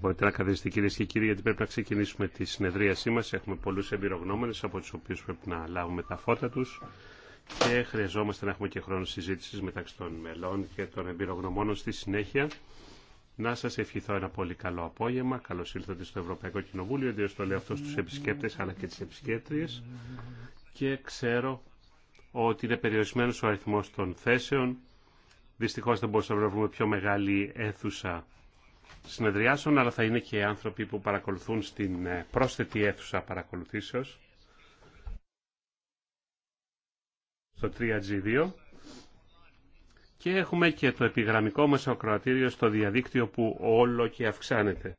Μπορείτε να καθίσετε κυρίες και κύριοι γιατί πρέπει να ξεκινήσουμε τη συνεδρίασή μας. Έχουμε πολλούς εμπειρογνώμενες από τους οποίους πρέπει να λάβουμε τα φώτα τους και χρειαζόμαστε να έχουμε και χρόνο συζήτησης μεταξύ των μελών και των εμπειρογνωμόνων στη συνέχεια. Να σας ευχηθώ ένα πολύ καλό απόγευμα. Καλώς ήλθατε στο Ευρωπαϊκό Κοινοβούλιο, διότι το λέω αυτό στους επισκέπτες αλλά και τις επισκέπτριες. Και ξέρω ότι είναι περιορισμένος ο αριθμός των θέσεων. Δυστυχώς δεν μπορούσαμε να βρούμε πιο μεγάλη αίθουσα συνεδριάσεων, αλλά θα είναι και άνθρωποι που παρακολουθούν στην ε, πρόσθετη αίθουσα παρακολουθήσεως στο 3G2 και έχουμε και το επιγραμμικό μας ακροατήριο στο διαδίκτυο που όλο και αυξάνεται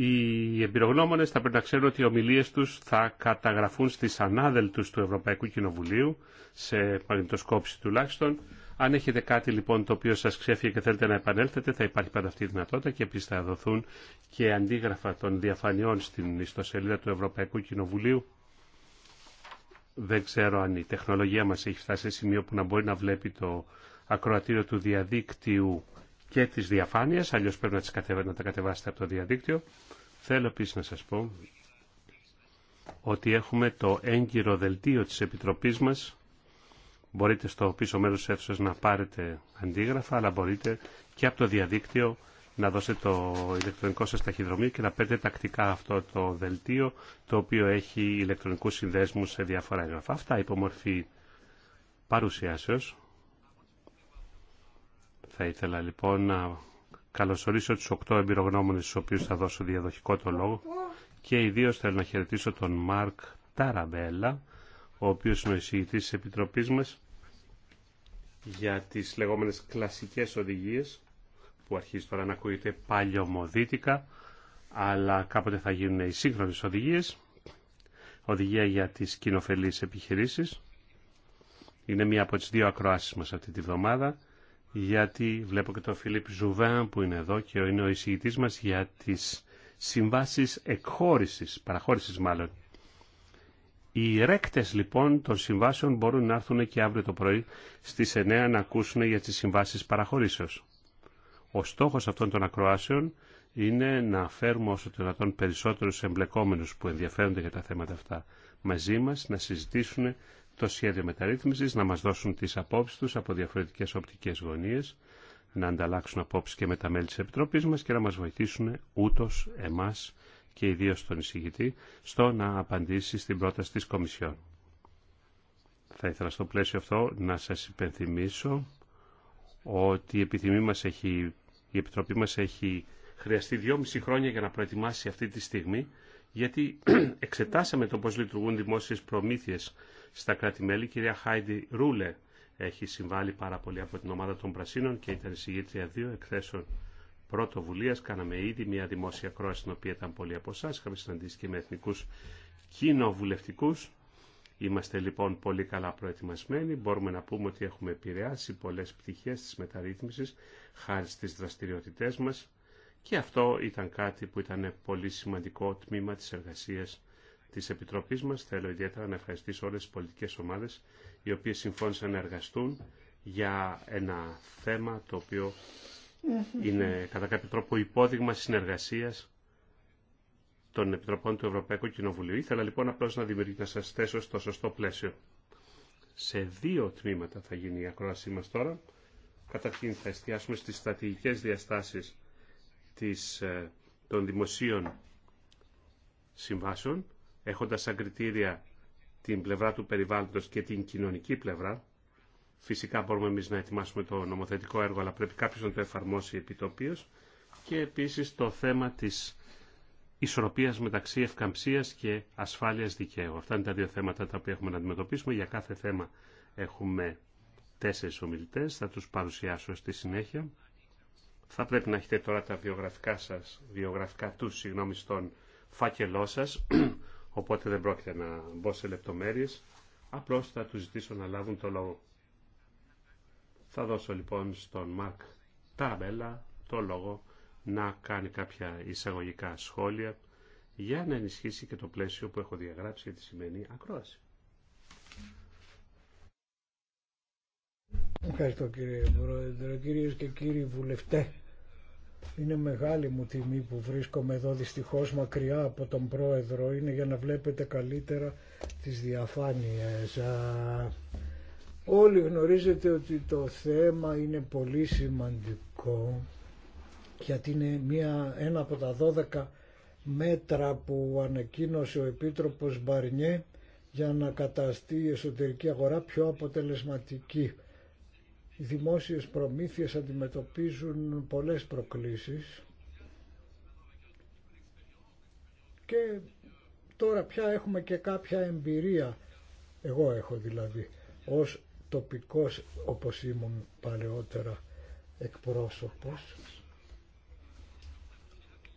οι εμπειρογνώμονε θα πρέπει να ξέρουν ότι οι ομιλίε του θα καταγραφούν στι ανάδελτου του Ευρωπαϊκού Κοινοβουλίου, σε παρεντοσκόπηση τουλάχιστον. Αν έχετε κάτι λοιπόν το οποίο σα ξέφυγε και θέλετε να επανέλθετε, θα υπάρχει πάντα αυτή η δυνατότητα και επίση θα δοθούν και αντίγραφα των διαφανειών στην ιστοσελίδα του Ευρωπαϊκού Κοινοβουλίου. Δεν ξέρω αν η τεχνολογία μα έχει φτάσει σε σημείο που να μπορεί να βλέπει το ακροατήριο του διαδίκτυου και της διαφάνειας, αλλιώς πρέπει να, τις κατεβα... να τα κατεβάσετε από το διαδίκτυο. Θέλω επίσης να σας πω ότι έχουμε το έγκυρο δελτίο της Επιτροπής μας. Μπορείτε στο πίσω μέρος της αίθουσας να πάρετε αντίγραφα, αλλά μπορείτε και από το διαδίκτυο να δώσετε το ηλεκτρονικό σας ταχυδρομείο και να παίρνετε τακτικά αυτό το δελτίο, το οποίο έχει ηλεκτρονικούς συνδέσμους σε διάφορα έγγραφα. Αυτά υπό παρουσιάσεως. Θα ήθελα λοιπόν να καλωσορίσω τους οκτώ εμπειρογνώμονες στους οποίους θα δώσω διαδοχικό το λόγο και ιδίως θέλω να χαιρετήσω τον Μάρκ Ταραμπέλα, ο οποίος είναι ο εισηγητής της Επιτροπής μας για τις λεγόμενες κλασικές οδηγίες που αρχίζει τώρα να ακούγεται παλιωμοδίτικα αλλά κάποτε θα γίνουν οι σύγχρονες οδηγίες οδηγία για τις κοινοφελείς επιχειρήσεις είναι μία από τις δύο ακροάσεις μας αυτή τη βδομάδα γιατί βλέπω και τον Φιλίπ Ζουβέν που είναι εδώ και είναι ο εισηγητής μας για τις συμβάσεις εκχώρησης, παραχώρησης μάλλον. Οι ρέκτες λοιπόν των συμβάσεων μπορούν να έρθουν και αύριο το πρωί στις 9 να ακούσουν για τις συμβάσεις παραχωρήσεως. Ο στόχος αυτών των ακροάσεων είναι να φέρουμε όσο το δυνατόν περισσότερους εμπλεκόμενους που ενδιαφέρονται για τα θέματα αυτά μαζί μας, να συζητήσουν το σχέδιο μεταρρύθμισης, να μας δώσουν τις απόψεις τους από διαφορετικές οπτικές γωνίες, να ανταλλάξουν απόψεις και με τα μέλη της Επιτροπής μας και να μας βοηθήσουν ούτως εμάς και ιδίω τον εισηγητή στο να απαντήσει στην πρόταση της Κομισιόν. Θα ήθελα στο πλαίσιο αυτό να σας υπενθυμίσω ότι η έχει, η Επιτροπή μας έχει χρειαστεί δυόμιση χρόνια για να προετοιμάσει αυτή τη στιγμή, γιατί εξετάσαμε το πώς λειτουργούν δημόσιες προμήθειες στα κράτη-μέλη. Η κυρία Χάιντι Ρούλε έχει συμβάλει πάρα πολύ από την ομάδα των Πρασίνων και ήταν συγγήτρια δύο εκθέσεων πρωτοβουλία. Κάναμε ήδη μια δημόσια κρόαση, την οποία ήταν πολλοί από εσά. Είχαμε συναντήσει και με εθνικού κοινοβουλευτικού. Είμαστε λοιπόν πολύ καλά προετοιμασμένοι. Μπορούμε να πούμε ότι έχουμε επηρεάσει πολλέ πτυχέ τη μεταρρύθμιση χάρη στι δραστηριότητέ μα. Και αυτό ήταν κάτι που ήταν πολύ σημαντικό τμήμα της εργασίας της Επιτροπής μας. Θέλω ιδιαίτερα να ευχαριστήσω όλες τις πολιτικές ομάδες οι οποίες συμφώνησαν να εργαστούν για ένα θέμα το οποίο mm-hmm. είναι κατά κάποιο τρόπο υπόδειγμα συνεργασίας των Επιτροπών του Ευρωπαϊκού Κοινοβουλίου. Ήθελα λοιπόν απλώς να, να σας θέσω στο σωστό πλαίσιο. Σε δύο τμήματα θα γίνει η ακρόασή μας τώρα. Καταρχήν θα εστιάσουμε στις στρατηγικές διαστάσεις ε, των δημοσίων συμβάσεων έχοντας σαν κριτήρια την πλευρά του περιβάλλοντος και την κοινωνική πλευρά. Φυσικά μπορούμε εμείς να ετοιμάσουμε το νομοθετικό έργο, αλλά πρέπει κάποιος να το εφαρμόσει επιτοπίως. Και επίσης το θέμα της ισορροπίας μεταξύ ευκαμψίας και ασφάλειας δικαίου. Αυτά είναι τα δύο θέματα τα οποία έχουμε να αντιμετωπίσουμε. Για κάθε θέμα έχουμε τέσσερις ομιλητές, θα τους παρουσιάσω στη συνέχεια. Θα πρέπει να έχετε τώρα τα βιογραφικά σας, βιογραφικά τους, συγγνώμη, στον φάκελό σας. Οπότε δεν πρόκειται να μπω σε λεπτομέρειες. Απλώς θα τους ζητήσω να λάβουν το λόγο. Θα δώσω λοιπόν στον Μαρκ Τάμπελα το λόγο να κάνει κάποια εισαγωγικά σχόλια για να ενισχύσει και το πλαίσιο που έχω διαγράψει για τη σημερινή ακρόαση. Ευχαριστώ κύριε Πρόεδρε, κυρίες και κύριοι βουλευτές. Είναι μεγάλη μου τιμή που βρίσκομαι εδώ δυστυχώς μακριά από τον πρόεδρο. Είναι για να βλέπετε καλύτερα τις διαφάνειες. Όλοι γνωρίζετε ότι το θέμα είναι πολύ σημαντικό γιατί είναι μία, ένα από τα 12 μέτρα που ανακοίνωσε ο Επίτροπος Μπαρνιέ για να καταστεί η εσωτερική αγορά πιο αποτελεσματική. Οι δημόσιες προμήθειες αντιμετωπίζουν πολλές προκλήσεις και τώρα πια έχουμε και κάποια εμπειρία, εγώ έχω δηλαδή, ως τοπικός όπως ήμουν παλαιότερα εκπρόσωπος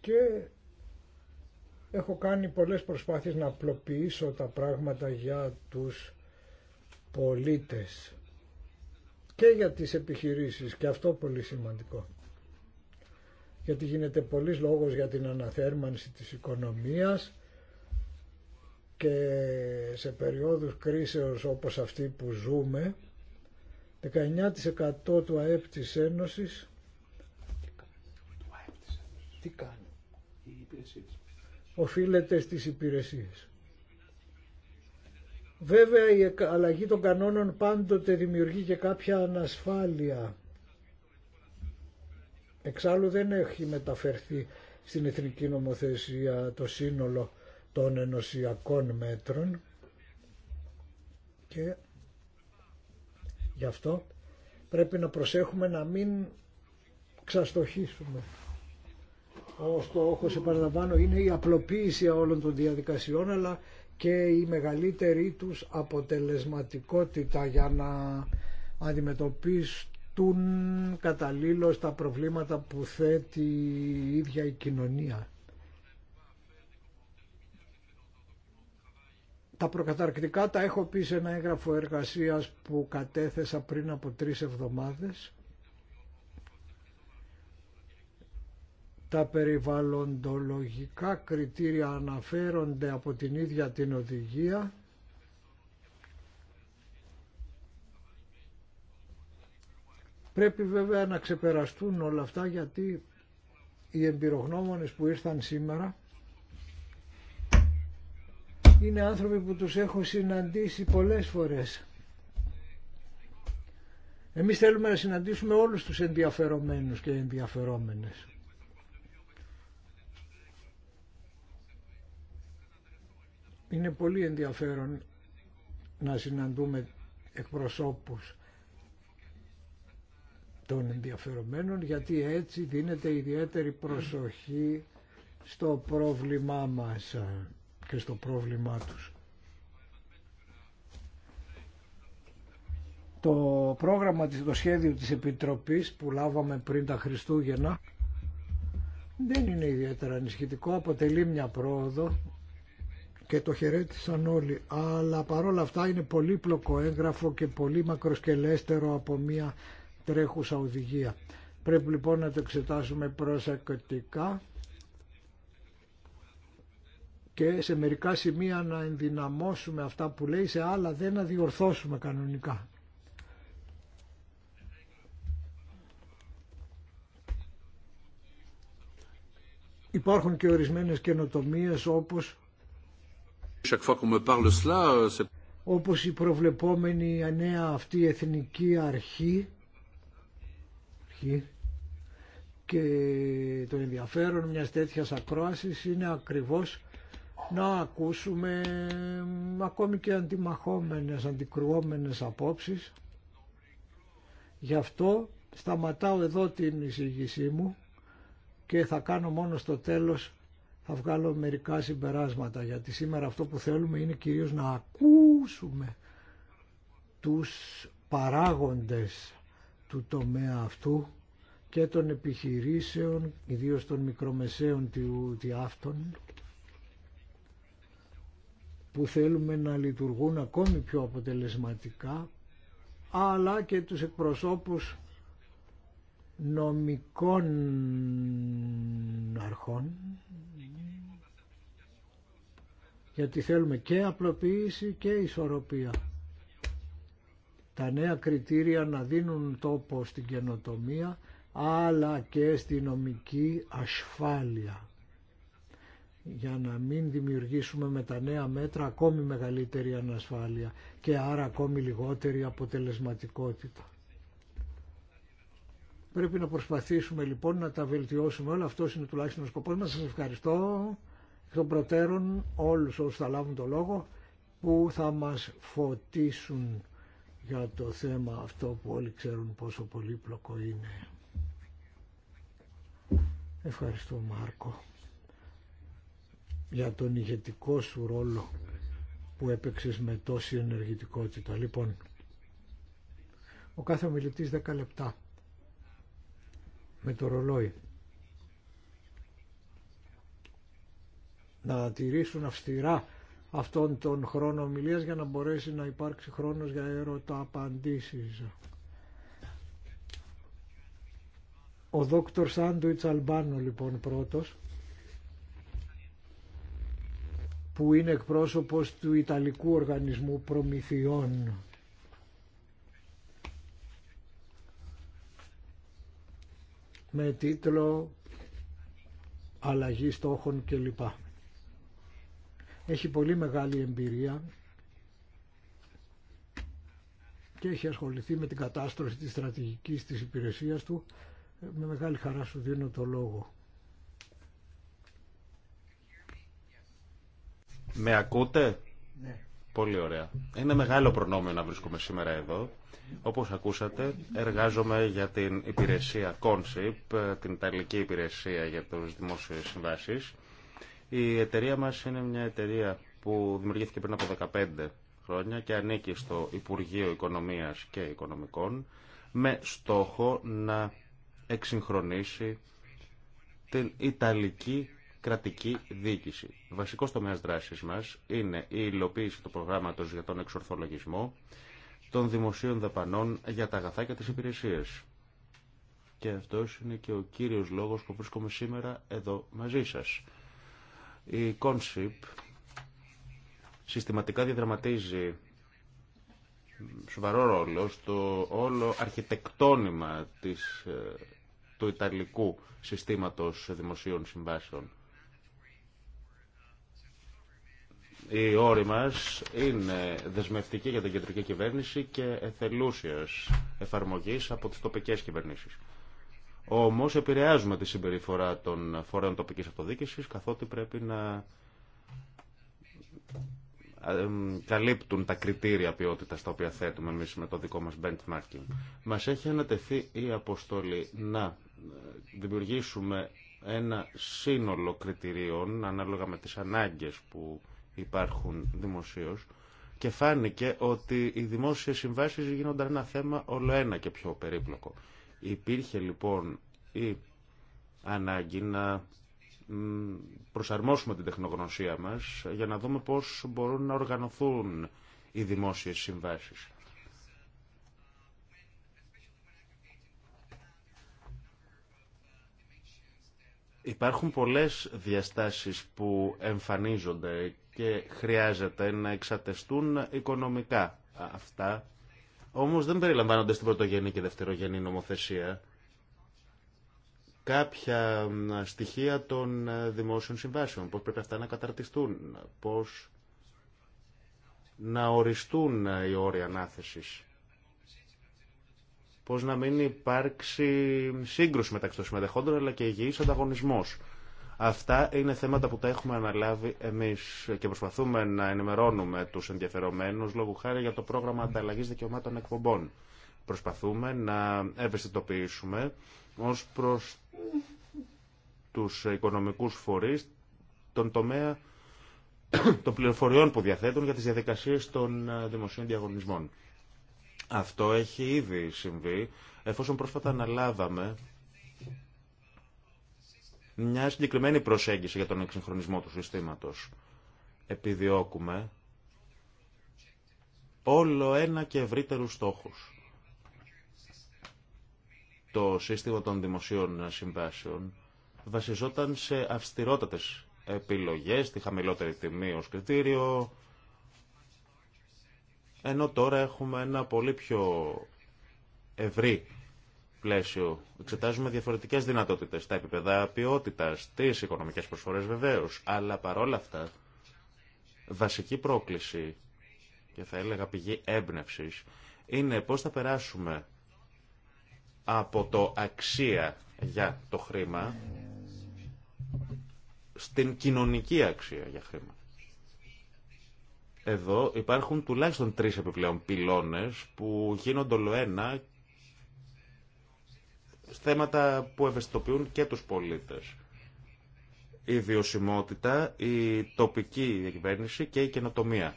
και έχω κάνει πολλές προσπάθειες να απλοποιήσω τα πράγματα για τους πολίτες και για τις επιχειρήσεις και αυτό πολύ σημαντικό. Γιατί γίνεται πολλής λόγος για την αναθέρμανση της οικονομίας και σε περιόδους κρίσεως όπως αυτή που ζούμε 19% του ΑΕΠ της Ένωσης τι κάνει οφείλεται στις υπηρεσίες. Βέβαια η αλλαγή των κανόνων πάντοτε δημιουργεί και κάποια ανασφάλεια. Εξάλλου δεν έχει μεταφερθεί στην εθνική νομοθεσία το σύνολο των ενωσιακών μέτρων και γι' αυτό πρέπει να προσέχουμε να μην ξαστοχήσουμε. Ο στόχος, επαναλαμβάνω, είναι η απλοποίηση όλων των διαδικασιών, αλλά και η μεγαλύτερη τους αποτελεσματικότητα για να αντιμετωπίσουν καταλήλως τα προβλήματα που θέτει η ίδια η κοινωνία. Τα προκαταρκτικά τα έχω πει σε ένα έγγραφο εργασίας που κατέθεσα πριν από τρεις εβδομάδες Τα περιβαλλοντολογικά κριτήρια αναφέρονται από την ίδια την οδηγία Πρέπει βέβαια να ξεπεραστούν όλα αυτά γιατί οι εμπειρογνώμονες που ήρθαν σήμερα είναι άνθρωποι που τους έχω συναντήσει πολλές φορές. Εμείς θέλουμε να συναντήσουμε όλους τους ενδιαφερομένους και ενδιαφερόμενες. Είναι πολύ ενδιαφέρον να συναντούμε εκπροσώπους των ενδιαφερομένων γιατί έτσι δίνεται ιδιαίτερη προσοχή στο πρόβλημά μας και στο πρόβλημά τους. Το πρόγραμμα, το σχέδιο της Επιτροπής που λάβαμε πριν τα Χριστούγεννα δεν είναι ιδιαίτερα ανισχυτικό, αποτελεί μια πρόοδο και το χαιρέτησαν όλοι. Αλλά παρόλα αυτά είναι πολύ πλοκό έγγραφο και πολύ μακροσκελέστερο από μια τρέχουσα οδηγία. Πρέπει λοιπόν να το εξετάσουμε προσεκτικά και σε μερικά σημεία να ενδυναμώσουμε αυτά που λέει, σε άλλα δεν να διορθώσουμε κανονικά. Υπάρχουν και ορισμένες καινοτομίες όπως Euh, Όπως η προβλεπόμενη νέα αυτή εθνική αρχή, και το ενδιαφέρον μιας τέτοιας ακρόασης είναι ακριβώς να ακούσουμε ακόμη και αντιμαχόμενες, αντικρουόμενες απόψεις. Γι' αυτό σταματάω εδώ την εισηγησή μου και θα κάνω μόνο στο τέλος θα βγάλω μερικά συμπεράσματα γιατί σήμερα αυτό που θέλουμε είναι κυρίως να ακούσουμε τους παράγοντες του τομέα αυτού και των επιχειρήσεων, ιδίως των μικρομεσαίων διάφτων, που θέλουμε να λειτουργούν ακόμη πιο αποτελεσματικά, αλλά και τους εκπροσώπους νομικών αρχών, γιατί θέλουμε και απλοποίηση και ισορροπία. Τα νέα κριτήρια να δίνουν τόπο στην καινοτομία αλλά και στη νομική ασφάλεια για να μην δημιουργήσουμε με τα νέα μέτρα ακόμη μεγαλύτερη ανασφάλεια και άρα ακόμη λιγότερη αποτελεσματικότητα. Πρέπει να προσπαθήσουμε λοιπόν να τα βελτιώσουμε όλα. Αυτός είναι τουλάχιστον ο σκοπός μας. Σας ευχαριστώ των προτέρων όλους όσους θα λάβουν το λόγο που θα μας φωτίσουν για το θέμα αυτό που όλοι ξέρουν πόσο πολύπλοκο είναι. Ευχαριστώ Μάρκο για τον ηγετικό σου ρόλο που έπαιξες με τόση ενεργητικότητα. Λοιπόν, ο κάθε ομιλητής 10 λεπτά με το ρολόι. να τηρήσουν αυστηρά αυτόν τον χρόνο ομιλία για να μπορέσει να υπάρξει χρόνος για έρωτα απαντήσεις. Ο δόκτωρ Σάντουιτς Αλμπάνο λοιπόν πρώτος που είναι εκπρόσωπος του Ιταλικού Οργανισμού Προμηθειών. με τίτλο «Αλλαγή στόχων» κλπ έχει πολύ μεγάλη εμπειρία και έχει ασχοληθεί με την κατάστρωση της στρατηγικής της υπηρεσίας του. Με μεγάλη χαρά σου δίνω το λόγο. Με ακούτε? Ναι. Πολύ ωραία. Είναι μεγάλο προνόμιο να βρίσκομαι σήμερα εδώ. Όπως ακούσατε, εργάζομαι για την υπηρεσία CONSIP, την Ιταλική υπηρεσία για τους δημόσιες συμβάσεις. Η εταιρεία μας είναι μια εταιρεία που δημιουργήθηκε πριν από 15 χρόνια και ανήκει στο Υπουργείο Οικονομίας και Οικονομικών με στόχο να εξυγχρονίσει την Ιταλική κρατική διοίκηση. Βασικό τομέα δράση μα είναι η υλοποίηση του προγράμματο για τον εξορθολογισμό των δημοσίων δαπανών για τα αγαθά και τι υπηρεσίε. Και αυτό είναι και ο κύριο λόγο που βρίσκομαι σήμερα εδώ μαζί σα. Η Conship συστηματικά διαδραματίζει σοβαρό ρόλο στο όλο αρχιτεκτόνημα της, ε, του Ιταλικού συστήματος δημοσίων συμβάσεων. Οι όροι μας είναι δεσμευτικοί για την κεντρική κυβέρνηση και εθελούσιας εφαρμογής από τις τοπικές κυβερνήσεις. Όμω επηρεάζουμε τη συμπεριφορά των φορέων τοπικής αυτοδιοίκησης καθότι πρέπει να ε, καλύπτουν τα κριτήρια ποιότητα τα οποία θέτουμε εμεί με το δικό μα benchmarking. Μα έχει ανατεθεί η αποστολή να ε, δημιουργήσουμε ένα σύνολο κριτηρίων ανάλογα με τις ανάγκες που υπάρχουν δημοσίως και φάνηκε ότι οι δημόσιες συμβάσεις γίνονταν ένα θέμα όλο ένα και πιο περίπλοκο. Υπήρχε λοιπόν η ανάγκη να προσαρμόσουμε την τεχνογνωσία μας για να δούμε πώς μπορούν να οργανωθούν οι δημόσιες συμβάσεις. Υπάρχουν πολλές διαστάσεις που εμφανίζονται και χρειάζεται να εξατεστούν οικονομικά αυτά όμω δεν περιλαμβάνονται στην πρωτογενή και δευτερογενή νομοθεσία κάποια στοιχεία των ε, δημόσιων συμβάσεων, πώς πρέπει αυτά να καταρτιστούν, πώς να οριστούν ε, οι όροι ανάθεσης, πώς να μην υπάρξει σύγκρουση μεταξύ των συμμετεχόντων αλλά και υγιής ανταγωνισμός. Αυτά είναι θέματα που τα έχουμε αναλάβει εμείς και προσπαθούμε να ενημερώνουμε τους ενδιαφερομένους λόγου χάρη για το πρόγραμμα ανταλλαγή δικαιωμάτων εκπομπών. Προσπαθούμε να ευαισθητοποιήσουμε ως προς τους οικονομικούς φορείς τον τομέα των πληροφοριών που διαθέτουν για τις διαδικασίες των ε, δημοσίων διαγωνισμών. Αυτό έχει ήδη συμβεί, εφόσον πρόσφατα αναλάβαμε μια συγκεκριμένη προσέγγιση για τον εξυγχρονισμό του συστήματος. Επιδιώκουμε όλο ένα και ευρύτερου στόχους. Το σύστημα των δημοσίων συμβάσεων βασιζόταν σε αυστηρότατες επιλογές, τη χαμηλότερη τιμή ως κριτήριο, ενώ τώρα έχουμε ένα πολύ πιο ευρύ πλαίσιο εξετάζουμε διαφορετικέ δυνατότητε τα επίπεδα ποιότητα, τι οικονομικέ προσφορέ βεβαίω. Αλλά παρόλα αυτά, βασική πρόκληση και θα έλεγα πηγή έμπνευση είναι πώ θα περάσουμε από το αξία για το χρήμα στην κοινωνική αξία για χρήμα. Εδώ υπάρχουν τουλάχιστον τρεις επιπλέον πυλώνες που γίνονται ολοένα θέματα που ευαισθητοποιούν και τους πολίτες. Η βιωσιμότητα, η τοπική διακυβέρνηση και η καινοτομία.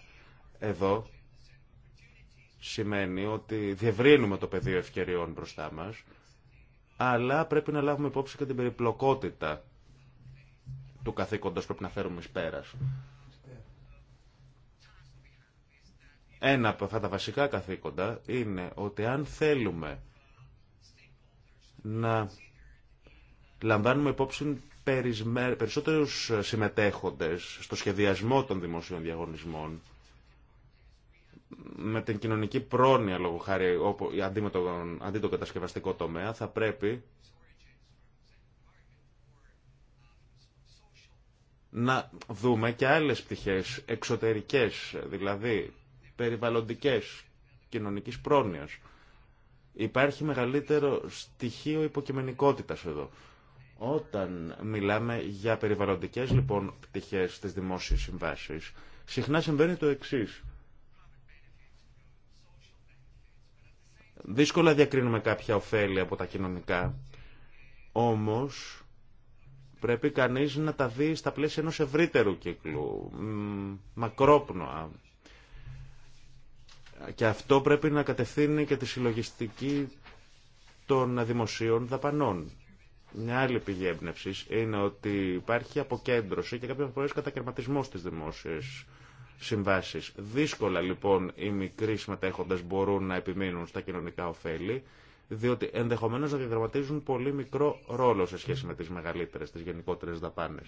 Εδώ σημαίνει ότι διευρύνουμε το πεδίο ευκαιριών μπροστά μας, αλλά πρέπει να λάβουμε υπόψη και την περιπλοκότητα του καθήκοντος πρέπει να φέρουμε εις πέρας. Ένα από αυτά τα βασικά καθήκοντα είναι ότι αν θέλουμε να λαμβάνουμε υπόψη περισσότερους συμμετέχοντες στο σχεδιασμό των δημοσίων διαγωνισμών με την κοινωνική πρόνοια λόγω χάρη όπου, αντί, με τον, αντί το κατασκευαστικό τομέα θα πρέπει να δούμε και άλλες πτυχές εξωτερικές δηλαδή περιβαλλοντικές κοινωνικής πρόνοιας Υπάρχει μεγαλύτερο στοιχείο υποκειμενικότητας εδώ. Όταν μιλάμε για περιβαλλοντικές λοιπόν πτυχές στις δημόσιες συμβάσεις, συχνά συμβαίνει το εξής. Δύσκολα διακρίνουμε κάποια ωφέλη από τα κοινωνικά, όμως πρέπει κανείς να τα δει στα πλαίσια ενός ευρύτερου κύκλου, μακρόπνοα, και αυτό πρέπει να κατευθύνει και τη συλλογιστική των δημοσίων δαπανών. Μια άλλη πηγή έμπνευση είναι ότι υπάρχει αποκέντρωση και κάποια φορέ κατακαιρματισμό στι δημόσιε συμβάσει. Δύσκολα λοιπόν οι μικροί συμμετέχοντε μπορούν να επιμείνουν στα κοινωνικά ωφέλη, διότι ενδεχομένω να διαδραματίζουν πολύ μικρό ρόλο σε σχέση με τι μεγαλύτερε, τι γενικότερε δαπάνε.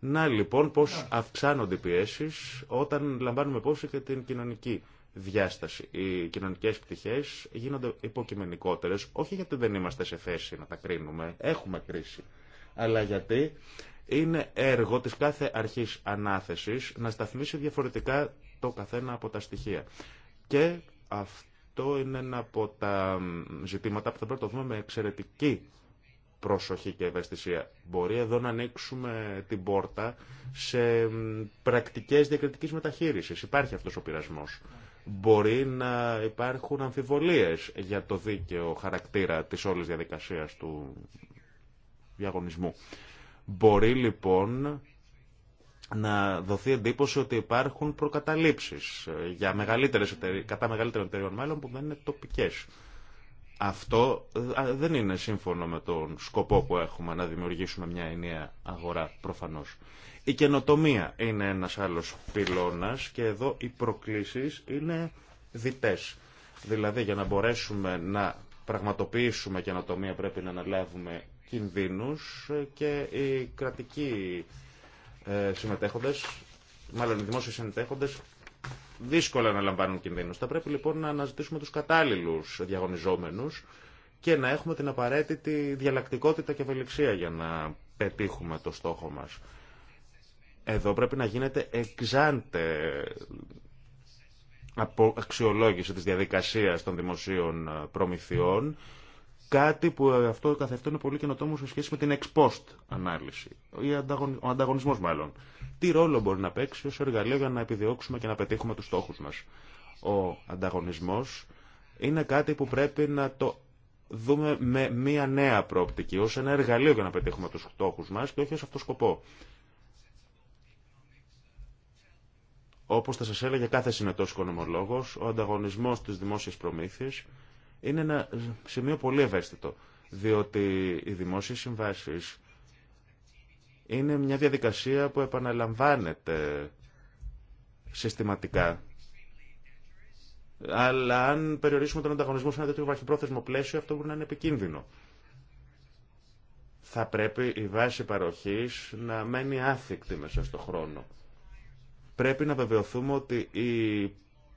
Να λοιπόν πώ αυξάνονται οι πιέσει όταν λαμβάνουμε υπόψη και την κοινωνική διάσταση. Οι κοινωνικές πτυχές γίνονται υποκειμενικότερες, όχι γιατί δεν είμαστε σε θέση να τα κρίνουμε, έχουμε κρίση, αλλά γιατί είναι έργο της κάθε αρχής ανάθεσης να σταθμίσει διαφορετικά το καθένα από τα στοιχεία. Και αυτό είναι ένα από τα ζητήματα που θα πρέπει να το δούμε με εξαιρετική προσοχή και ευαισθησία. Μπορεί εδώ να ανοίξουμε την πόρτα σε πρακτικές διακριτικής μεταχείρισης. Υπάρχει αυτός ο πειρασμός. Μπορεί να υπάρχουν αμφιβολίες για το δίκαιο χαρακτήρα της όλης διαδικασίας του διαγωνισμού. Μπορεί λοιπόν να δοθεί εντύπωση ότι υπάρχουν προκαταλήψεις για μεγαλύτερες κατά μεγαλύτερων εταιρείων μάλλον που δεν είναι τοπικές. Αυτό δεν είναι σύμφωνο με τον σκοπό που έχουμε να δημιουργήσουμε μια ενιαία αγορά προφανώς. Η καινοτομία είναι ένας άλλος πυλώνας και εδώ οι προκλήσεις είναι διτές. Δηλαδή για να μπορέσουμε να πραγματοποιήσουμε καινοτομία πρέπει να αναλάβουμε κινδύνους και οι κρατικοί ε, συμμετέχοντες, μάλλον οι δημόσιοι συμμετέχοντες δύσκολα να λαμβάνουν κινδύνους. Θα πρέπει λοιπόν να αναζητήσουμε τους κατάλληλους διαγωνιζόμενους και να έχουμε την απαραίτητη διαλλακτικότητα και ευελιξία για να πετύχουμε το στόχο μας. Εδώ πρέπει να γίνεται εξάντε από αξιολόγηση της διαδικασίας των δημοσίων ε, προμηθειών κάτι που ε, αυτό καθευτό είναι πολύ καινοτόμο σε σχέση με την ex post ανάλυση, ή ο ανταγωνισμός μάλλον. Τι ρόλο μπορεί να παίξει ως εργαλείο για να επιδιώξουμε και να πετύχουμε τους στόχους μας. Ο ανταγωνισμός είναι κάτι που πρέπει να το δούμε με μία νέα πρόπτικη, ως ένα εργαλείο για να πετύχουμε τους στόχους μας και όχι ως αυτό σκοπό. Όπως θα σας έλεγε κάθε συνετός οικονομολόγος, ο ανταγωνισμός της δημόσιας προμήθειας είναι ένα σημείο πολύ ευαίσθητο, διότι οι δημόσιες συμβάσεις είναι μια διαδικασία που επαναλαμβάνεται συστηματικά. Αλλά αν περιορίσουμε τον ανταγωνισμό σε ένα τέτοιο βαχυπρόθεσμο πλαίσιο, αυτό μπορεί να είναι επικίνδυνο. Θα πρέπει η βάση παροχής να μένει άθικτη μέσα στον χρόνο. Πρέπει να βεβαιωθούμε ότι οι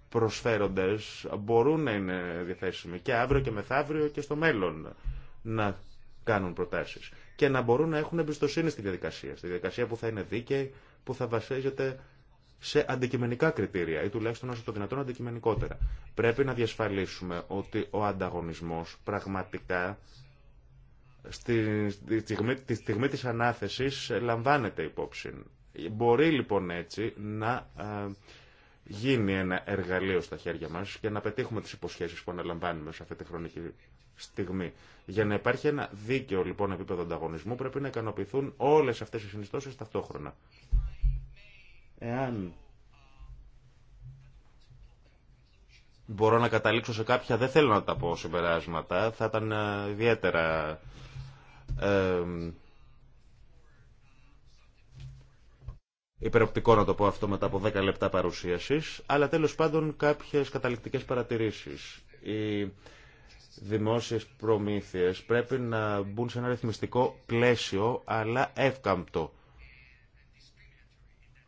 προσφέροντες μπορούν να είναι διαθέσιμοι και αύριο και μεθαύριο και στο μέλλον να κάνουν προτάσεις και να μπορούν να έχουν εμπιστοσύνη στη διαδικασία, στη διαδικασία που θα είναι δίκαιη, που θα βασίζεται σε αντικειμενικά κριτήρια ή τουλάχιστον όσο το δυνατόν αντικειμενικότερα. Πρέπει να διασφαλίσουμε ότι ο ανταγωνισμός πραγματικά στη στιγμή, τη στιγμή της ανάθεσης λαμβάνεται υπόψη Μπορεί λοιπόν έτσι να ε, γίνει ένα εργαλείο στα χέρια μας και να πετύχουμε τις υποσχέσεις που αναλαμβάνουμε σε αυτή τη χρονική στιγμή. Για να υπάρχει ένα δίκαιο λοιπόν επίπεδο ανταγωνισμού πρέπει να ικανοποιηθούν όλες αυτές οι συνιστώσεις ταυτόχρονα. Εάν μπορώ να καταλήξω σε κάποια, δεν θέλω να τα πω συμπεράσματα, θα ήταν ε, ιδιαίτερα ε, υπεροπτικό να το πω αυτό μετά από 10 λεπτά παρουσίασης, αλλά τέλος πάντων κάποιες καταληκτικέ παρατηρήσεις. Οι δημόσιες προμήθειες πρέπει να μπουν σε ένα ρυθμιστικό πλαίσιο, αλλά εύκαμπτο.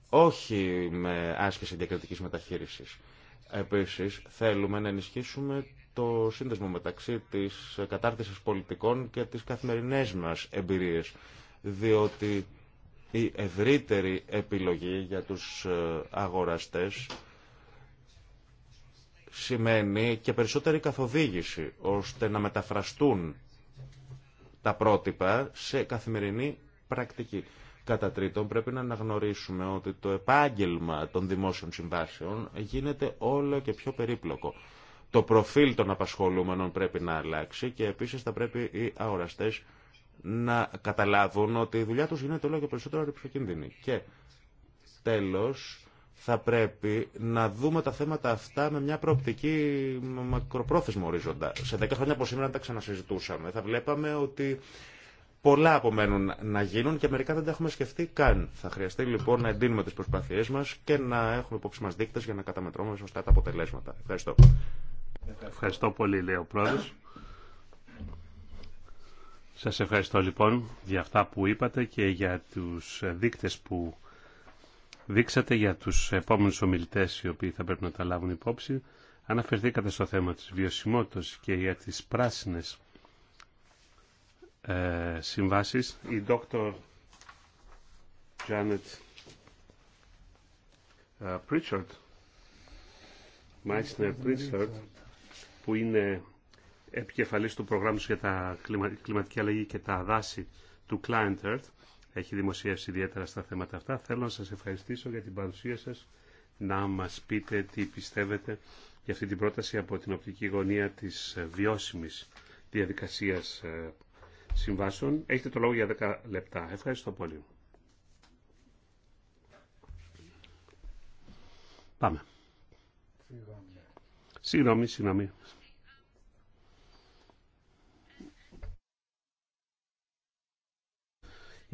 Όχι με άσκηση διακριτική μεταχείρισης. Επίση, θέλουμε να ενισχύσουμε το σύνδεσμο μεταξύ της κατάρτιση πολιτικών και τι καθημερινέ μα εμπειρίε. διότι η ευρύτερη επιλογή για τους ε, αγοραστές σημαίνει και περισσότερη καθοδήγηση ώστε να μεταφραστούν τα πρότυπα σε καθημερινή πρακτική. Κατά τρίτον, πρέπει να αναγνωρίσουμε ότι το επάγγελμα των δημόσιων συμβάσεων γίνεται όλο και πιο περίπλοκο. Το προφίλ των απασχολούμενων πρέπει να αλλάξει και επίσης θα πρέπει οι αγοραστές να καταλάβουν ότι η δουλειά τους γίνεται όλο και περισσότερο ρηψοκίνδυνη. Και τέλος, θα πρέπει να δούμε τα θέματα αυτά με μια προοπτική μακροπρόθεσμο ορίζοντα. Σε 10 χρόνια από σήμερα, να τα ξανασυζητούσαμε, θα βλέπαμε ότι πολλά απομένουν να γίνουν και μερικά δεν τα έχουμε σκεφτεί καν. Θα χρειαστεί λοιπόν να εντείνουμε τι προσπάθειέ μα και να έχουμε υπόψη μας δείκτες για να καταμετρώμε σωστά τα αποτελέσματα. Ευχαριστώ. Ευχαριστώ πολύ, λέει ο σας ευχαριστώ λοιπόν για αυτά που είπατε και για τους δείκτες που δείξατε για τους επόμενους ομιλητές οι οποίοι θα πρέπει να τα λάβουν υπόψη. Αναφερθήκατε στο θέμα της βιωσιμότητας και για τις πράσινες ε, συμβάσεις. Η Dr. Janet ε, Pritchard, Meissner Pritchard, που είναι επικεφαλής του προγράμματος για τα κλιματική αλλαγή και τα δάση του Client Earth. Έχει δημοσιεύσει ιδιαίτερα στα θέματα αυτά. Θέλω να σας ευχαριστήσω για την παρουσία σας, να μας πείτε τι πιστεύετε για αυτή την πρόταση από την οπτική γωνία της βιώσιμης διαδικασίας ε, συμβάσεων. Έχετε το λόγο για 10 λεπτά. Ευχαριστώ πολύ. Πάμε. Συγγνώμη, συγγνώμη.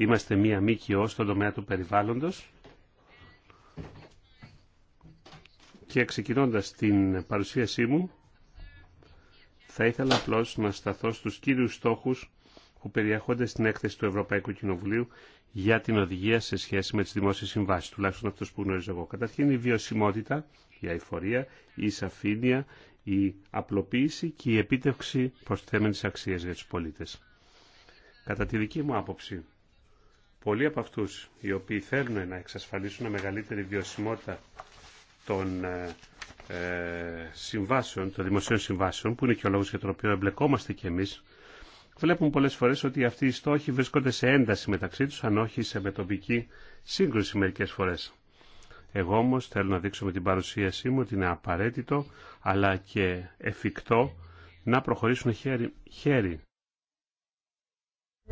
Είμαστε μία ΜΚΟ στον τομέα του περιβάλλοντος και ξεκινώντας την παρουσίασή μου θα ήθελα απλώ να σταθώ στους κύριους στόχους που περιέχονται στην έκθεση του Ευρωπαϊκού Κοινοβουλίου για την οδηγία σε σχέση με τις δημόσιες συμβάσεις, τουλάχιστον αυτούς που γνωρίζω εγώ. Καταρχήν η βιωσιμότητα, η αηφορία, η σαφήνεια, η απλοποίηση και η επίτευξη προσθέμενης αξίας για τους πολίτες. Κατά τη δική μου άποψη, πολλοί από αυτούς οι οποίοι θέλουν να εξασφαλίσουν μεγαλύτερη βιωσιμότητα των ε, ε, συμβάσεων, των δημοσίων συμβάσεων, που είναι και ο λόγος για τον οποίο εμπλεκόμαστε κι εμείς, βλέπουν πολλές φορές ότι αυτοί οι στόχοι βρίσκονται σε ένταση μεταξύ τους, αν όχι σε μετοπική σύγκρουση μερικές φορές. Εγώ όμως θέλω να δείξω με την παρουσίασή μου ότι είναι απαραίτητο, αλλά και εφικτό, να προχωρήσουν χέρι, χέρι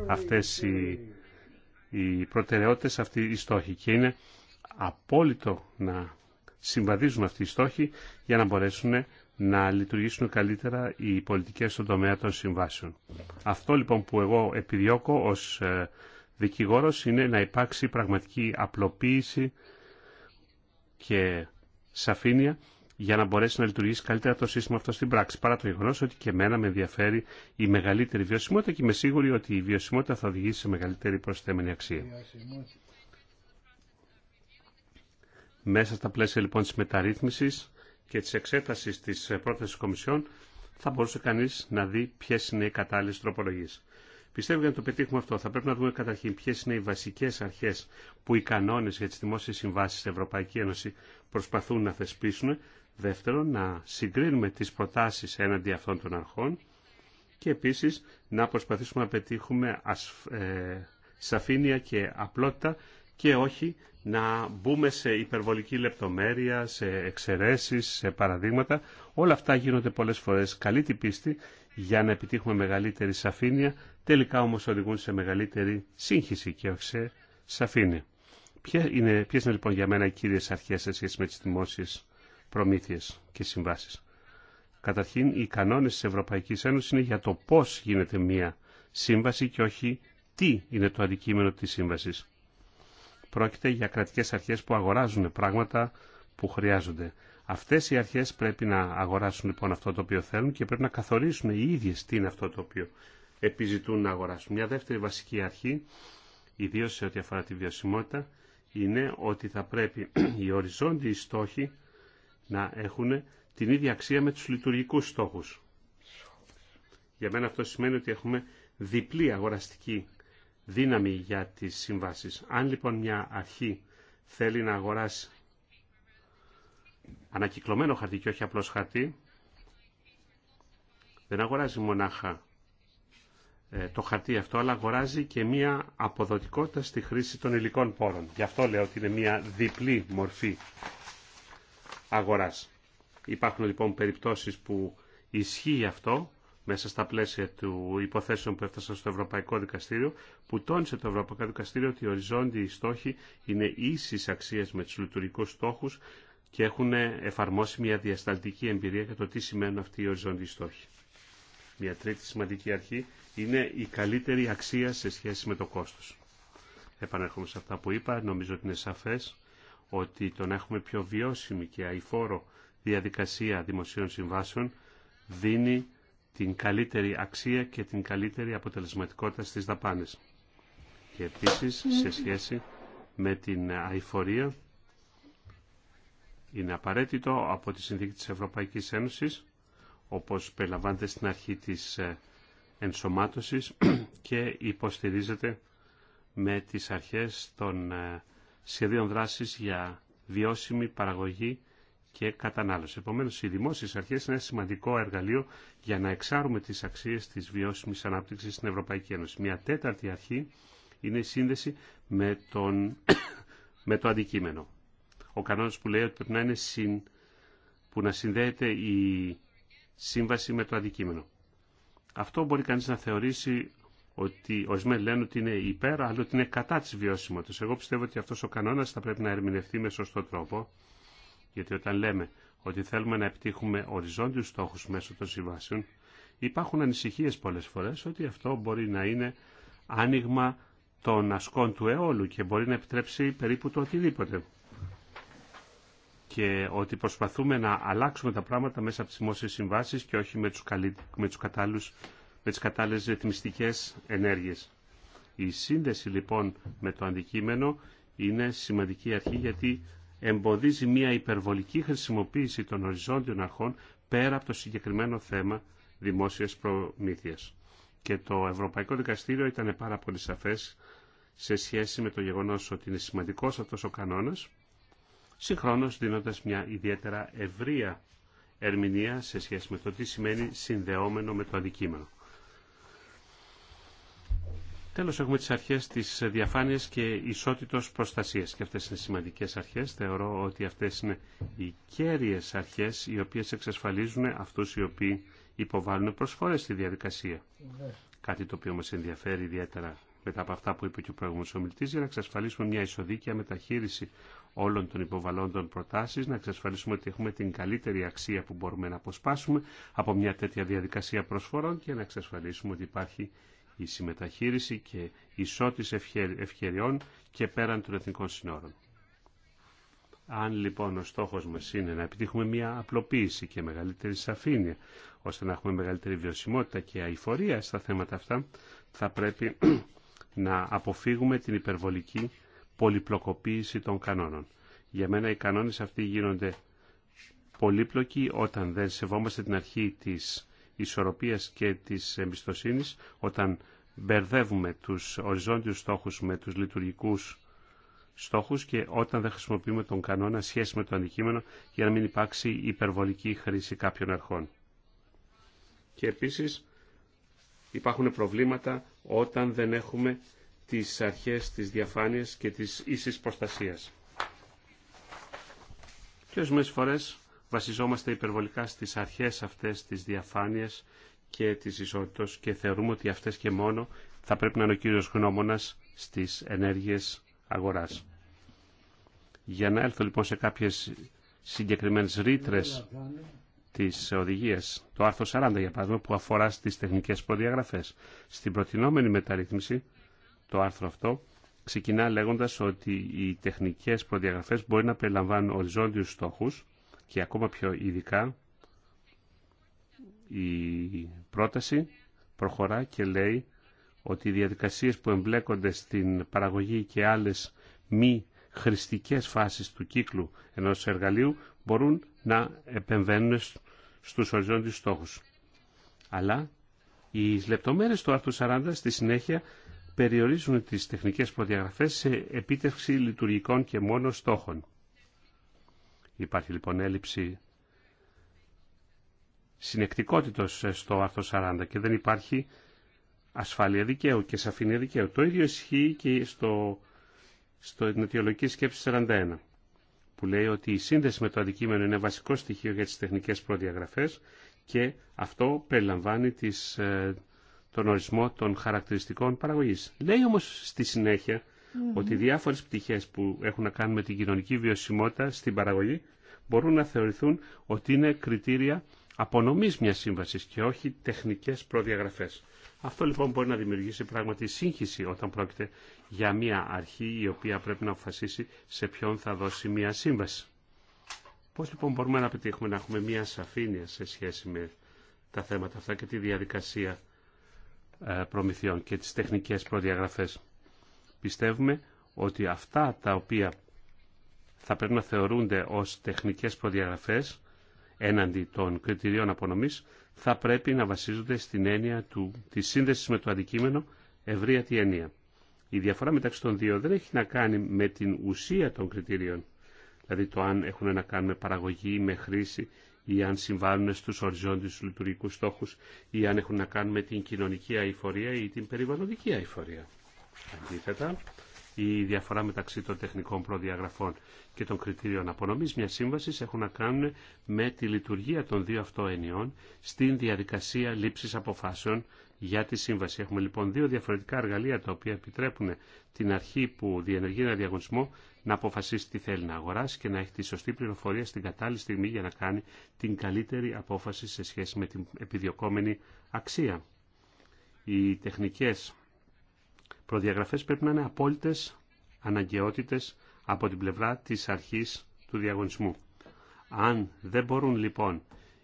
αυτές οι οι προτεραιότητες αυτοί οι στόχοι και είναι απόλυτο να συμβαδίζουν αυτοί οι στόχοι για να μπορέσουν να λειτουργήσουν καλύτερα οι πολιτικές στον τομέα των συμβάσεων. Αυτό λοιπόν που εγώ επιδιώκω ως ε, δικηγόρος είναι να υπάρξει πραγματική απλοποίηση και σαφήνεια για να μπορέσει να λειτουργήσει καλύτερα το σύστημα αυτό στην πράξη. Παρά το γεγονό ότι και εμένα με ενδιαφέρει η μεγαλύτερη βιωσιμότητα και είμαι σίγουρη ότι η βιωσιμότητα θα οδηγήσει σε μεγαλύτερη προσθέμενη αξία. Μέσα στα πλαίσια λοιπόν τη μεταρρύθμιση και τη εξέταση τη πρόταση Κομισιόν θα μπορούσε κανεί να δει ποιε είναι οι κατάλληλε τροπολογίε. Πιστεύω για να το πετύχουμε αυτό θα πρέπει να δούμε καταρχήν ποιε είναι οι βασικέ αρχέ που οι κανόνε για τι δημόσιε συμβάσει στην Ευρωπαϊκή Ένωση προσπαθούν να θεσπίσουν Δεύτερον, να συγκρίνουμε τις προτάσεις έναντι αυτών των αρχών και επίσης να προσπαθήσουμε να πετύχουμε ασφ... Ε, σαφήνεια και απλότητα και όχι να μπούμε σε υπερβολική λεπτομέρεια, σε εξαιρέσεις, σε παραδείγματα. Όλα αυτά γίνονται πολλές φορές καλή την πίστη για να επιτύχουμε μεγαλύτερη σαφήνεια, τελικά όμως οδηγούν σε μεγαλύτερη σύγχυση και όχι σε σαφήνεια. Ποιες είναι, ποιες είναι λοιπόν για μένα οι κύριες αρχές σε σχέση με τις δημόσιες προμήθειες και συμβάσεις. Καταρχήν, οι κανόνες της Ευρωπαϊκής Ένωσης είναι για το πώς γίνεται μία σύμβαση και όχι τι είναι το αντικείμενο της σύμβασης. Πρόκειται για κρατικές αρχές που αγοράζουν πράγματα που χρειάζονται. Αυτές οι αρχές πρέπει να αγοράσουν λοιπόν αυτό το οποίο θέλουν και πρέπει να καθορίσουν οι ίδιες τι είναι αυτό το οποίο επιζητούν να αγοράσουν. Μια δεύτερη βασική αρχή, ιδίω σε ό,τι αφορά τη βιωσιμότητα, είναι ότι θα πρέπει οι οριζόντιοι επιζητουν να αγορασουν μια δευτερη βασικη αρχη ιδιως σε οτι αφορα τη βιωσιμοτητα ειναι οτι θα πρεπει οι οριζοντιοι στοχοι να έχουν την ίδια αξία με τους λειτουργικούς στόχους. Για μένα αυτό σημαίνει ότι έχουμε διπλή αγοραστική δύναμη για τις συμβάσεις. Αν λοιπόν μια αρχή θέλει να αγοράσει ανακυκλωμένο χαρτί και όχι απλώς χαρτί, δεν αγοράζει μονάχα ε, το χαρτί αυτό, αλλά αγοράζει και μία αποδοτικότητα στη χρήση των υλικών πόρων. Γι' αυτό λέω ότι είναι μία διπλή μορφή αγοράς. Υπάρχουν λοιπόν περιπτώσεις που ισχύει αυτό μέσα στα πλαίσια του υποθέσεων που έφτασαν στο Ευρωπαϊκό Δικαστήριο, που τόνισε το Ευρωπαϊκό Δικαστήριο ότι οι οριζόντιοι στόχοι είναι ίσης αξία με τους λειτουργικού στόχους και έχουν εφαρμόσει μια διασταλτική εμπειρία για το τι σημαίνουν αυτοί οι οριζόντιοι στόχοι. Μια τρίτη σημαντική αρχή είναι η καλύτερη αξία σε σχέση με το κόστος. Επανέρχομαι σε αυτά που είπα, νομίζω ότι είναι σαφές ότι το να έχουμε πιο βιώσιμη και αηφόρο διαδικασία δημοσίων συμβάσεων δίνει την καλύτερη αξία και την καλύτερη αποτελεσματικότητα στις δαπάνες. Και επίσης σε σχέση με την αηφορία είναι απαραίτητο από τη Συνθήκη της Ευρωπαϊκής Ένωσης όπως περιλαμβάνεται στην αρχή της ε, ενσωμάτωσης και υποστηρίζεται με τις αρχές των ε, σχεδίων δράση για βιώσιμη παραγωγή και κατανάλωση. Επομένως, οι δημόσίε αρχέ είναι ένα σημαντικό εργαλείο για να εξάρουμε τις αξίες της βιώσιμη ανάπτυξης στην Ευρωπαϊκή Ένωση. Μια τέταρτη αρχή είναι η σύνδεση με, τον... με το αντικείμενο. Ο κανόνας που λέει ότι πρέπει να είναι συν... που να συνδέεται η σύμβαση με το αντικείμενο. Αυτό μπορεί κανείς να θεωρήσει ότι ορισμένοι λένε ότι είναι υπέρ, αλλά ότι είναι κατά τη βιώσιμότητα. Εγώ πιστεύω ότι αυτό ο κανόνα θα πρέπει να ερμηνευτεί με σωστό τρόπο, γιατί όταν λέμε ότι θέλουμε να επιτύχουμε οριζόντιου στόχου μέσω των συμβάσεων, υπάρχουν ανησυχίε πολλέ φορέ ότι αυτό μπορεί να είναι άνοιγμα των ασκών του αιώλου και μπορεί να επιτρέψει περίπου το οτιδήποτε. Και ότι προσπαθούμε να αλλάξουμε τα πράγματα μέσα από τι δημόσιε συμβάσει και όχι με του καλύ... με με τις κατάλληλες ρυθμιστικές ενέργειες. Η σύνδεση λοιπόν με το αντικείμενο είναι σημαντική αρχή γιατί εμποδίζει μια υπερβολική χρησιμοποίηση των οριζόντιων αρχών πέρα από το συγκεκριμένο θέμα δημόσιας προμήθειας. Και το Ευρωπαϊκό Δικαστήριο ήταν πάρα πολύ σαφές σε σχέση με το γεγονός ότι είναι σημαντικός αυτός ο κανόνας, συγχρόνως δίνοντας μια ιδιαίτερα ευρεία ερμηνεία σε σχέση με το τι σημαίνει συνδεόμενο με το αντικείμενο. Τέλος έχουμε τις αρχές της διαφάνειας και ισότητος προστασίας και αυτές είναι σημαντικές αρχές. Θεωρώ ότι αυτές είναι οι κέρυες αρχές οι οποίες εξασφαλίζουν αυτούς οι οποίοι υποβάλλουν προσφορές στη διαδικασία. Κάτι το οποίο μας ενδιαφέρει ιδιαίτερα μετά από αυτά που είπε και ο προηγούμενος ομιλητής για να εξασφαλίσουμε μια ισοδίκαια μεταχείριση όλων των των προτάσεις, να εξασφαλίσουμε ότι έχουμε την καλύτερη αξία που μπορούμε να αποσπάσουμε από μια τέτοια διαδικασία προσφορών και να εξασφαλίσουμε ότι υπάρχει η συμμεταχείριση και ισότηση ευκαιριών και πέραν των εθνικών συνόρων. Αν λοιπόν ο στόχος μας είναι να επιτύχουμε μια απλοποίηση και μεγαλύτερη σαφήνεια, ώστε να έχουμε μεγαλύτερη βιωσιμότητα και αηφορία στα θέματα αυτά, θα πρέπει να αποφύγουμε την υπερβολική πολυπλοκοποίηση των κανόνων. Για μένα οι κανόνες αυτοί γίνονται πολύπλοκοι όταν δεν σεβόμαστε την αρχή της ισορροπίας και της εμπιστοσύνης όταν μπερδεύουμε τους οριζόντιους στόχους με τους λειτουργικούς στόχους και όταν δεν χρησιμοποιούμε τον κανόνα σχέση με το αντικείμενο για να μην υπάρξει υπερβολική χρήση κάποιων αρχών. Και επίσης υπάρχουν προβλήματα όταν δεν έχουμε τις αρχές της διαφάνειας και της ίσης προστασίας. Και μέσες φορές βασιζόμαστε υπερβολικά στις αρχές αυτές της διαφάνειας και της ισότητας και θεωρούμε ότι αυτές και μόνο θα πρέπει να είναι ο κύριος γνώμονας στις ενέργειες αγοράς. Για να έλθω λοιπόν σε κάποιες συγκεκριμένες ρήτρε της οδηγίας, το άρθρο 40 για παράδειγμα που αφορά στις τεχνικές προδιαγραφές. Στην προτινόμενη μεταρρύθμιση, το άρθρο αυτό ξεκινά λέγοντας ότι οι τεχνικές προδιαγραφές μπορεί να περιλαμβάνουν οριζόντιους στόχους, και ακόμα πιο ειδικά η πρόταση προχωρά και λέει ότι οι διαδικασίες που εμπλέκονται στην παραγωγή και άλλες μη χρηστικές φάσεις του κύκλου ενός εργαλείου μπορούν να επεμβαίνουν στους οριζόντιους στόχους. Αλλά οι λεπτομέρειες του άρθρου 40 στη συνέχεια περιορίζουν τις τεχνικές προδιαγραφές σε επίτευξη λειτουργικών και μόνο στόχων. Υπάρχει λοιπόν έλλειψη συνεκτικότητος στο άρθρο 40 και δεν υπάρχει ασφάλεια δικαίου και σαφήνεια δικαίου. Το ίδιο ισχύει και στο, στο αιτιολογική σκέψη 41 που λέει ότι η σύνδεση με το αντικείμενο είναι βασικό στοιχείο για τις τεχνικές προδιαγραφές και αυτό περιλαμβάνει τις, ε, τον ορισμό των χαρακτηριστικών παραγωγής. Λέει όμως στη συνέχεια -hmm. ότι διάφορε πτυχέ που έχουν να κάνουν με την κοινωνική βιωσιμότητα στην παραγωγή μπορούν να θεωρηθούν ότι είναι κριτήρια απονομή μια σύμβαση και όχι τεχνικέ προδιαγραφέ. Αυτό λοιπόν μπορεί να δημιουργήσει πράγματι σύγχυση όταν πρόκειται για μια αρχή η οποία πρέπει να αποφασίσει σε ποιον θα δώσει μια σύμβαση. Πώ λοιπόν μπορούμε να πετύχουμε να έχουμε μια σαφήνεια σε σχέση με τα θέματα αυτά και τη διαδικασία ε, προμηθειών και τις τεχνικές προδιαγραφές πιστεύουμε ότι αυτά τα οποία θα πρέπει να θεωρούνται ως τεχνικές προδιαγραφές έναντι των κριτηρίων απονομής θα πρέπει να βασίζονται στην έννοια του, της σύνδεσης με το αντικείμενο ευρεία τη έννοια. Η διαφορά μεταξύ των δύο δεν έχει να κάνει με την ουσία των κριτηρίων, δηλαδή το αν έχουν να κάνουν με παραγωγή, με χρήση ή αν συμβάλλουν στους οριζόντιους λειτουργικούς στόχους ή αν έχουν να κάνουν με την κοινωνική αηφορία ή την περιβαλλοντική αηφορία. Αντίθετα, η διαφορά μεταξύ των τεχνικών προδιαγραφών και των κριτήριων απονομή μια σύμβαση έχουν να κάνουν με τη λειτουργία των δύο αυτών στην διαδικασία λήψη αποφάσεων για τη σύμβαση. Έχουμε λοιπόν δύο διαφορετικά εργαλεία τα οποία επιτρέπουν την αρχή που διενεργεί ένα διαγωνισμό να αποφασίσει τι θέλει να αγοράσει και να έχει τη σωστή πληροφορία στην κατάλληλη στιγμή για να κάνει την καλύτερη απόφαση σε σχέση με την επιδιωκόμενη αξία. Οι τεχνικές προδιαγραφές πρέπει να είναι απόλυτες αναγκαιότητες από την πλευρά της αρχής του διαγωνισμού. Αν δεν μπορούν λοιπόν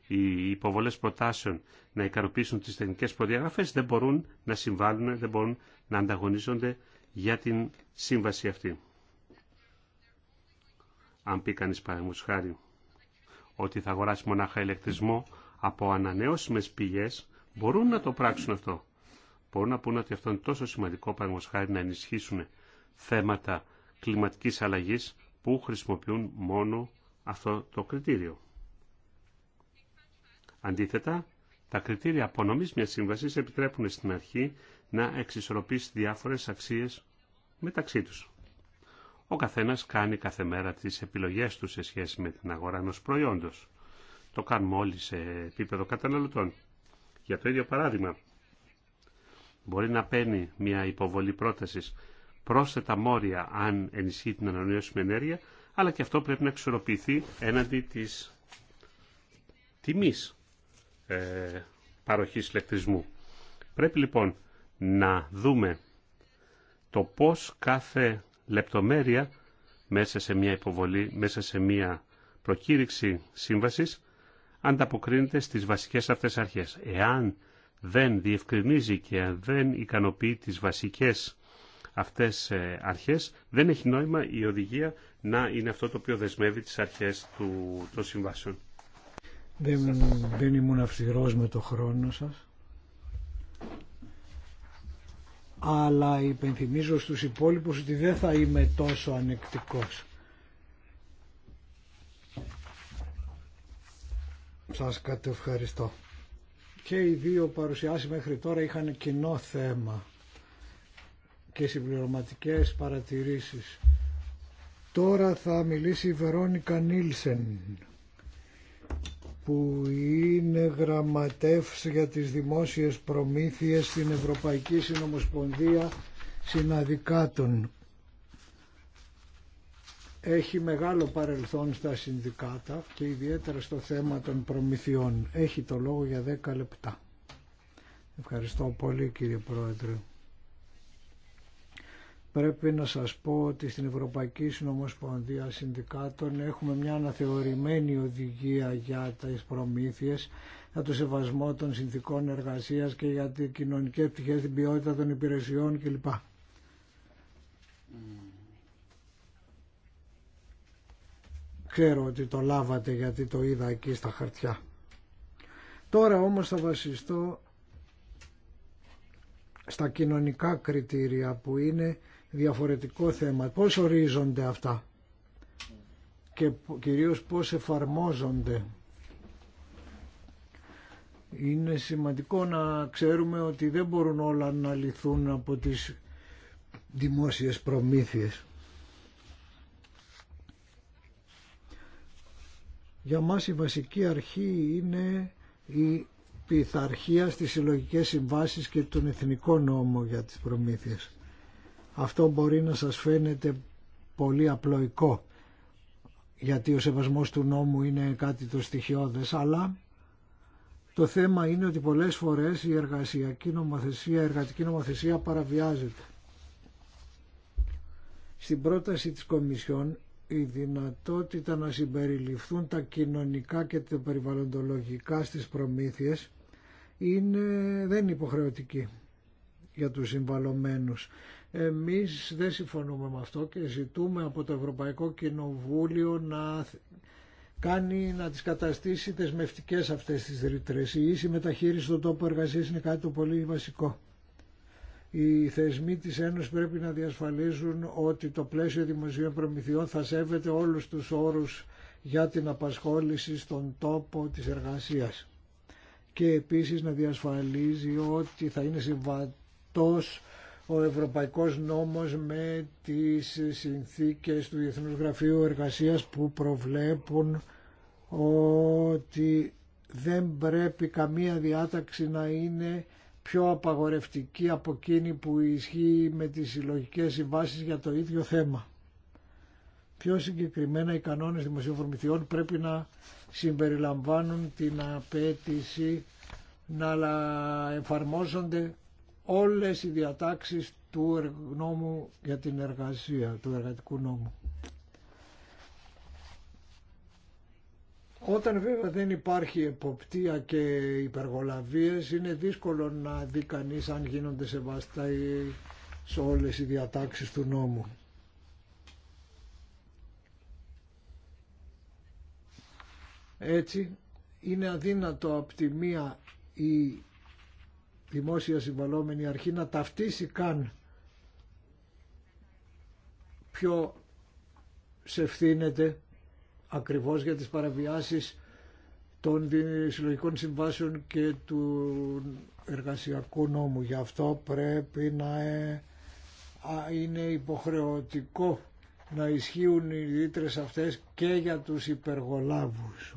οι υποβολές προτάσεων να ικανοποιήσουν τις τεχνικές προδιαγραφές, δεν μπορούν να συμβάλλουν, δεν μπορούν να ανταγωνίζονται για την σύμβαση αυτή. Αν πει κανείς παραδείγματος χάρη ότι θα αγοράσει μονάχα ηλεκτρισμό από ανανεώσιμες πηγές, μπορούν να το πράξουν αυτό μπορούν να πούνε ότι αυτό είναι τόσο σημαντικό παραγωγός χάρη να ενισχύσουν θέματα κλιματικής αλλαγής που χρησιμοποιούν μόνο αυτό το κριτήριο. Αντίθετα, τα κριτήρια απονομής μιας σύμβασης επιτρέπουν στην αρχή να εξισορροπήσει διάφορες αξίες μεταξύ τους. Ο καθένας κάνει κάθε μέρα τις επιλογές του σε σχέση με την αγορά ενός προϊόντος. Το κάνουμε όλοι σε επίπεδο καταναλωτών. Για το ίδιο παράδειγμα, μπορεί να παίρνει μια υποβολή πρότασης πρόσθετα μόρια αν ενισχύει την ανανεώσιμη ενέργεια, αλλά και αυτό πρέπει να εξορροπηθεί έναντι της τιμής ε, παροχής ηλεκτρισμού. Πρέπει λοιπόν να δούμε το πώς κάθε λεπτομέρεια μέσα σε μια υποβολή, μέσα σε μια προκήρυξη σύμβασης ανταποκρίνεται στις βασικές αυτές αρχές. Εάν δεν διευκρινίζει και δεν ικανοποιεί τις βασικές αυτές ε, αρχές, δεν έχει νόημα η οδηγία να είναι αυτό το οποίο δεσμεύει τις αρχές του, των συμβάσεων. Δεν, δεν ήμουν αυστηρός με το χρόνο σας. Αλλά υπενθυμίζω στους υπόλοιπους ότι δεν θα είμαι τόσο ανεκτικός. Σας κατευχαριστώ και οι δύο παρουσιάσεις μέχρι τώρα είχαν κοινό θέμα και συμπληρωματικές παρατηρήσεις. Τώρα θα μιλήσει η Βερόνικα Νίλσεν που είναι γραμματεύς για τις δημόσιες προμήθειες στην Ευρωπαϊκή Συνομοσπονδία Συναδικάτων έχει μεγάλο παρελθόν στα συνδικάτα και ιδιαίτερα στο θέμα των προμηθειών. Έχει το λόγο για 10 λεπτά. Ευχαριστώ πολύ κύριε Πρόεδρε. Πρέπει να σας πω ότι στην Ευρωπαϊκή Συνομοσπονδία Συνδικάτων έχουμε μια αναθεωρημένη οδηγία για τις προμήθειες, για το σεβασμό των συνθήκων εργασίας και για την κοινωνική πτυχές, την ποιότητα των υπηρεσιών κλπ. Ξέρω ότι το λάβατε γιατί το είδα εκεί στα χαρτιά. Τώρα όμως θα βασιστώ στα κοινωνικά κριτήρια που είναι διαφορετικό θέμα. Πώς ορίζονται αυτά και κυρίως πώς εφαρμόζονται. Είναι σημαντικό να ξέρουμε ότι δεν μπορούν όλα να λυθούν από τις δημόσιες προμήθειες. Για μας η βασική αρχή είναι η πειθαρχία στις συλλογικέ συμβάσεις και τον εθνικό νόμο για τις προμήθειες. Αυτό μπορεί να σας φαίνεται πολύ απλοϊκό γιατί ο σεβασμός του νόμου είναι κάτι το στοιχειώδες αλλά το θέμα είναι ότι πολλές φορές η εργασιακή νομοθεσία, η εργατική νομοθεσία παραβιάζεται. Στην πρόταση της Κομισιόν η δυνατότητα να συμπεριληφθούν τα κοινωνικά και τα περιβαλλοντολογικά στις προμήθειες είναι, δεν είναι υποχρεωτική για τους συμβαλωμένους. Εμείς δεν συμφωνούμε με αυτό και ζητούμε από το Ευρωπαϊκό Κοινοβούλιο να κάνει να τις καταστήσει δεσμευτικές αυτές τις ρήτρες. Η ίση μεταχείριση στον τόπο εργασίας είναι κάτι το πολύ βασικό οι θεσμοί της Ένωσης πρέπει να διασφαλίζουν ότι το πλαίσιο δημοσίων προμηθειών θα σέβεται όλους τους όρους για την απασχόληση στον τόπο της εργασίας και επίσης να διασφαλίζει ότι θα είναι συμβατός ο Ευρωπαϊκός νόμος με τις συνθήκες του Διεθνούς Γραφείου Εργασίας που προβλέπουν ότι δεν πρέπει καμία διάταξη να είναι πιο απαγορευτική από εκείνη που ισχύει με τις συλλογικές συμβάσεις για το ίδιο θέμα. Πιο συγκεκριμένα οι κανόνες δημοσιοφορμηθειών πρέπει να συμπεριλαμβάνουν την απέτηση να εφαρμόζονται όλες οι διατάξεις του νόμου για την εργασία, του εργατικού νόμου. Όταν βέβαια δεν υπάρχει εποπτεία και υπεργολαβίες είναι δύσκολο να δει κανεί αν γίνονται σεβαστά σε όλες οι διατάξεις του νόμου. Έτσι είναι αδύνατο από τη μία η δημόσια συμβαλόμενη αρχή να ταυτίσει καν πιο σε ευθύνεται ακριβώς για τις παραβιάσεις των συλλογικών συμβάσεων και του εργασιακού νόμου. Γι' αυτό πρέπει να ε, είναι υποχρεωτικό να ισχύουν οι δίτρες αυτές και για τους υπεργολάβους.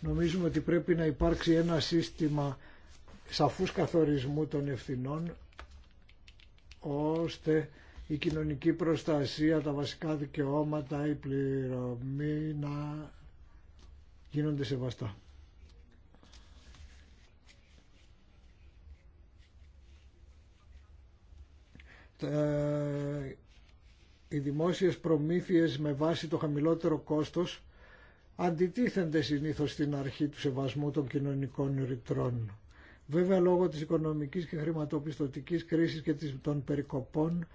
Νομίζουμε ότι πρέπει να υπάρξει ένα σύστημα σαφούς καθορισμού των ευθυνών ώστε η κοινωνική προστασία, τα βασικά δικαιώματα, η πληρωμή να γίνονται σεβαστά. Οι δημόσιες προμήθειες με βάση το χαμηλότερο κόστος αντιτίθενται συνήθως στην αρχή του σεβασμού των κοινωνικών ρητρών. Βέβαια λόγω της οικονομικής και χρηματοπιστωτικής κρίσης και των περικοπών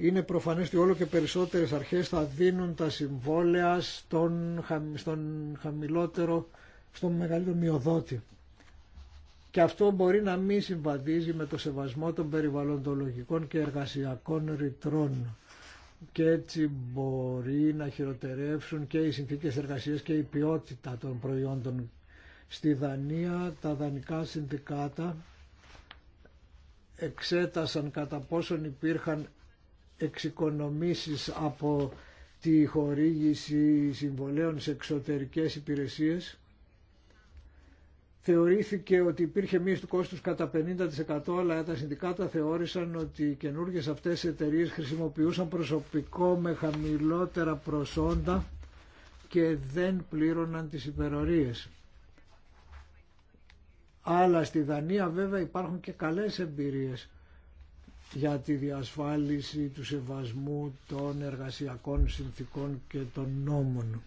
είναι προφανές ότι όλο και περισσότερες αρχές θα δίνουν τα συμβόλαια στον, στον χαμηλότερο, στον μεγαλύτερο μειοδότη. Και αυτό μπορεί να μην συμβαδίζει με το σεβασμό των περιβαλλοντολογικών και εργασιακών ρητρών. Και έτσι μπορεί να χειροτερεύσουν και οι συνθήκες εργασίας και η ποιότητα των προϊόντων. Στη Δανία τα δανεικά συνδικάτα εξέτασαν κατά πόσον υπήρχαν εξοικονομήσεις από τη χορήγηση συμβολέων σε εξωτερικές υπηρεσίες θεωρήθηκε ότι υπήρχε μείωση του κόστους κατά 50% αλλά τα συνδικάτα θεώρησαν ότι οι καινούργιες αυτές εταιρείε χρησιμοποιούσαν προσωπικό με χαμηλότερα προσόντα και δεν πλήρωναν τις υπερορίες. Αλλά στη Δανία βέβαια υπάρχουν και καλές εμπειρίες για τη διασφάλιση του σεβασμού των εργασιακών συνθήκων και των νόμων.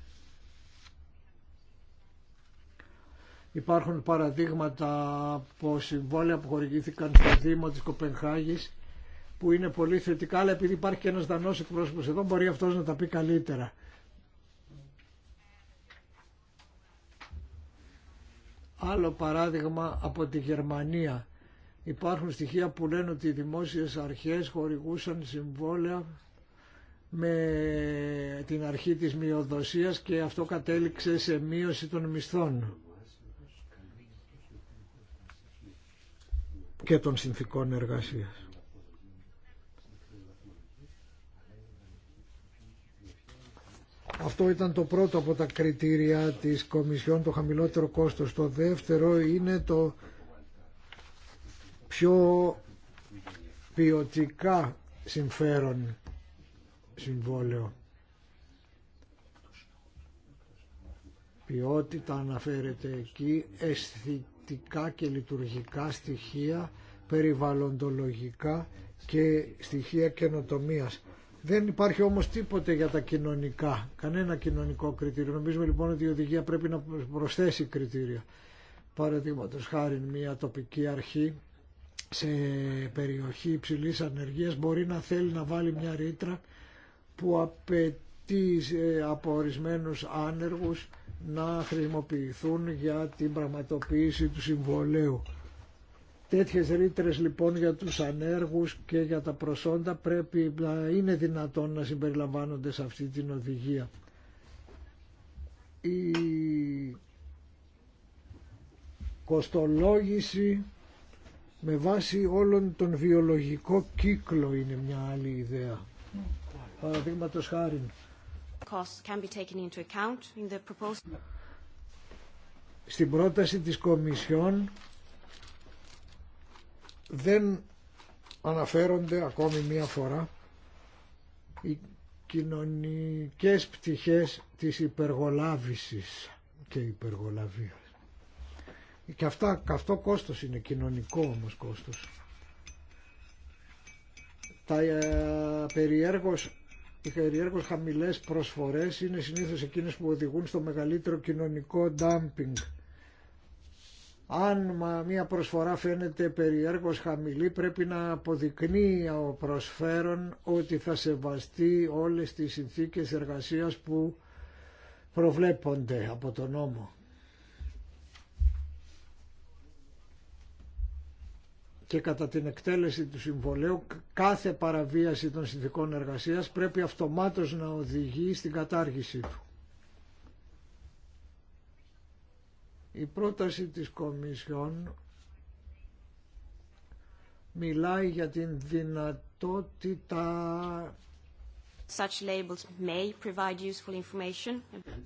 Υπάρχουν παραδείγματα από συμβόλαια που χορηγήθηκαν στο Δήμο της Κοπενχάγης που είναι πολύ θετικά, αλλά επειδή υπάρχει και ένας δανός εκπρόσωπος εδώ μπορεί αυτός να τα πει καλύτερα. Άλλο παράδειγμα από τη Γερμανία Υπάρχουν στοιχεία που λένε ότι οι δημόσιες αρχές χορηγούσαν συμβόλαια με την αρχή της μειοδοσίας και αυτό κατέληξε σε μείωση των μισθών και των συνθήκων εργασίας. Αυτό ήταν το πρώτο από τα κριτήρια της Κομισιόν, το χαμηλότερο κόστος. Το δεύτερο είναι το πιο ποιοτικά συμφέρον συμβόλαιο. Ποιότητα αναφέρεται εκεί, αισθητικά και λειτουργικά στοιχεία, περιβαλλοντολογικά και στοιχεία καινοτομία. Δεν υπάρχει όμως τίποτε για τα κοινωνικά, κανένα κοινωνικό κριτήριο. Νομίζουμε λοιπόν ότι η οδηγία πρέπει να προσθέσει κριτήρια. Παραδείγματο χάρη μια τοπική αρχή σε περιοχή υψηλής ανεργίας μπορεί να θέλει να βάλει μια ρήτρα που απαιτεί ε, από ορισμένους άνεργους να χρησιμοποιηθούν για την πραγματοποίηση του συμβολέου. Τέτοιες ρήτρε λοιπόν για τους ανέργους και για τα προσόντα πρέπει να είναι δυνατόν να συμπεριλαμβάνονται σε αυτή την οδηγία. Η κοστολόγηση με βάση όλον τον βιολογικό κύκλο είναι μια άλλη ιδέα. Παραδείγματο χάρη. Στην πρόταση της Κομισιόν δεν αναφέρονται ακόμη μία φορά οι κοινωνικές πτυχές της υπεργολάβησης και υπεργολαβίας. Και αυτά, αυτό κόστος είναι κοινωνικό όμως κόστος. Τα ε, περιέργως, οι περιέργως χαμηλές προσφορές είναι συνήθως εκείνες που οδηγούν στο μεγαλύτερο κοινωνικό ντάμπινγκ. Αν μια προσφορά φαίνεται περιέργως χαμηλή πρέπει να αποδεικνύει ο προσφέρον ότι θα σεβαστεί όλες τις συνθήκες εργασίας που προβλέπονται από τον νόμο. και κατά την εκτέλεση του συμβολέου κάθε παραβίαση των συνθηκών εργασίας πρέπει αυτομάτως να οδηγεί στην κατάργησή του. Η πρόταση της Κομισιόν μιλάει για την δυνατότητα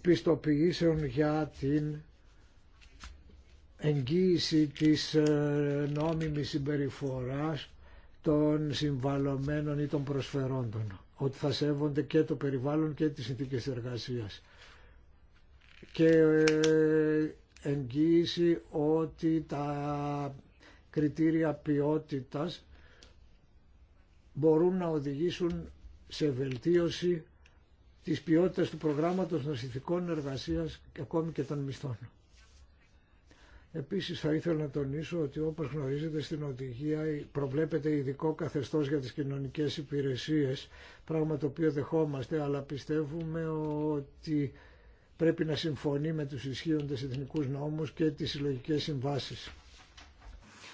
πιστοποιήσεων για την εγγύηση της ε, νόμιμης συμπεριφοράς των συμβαλωμένων ή των προσφερόντων ότι θα σέβονται και το περιβάλλον και τις συνθήκες εργασίας και ε, εγγύηση ότι τα κριτήρια ποιότητας μπορούν να οδηγήσουν σε βελτίωση της ποιότητας του προγράμματος των συνθηκών εργασίας και ακόμη και των μισθών. Επίσης θα ήθελα να τονίσω ότι όπως γνωρίζετε στην οδηγία προβλέπεται ειδικό καθεστώς για τις κοινωνικές υπηρεσίες, πράγμα το οποίο δεχόμαστε, αλλά πιστεύουμε ότι πρέπει να συμφωνεί με τους ισχύοντες εθνικούς νόμους και τις συλλογικέ συμβάσεις.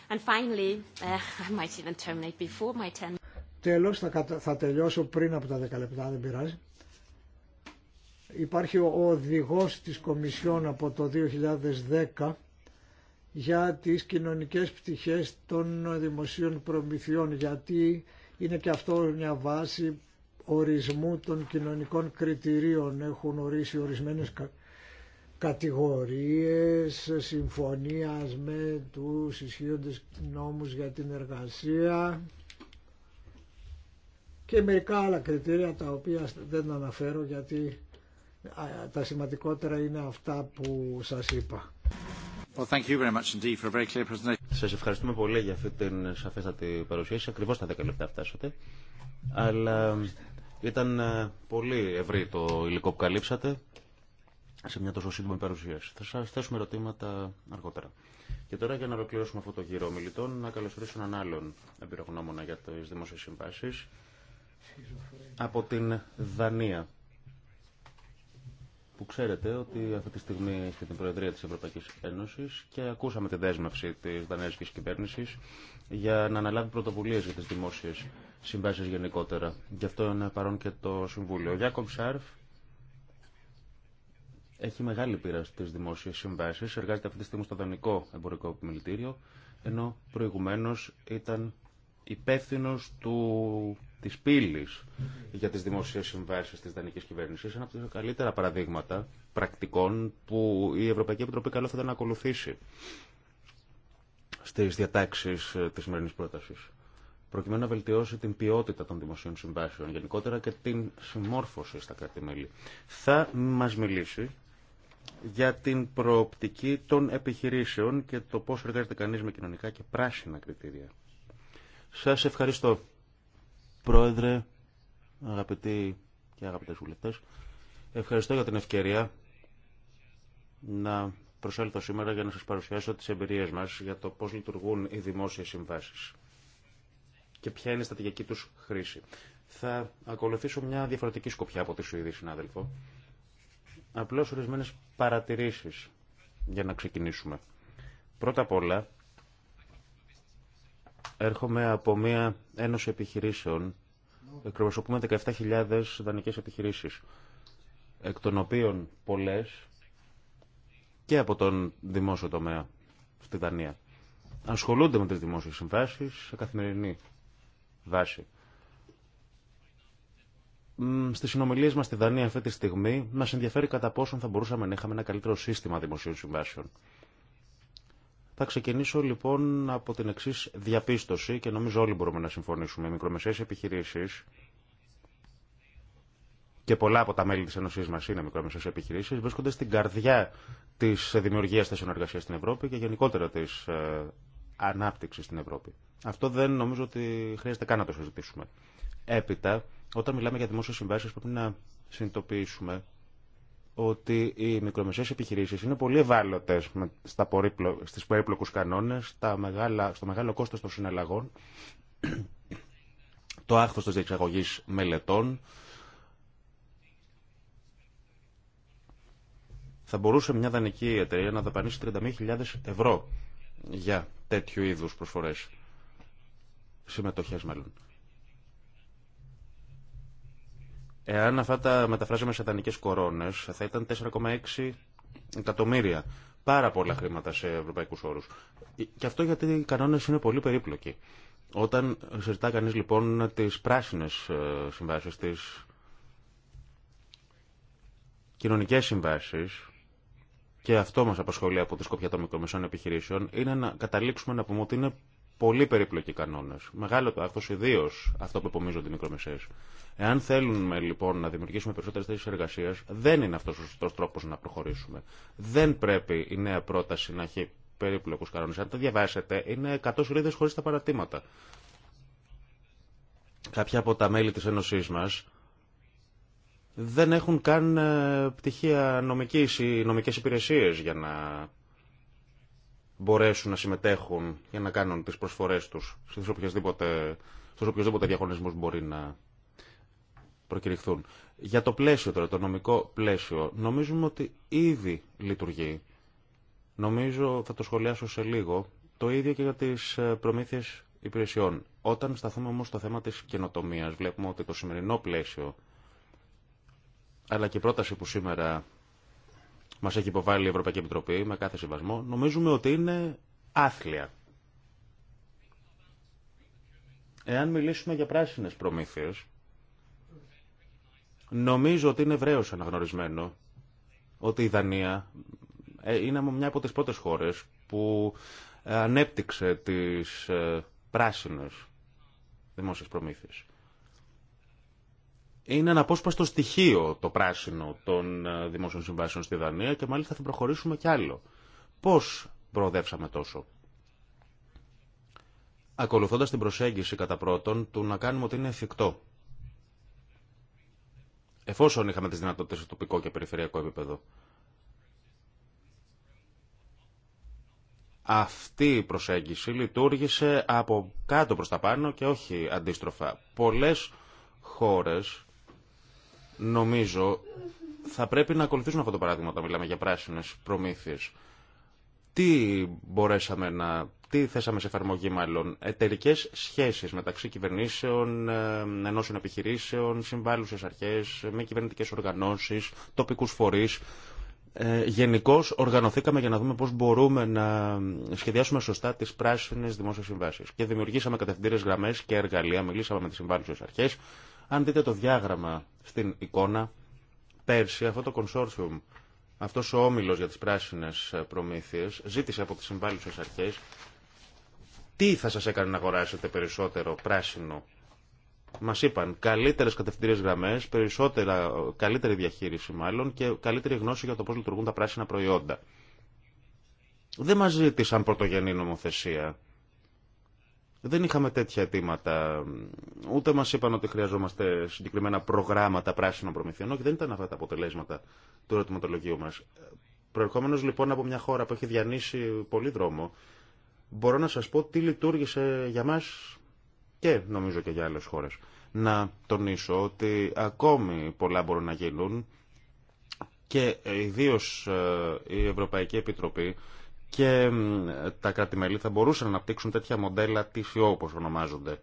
And finally, Τέλος, θα, τελειώσω πριν από τα 10 λεπτά, δεν πειράζει. Υπάρχει ο οδηγός της Κομισιόν από το 2010 για τις κοινωνικές πτυχές των δημοσίων προμηθειών γιατί είναι και αυτό μια βάση ορισμού των κοινωνικών κριτηρίων έχουν ορίσει ορισμένες κατηγορίες συμφωνίας με τους ισχύοντες νόμους για την εργασία και μερικά άλλα κριτήρια τα οποία δεν αναφέρω γιατί τα σημαντικότερα είναι αυτά που σας είπα. Well, Σας ευχαριστούμε πολύ για αυτή την σαφέστατη παρουσίαση. Ακριβώς τα 10 λεπτά φτάσατε. Αλλά ε, ήταν ε, πολύ ευρύ το υλικό που καλύψατε σε μια τόσο σύντομη παρουσίαση. Θα σας θέσουμε ερωτήματα αργότερα. Και τώρα για να ολοκληρώσουμε αυτό το γύρο μιλητών, να καλωσορίσω έναν άλλον εμπειρογνώμονα για τις δημόσιες συμβάσεις από την Δανία που ξέρετε ότι αυτή τη στιγμή έχει την Προεδρία της Ευρωπαϊκής Ένωσης και ακούσαμε τη δέσμευση της Δανέζικης Κυβέρνησης για να αναλάβει πρωτοβουλίες για τις δημόσιες συμβάσεις γενικότερα. Γι' αυτό είναι παρόν και το Συμβούλιο. Ο Γιάκομ Σάρφ έχει μεγάλη πείρα στις δημόσιες συμβάσεις, εργάζεται αυτή τη στιγμή στο Δανικό Εμπορικό Επιμελητήριο, ενώ προηγουμένως ήταν υπεύθυνο του της πύλης για τι δημόσιε συμβάσει τη δανεικής κυβέρνηση. ένα από τα καλύτερα παραδείγματα πρακτικών που η Ευρωπαϊκή Επιτροπή καλό θα ήταν να ακολουθήσει στι διατάξει ε, τη σημερινή πρόταση. προκειμένου να βελτιώσει την ποιότητα των δημοσίων συμβάσεων γενικότερα και την συμμόρφωση στα κράτη-μέλη. Θα μα μιλήσει για την προοπτική των επιχειρήσεων και το πώς εργάζεται κανείς με κοινωνικά και πράσινα κριτήρια. Σας ευχαριστώ, Πρόεδρε, αγαπητοί και αγαπητές βουλευτές. Ευχαριστώ για την ευκαιρία να προσέλθω σήμερα για να σας παρουσιάσω τις εμπειρίες μας για το πώς λειτουργούν οι δημόσιες συμβάσεις και ποια είναι η στρατηγική τους χρήση. Θα ακολουθήσω μια διαφορετική σκοπιά από τη Σουηδή, συνάδελφο. Απλώς ορισμένες παρατηρήσεις για να ξεκινήσουμε. Πρώτα απ' όλα, Έρχομαι από μια ένωση επιχειρήσεων. Εκπροσωπούμε 17.000 δανεικές επιχειρήσεις, εκ των οποίων πολλέ και από τον δημόσιο τομέα στη Δανία. Ασχολούνται με τι δημόσιε συμβάσει σε καθημερινή βάση. Στι συνομιλίε μα στη Δανία αυτή τη στιγμή μα ενδιαφέρει κατά πόσον θα μπορούσαμε να είχαμε ένα καλύτερο σύστημα δημοσίων συμβάσεων. Θα ξεκινήσω λοιπόν από την εξή διαπίστωση και νομίζω όλοι μπορούμε να συμφωνήσουμε. Οι μικρομεσαίε επιχειρήσει. και πολλά από τα μέλη τη Ένωσή μα είναι μικρομεσαίε επιχειρήσει, βρίσκονται στην καρδιά τη δημιουργία θέσεων εργασία στην Ευρώπη και γενικότερα τη ε, ανάπτυξη στην Ευρώπη. Αυτό δεν νομίζω ότι χρειάζεται καν να το συζητήσουμε. Έπειτα, όταν μιλάμε για δημόσιε συμβάσει, πρέπει να συνειδητοποιήσουμε ότι οι μικρομεσαίες επιχειρήσεις είναι πολύ ευάλωτες στα στις περίπλοκους κανόνες, στα μεγάλα, στο μεγάλο κόστος των συναλλαγών, το άχθος της διεξαγωγής μελετών. Θα μπορούσε μια δανεική εταιρεία να δαπανίσει 31.000 ευρώ για τέτοιου είδους προσφορές, συμμετοχές μέλλον. Εάν αυτά τα μεταφράζαμε σε δανεικέ κορώνες, θα ήταν 4,6 εκατομμύρια. Πάρα πολλά χρήματα σε ευρωπαϊκούς όρου. Και αυτό γιατί οι κανόνε είναι πολύ περίπλοκοι. Όταν συζητά κανεί λοιπόν τις πράσινες ε, συμβάσει τι κοινωνικέ συμβάσει και αυτό μας απασχολεί από τη σκοπιά των μικρομεσών επιχειρήσεων, είναι να καταλήξουμε να πούμε ότι είναι πολύ περίπλοκοι κανόνε. Μεγάλο το άγχο, ιδίω αυτό που επομίζονται οι μικρομεσαίε. Εάν θέλουμε λοιπόν να δημιουργήσουμε περισσότερε θέσει εργασία, δεν είναι αυτό ο σωστό τρόπο να προχωρήσουμε. Δεν πρέπει η νέα πρόταση να έχει περίπλοκου κανόνε. Αν το διαβάσετε, είναι 100 σελίδε χωρί τα παρατήματα. Κάποια από τα μέλη τη Ένωσή μα δεν έχουν καν ε, πτυχία νομική ή νομικές υπηρεσίες για να μπορέσουν να συμμετέχουν για να κάνουν τις προσφορές τους στους οποιοδήποτε, στους οποιοδήποτε διαγωνισμούς μπορεί να προκηρυχθούν. Για το πλαίσιο τώρα, το νομικό πλαίσιο, νομίζουμε ότι ήδη λειτουργεί. Νομίζω θα το σχολιάσω σε λίγο. Το ίδιο και για τις ε, προμήθειες υπηρεσιών. Όταν σταθούμε όμως στο θέμα της καινοτομία, βλέπουμε ότι το σημερινό πλαίσιο αλλά και η πρόταση που σήμερα Μα έχει υποβάλει η Ευρωπαϊκή Επιτροπή με κάθε συμβασμό, νομίζουμε ότι είναι άθλια. Εάν μιλήσουμε για πράσινες προμήθειες, νομίζω ότι είναι ευρέω αναγνωρισμένο ότι η Δανία ε, είναι μια από τις πρώτε χώρες που ανέπτυξε τις ε, πράσινες δημόσιες προμήθειε είναι αναπόσπαστο στοιχείο το πράσινο των ε, δημόσιων συμβάσεων στη Δανία και μάλιστα θα προχωρήσουμε κι άλλο. Πώς προοδεύσαμε τόσο. Ακολουθώντας την προσέγγιση κατά πρώτον του να κάνουμε ότι είναι εφικτό. Εφόσον είχαμε τις δυνατότητες σε τοπικό και περιφερειακό επίπεδο. Αυτή η προσέγγιση λειτουργήσε από κάτω προς τα πάνω και όχι αντίστροφα. Πολλές χώρες Νομίζω θα πρέπει να ακολουθήσουμε αυτό το παράδειγμα όταν μιλάμε για πράσινες προμήθειες. Τι μπορέσαμε να... Τι θέσαμε σε εφαρμογή μάλλον, εταιρικέ σχέσεις μεταξύ κυβερνήσεων, ε, ενώσεων επιχειρήσεων, συμβάλλουσες αρχές, μη κυβερνητικές οργανώσεις, τοπικούς φορείς. Ε, Γενικώ οργανωθήκαμε για να δούμε πώς μπορούμε να σχεδιάσουμε σωστά τις πράσινες δημόσιες συμβάσεις. Και δημιουργήσαμε κατευθυντήρες γραμμές και εργαλεία, μιλήσαμε με τις συμβάλλουσες αρχές, αν δείτε το διάγραμμα στην εικόνα, πέρσι αυτό το consortium, αυτός ο όμιλος για τις πράσινες ε, προμήθειε, ζήτησε από τις συμβάλλουσε αρχέ, τι θα σας έκανε να αγοράσετε περισσότερο πράσινο. Μα είπαν καλύτερες κατευθυντήριες γραμμές, ε, καλύτερη διαχείριση μάλλον και καλύτερη γνώση για το πώ λειτουργούν τα πράσινα προϊόντα. Δεν μα ζήτησαν πρωτογενή νομοθεσία. Δεν είχαμε τέτοια αιτήματα. Ούτε μα είπαν ότι χρειαζόμαστε συγκεκριμένα προγράμματα πράσινων προμηθειών. Όχι, δεν ήταν αυτά τα αποτελέσματα του ερωτηματολογίου μα. Προερχόμενο λοιπόν από μια χώρα που έχει διανύσει πολύ δρόμο, μπορώ να σα πω τι λειτουργήσε για μα και νομίζω και για άλλε χώρε. Να τονίσω ότι ακόμη πολλά μπορούν να γίνουν και ιδίω ε, η Ευρωπαϊκή Επιτροπή και τα κράτη-μέλη θα μπορούσαν να αναπτύξουν τέτοια μοντέλα TCO όπως ονομάζονται,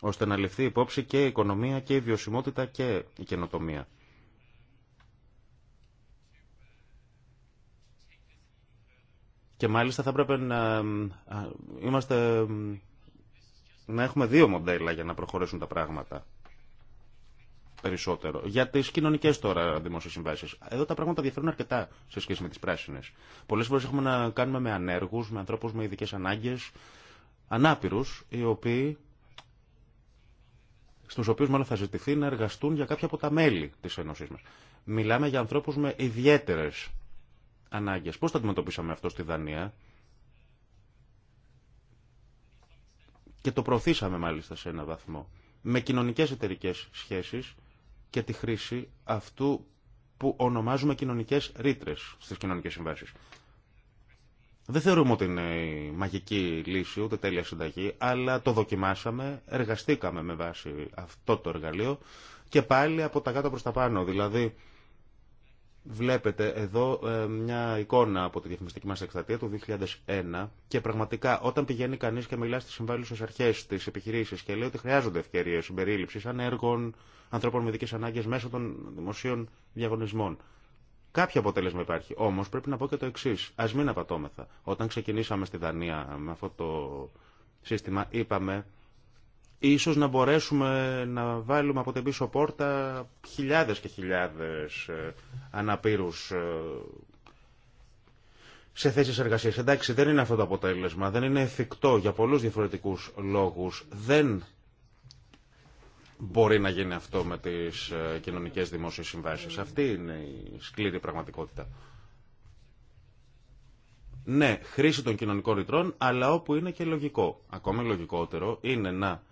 ώστε να ληφθεί υπόψη και η οικονομία και η βιωσιμότητα και η καινοτομία. Και μάλιστα θα πρέπει να, είμαστε, να έχουμε δύο μοντέλα για να προχωρήσουν τα πράγματα περισσότερο. Για τι κοινωνικέ τώρα δημόσιε συμβάσει. Εδώ τα πράγματα διαφέρουν αρκετά σε σχέση με τι πράσινε. Πολλέ φορέ έχουμε να κάνουμε με ανέργου, με ανθρώπου με ειδικέ ανάγκε, ανάπηρου, οι οποίοι στους οποίους μάλλον θα ζητηθεί να εργαστούν για κάποια από τα μέλη της Ένωσής μας. Μιλάμε για ανθρώπους με ιδιαίτερες ανάγκες. Πώς θα αντιμετωπίσαμε αυτό στη Δανία και το προωθήσαμε μάλιστα σε ένα βαθμό. Με κοινωνικές εταιρικές σχέσεις και τη χρήση αυτού που ονομάζουμε κοινωνικές ρήτρε στις κοινωνικές συμβάσει. Δεν θεωρούμε ότι είναι η μαγική λύση, ούτε τέλεια συνταγή, αλλά το δοκιμάσαμε, εργαστήκαμε με βάση αυτό το εργαλείο και πάλι από τα κάτω προς τα πάνω. Δηλαδή, Βλέπετε εδώ ε, μια εικόνα από τη διαφημιστική μας εκστατεία του 2001 και πραγματικά όταν πηγαίνει κανείς και μιλά στις συμβάλλουσες αρχές της επιχειρήσης και λέει ότι χρειάζονται ευκαιρίες συμπερίληψης ανέργων, ανθρώπων με δικές ανάγκες μέσω των δημοσίων διαγωνισμών. Κάποιο αποτέλεσμα υπάρχει. όμως πρέπει να πω και το εξή. Α μην απατώμεθα. Όταν ξεκινήσαμε στη Δανία με αυτό το σύστημα, είπαμε Ίσως να μπορέσουμε να βάλουμε από την πίσω πόρτα χιλιάδες και χιλιάδες ε, αναπήρους ε, σε θέσεις εργασίας. Εντάξει, δεν είναι αυτό το αποτέλεσμα, δεν είναι εφικτό για πολλούς διαφορετικούς λόγους. Δεν μπορεί να γίνει αυτό με τις ε, κοινωνικές δημόσιες συμβάσεις. Αυτή είναι η σκληρή πραγματικότητα. Ναι, χρήση των κοινωνικών ρητρών, αλλά όπου είναι και λογικό. Ακόμη λογικότερο είναι να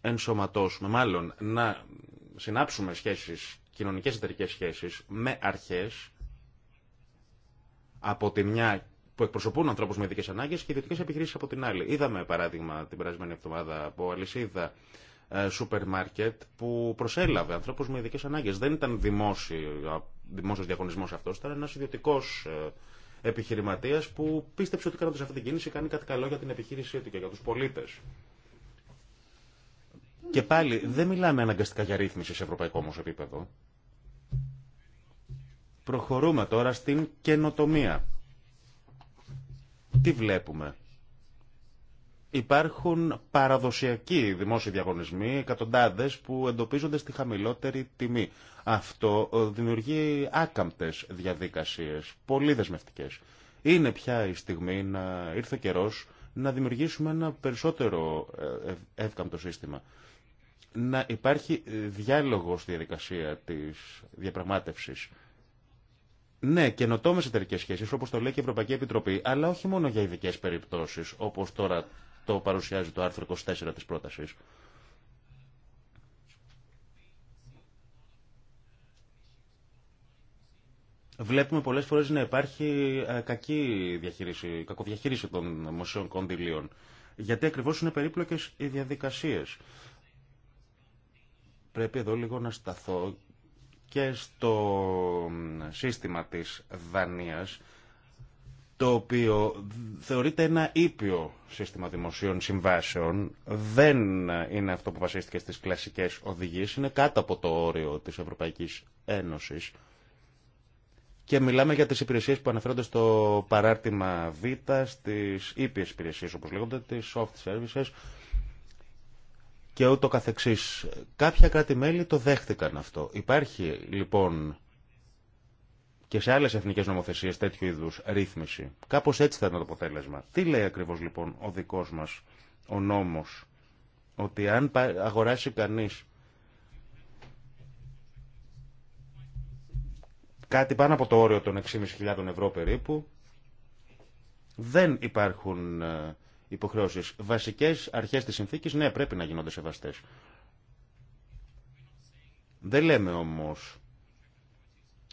ενσωματώσουμε, μάλλον να συνάψουμε σχέσεις, κοινωνικές εταιρικέ σχέσεις με αρχές από τη μια που εκπροσωπούν ανθρώπου με ειδικέ ανάγκε και ιδιωτικέ επιχειρήσεις από την άλλη. Είδαμε παράδειγμα την περασμένη εβδομάδα από αλυσίδα ε, σούπερ μάρκετ που προσέλαβε ανθρώπου με ειδικέ ανάγκε. Δεν ήταν δημόσιο διαγωνισμός αυτός, ήταν ένας ιδιωτικό ε, επιχειρηματίας που πίστεψε ότι κάνοντας αυτή την κίνηση κάνει κάτι καλό για την επιχείρησή του και για του πολίτε. Και πάλι δεν μιλάμε αναγκαστικά για ρύθμιση σε ευρωπαϊκό όμω επίπεδο. Προχωρούμε τώρα στην καινοτομία. Τι βλέπουμε. Υπάρχουν παραδοσιακοί δημόσιοι διαγωνισμοί, εκατοντάδες, που εντοπίζονται στη χαμηλότερη τιμή. Αυτό δημιουργεί άκαμπτες διαδικασίες, πολύ δεσμευτικέ. Είναι πια η στιγμή να ήρθε καιρό να δημιουργήσουμε ένα περισσότερο ε, εύκαμπτο σύστημα να υπάρχει ε, διάλογο στη διαδικασία τη διαπραγματεύση. Ναι, καινοτόμε εταιρικέ σχέσει, όπω το λέει και η Ευρωπαϊκή Επιτροπή, αλλά όχι μόνο για ειδικέ περιπτώσει, όπω τώρα το παρουσιάζει το άρθρο 24 τη πρόταση. Βλέπουμε πολλές φορές να υπάρχει ε, κακή διαχείριση, κακοδιαχείριση των δημοσίων κονδυλίων. Γιατί ακριβώς είναι περίπλοκες οι διαδικασίες πρέπει εδώ λίγο να σταθώ και στο σύστημα της Δανίας, το οποίο θεωρείται ένα ήπιο σύστημα δημοσίων συμβάσεων, δεν είναι αυτό που βασίστηκε στις κλασικές οδηγίες, είναι κάτω από το όριο της Ευρωπαϊκής Ένωσης. Και μιλάμε για τις υπηρεσίες που αναφέρονται στο παράρτημα Β, στις ήπιες υπηρεσίες όπως λέγονται, τις soft services, και ούτω καθεξής. Κάποια κράτη-μέλη το δέχτηκαν αυτό. Υπάρχει λοιπόν και σε άλλες εθνικές νομοθεσίες τέτοιου είδους ρύθμιση. Κάπως έτσι θα είναι το αποτέλεσμα. Τι λέει ακριβώς λοιπόν ο δικός μας ο νόμος. Ότι αν αγοράσει κανείς κάτι πάνω από το όριο των 6.500 ευρώ περίπου, δεν υπάρχουν ε, υποχρεώσει. Βασικέ αρχέ τη συνθήκη, ναι, πρέπει να γίνονται σεβαστέ. Δεν λέμε όμω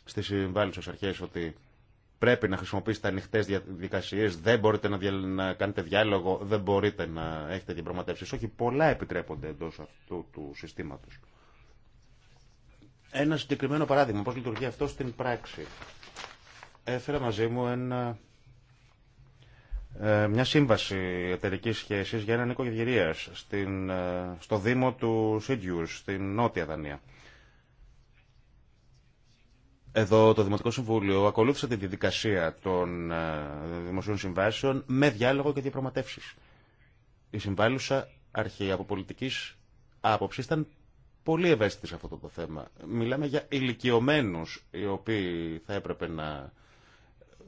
στι συμβάλλουσε αρχέ ότι πρέπει να χρησιμοποιήσετε ανοιχτέ διαδικασίε, δεν μπορείτε να, να κάνετε διάλογο, δεν μπορείτε να έχετε διαπραγματεύσει. Όχι, πολλά επιτρέπονται εντό αυτού του συστήματο. Ένα συγκεκριμένο παράδειγμα, πώ λειτουργεί αυτό στην πράξη. Έφερα μαζί μου ένα ε, μια σύμβαση εταιρική σχέση για έναν στην ε, στο Δήμο του Σίτιου, στην Νότια Δανία. Εδώ το Δημοτικό Συμβούλιο ακολούθησε τη διαδικασία των ε, δημοσίων συμβάσεων με διάλογο και διαπραγματεύσει. Η συμβάλλουσα αρχή από πολιτική άποψη ήταν πολύ ευαίσθητη σε αυτό το θέμα. Μιλάμε για ηλικιωμένου οι οποίοι θα έπρεπε να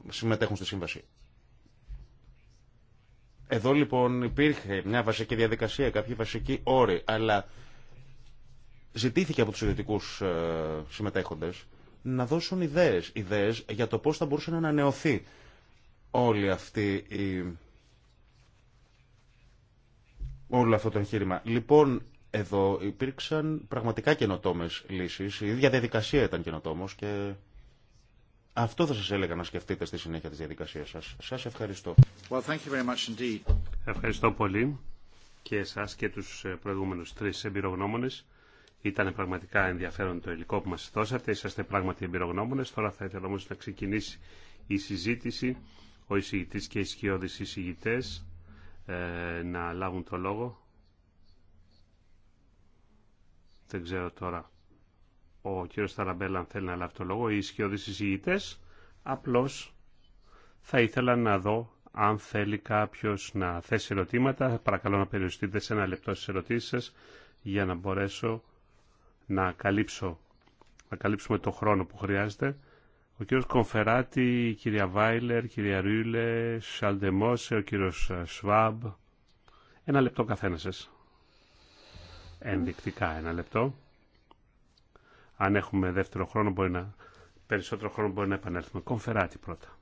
συμμετέχουν στη σύμβαση. Εδώ λοιπόν υπήρχε μια βασική διαδικασία, κάποιοι βασικοί όροι, αλλά ζητήθηκε από τους ιδιωτικούς ε, συμμετέχοντες να δώσουν ιδέες, ιδέες για το πώς θα μπορούσε να ανανεωθεί όλη αυτή η... όλο αυτό το εγχείρημα. Λοιπόν, εδώ υπήρξαν πραγματικά καινοτόμες λύσεις, η ίδια διαδικασία ήταν καινοτόμος και αυτό θα σας έλεγα να σκεφτείτε στη συνέχεια της διαδικασίας σας. Σας ευχαριστώ. Well, thank you very much indeed. Ευχαριστώ πολύ και εσάς και τους ε, προηγούμενους τρεις εμπειρογνώμονες. Ήταν πραγματικά ενδιαφέρον το υλικό που μας δώσατε. Είσαστε πράγματι εμπειρογνώμονες. Τώρα θα ήθελα όμως να ξεκινήσει η συζήτηση. Ο εισηγητής και οι σκιώδεις εισηγητές ε, να λάβουν το λόγο. Δεν ξέρω τώρα ο κύριος Σταραμπέλα, αν θέλει να λάβει το λόγο, οι ισχυώδεις συζητητές, απλώς θα ήθελα να δω αν θέλει κάποιος να θέσει ερωτήματα. Παρακαλώ να περιοριστείτε σε ένα λεπτό στις ερωτήσεις σας για να μπορέσω να, καλύψω, να καλύψουμε το χρόνο που χρειάζεται. Ο κύριος Κομφεράτη, η κυρία Βάιλερ, η κυρία Ρούλε, Σαλντεμόσε, ο κύριος Σβάμπ. Ένα λεπτό καθένα σας. Ενδεικτικά ένα λεπτό. Αν έχουμε δεύτερο χρόνο, μπορεί να, περισσότερο χρόνο μπορεί να επανέλθουμε. Κομφεράτη πρώτα.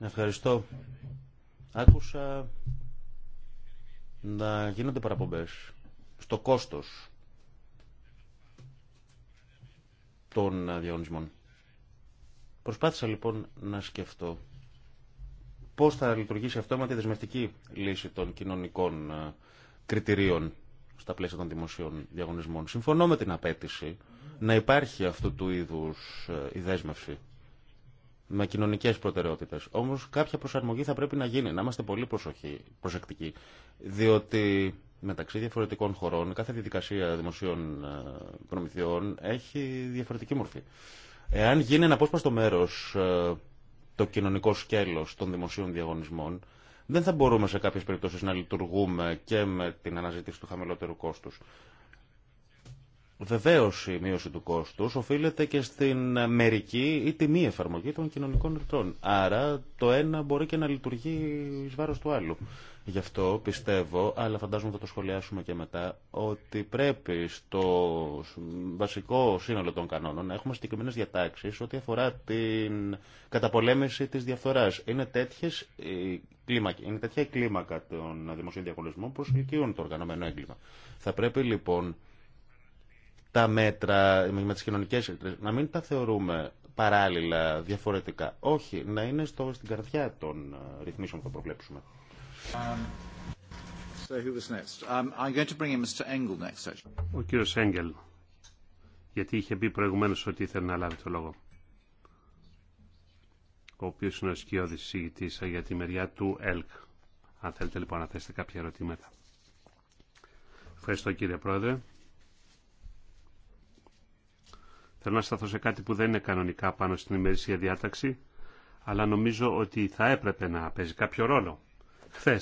Ευχαριστώ. Άκουσα να γίνονται παραπομπές στο κόστος των διαγωνισμών. Προσπάθησα λοιπόν να σκεφτώ πώς θα λειτουργήσει αυτό με τη δεσμευτική λύση των κοινωνικών ε, κριτηρίων στα πλαίσια των δημοσίων διαγωνισμών. Συμφωνώ με την απέτηση να υπάρχει αυτού του είδους ε, η δέσμευση με κοινωνικέ προτεραιότητε. Όμω κάποια προσαρμογή θα πρέπει να γίνει, να είμαστε πολύ προσοχή, προσεκτικοί. Διότι μεταξύ διαφορετικών χωρών κάθε διαδικασία δημοσίων ε, προμηθειών έχει διαφορετική μορφή. Εάν γίνει ένα απόσπαστο μέρο ε, το κοινωνικό σκέλος των δημοσίων διαγωνισμών, δεν θα μπορούμε σε κάποιες περιπτώσεις να λειτουργούμε και με την αναζήτηση του χαμηλότερου κόστους. Βεβαίω η μείωση του κόστου οφείλεται και στην μερική ή τιμή εφαρμογή των κοινωνικών ρητών. Άρα το ένα μπορεί και να λειτουργεί ει βάρο του άλλου. Γι' αυτό πιστεύω, αλλά φαντάζομαι θα το σχολιάσουμε και μετά, ότι πρέπει στο βασικό σύνολο των κανόνων να έχουμε συγκεκριμένε διατάξει ό,τι αφορά την καταπολέμηση τη διαφθορά. Είναι, είναι τέτοια η κλίμακα των δημοσίων διαγωνισμών που προσελκύουν το οργανωμένο έγκλημα. Θα πρέπει λοιπόν τα μέτρα με τις κοινωνικές να μην τα θεωρούμε παράλληλα, διαφορετικά. Όχι, να είναι στο, στην καρδιά των ε, ρυθμίσεων που θα προβλέψουμε. Um, um, ο κύριος Έγγελ, γιατί είχε πει προηγουμένως ότι ήθελε να λάβει το λόγο. Ο οποίος είναι ο σκιώδης συγητής ε, για τη μεριά του ΕΛΚ. Αν θέλετε λοιπόν να θέσετε κάποια ερωτήματα. Ευχαριστώ κύριε Πρόεδρε. Θέλω να σταθώ σε κάτι που δεν είναι κανονικά πάνω στην ημερήσια διάταξη, αλλά νομίζω ότι θα έπρεπε να παίζει κάποιο ρόλο. Χθε.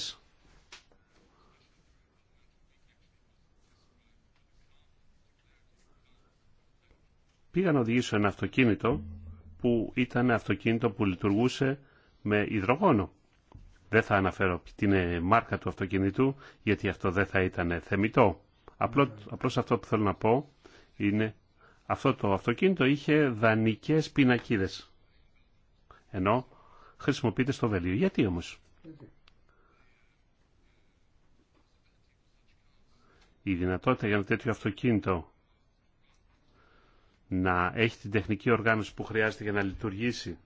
Πήγα να οδηγήσω ένα αυτοκίνητο που ήταν αυτοκίνητο που λειτουργούσε με υδρογόνο. Δεν θα αναφέρω την ε, μάρκα του αυτοκινητού, γιατί αυτό δεν θα ήταν θεμητό. Απλώς, αυτό που θέλω να πω είναι αυτό το αυτοκίνητο είχε δανεικές πινακίδες. Ενώ χρησιμοποιείται στο Βελίο. Γιατί όμως. Η δυνατότητα για ένα τέτοιο αυτοκίνητο να έχει την τεχνική οργάνωση που χρειάζεται για να λειτουργήσει.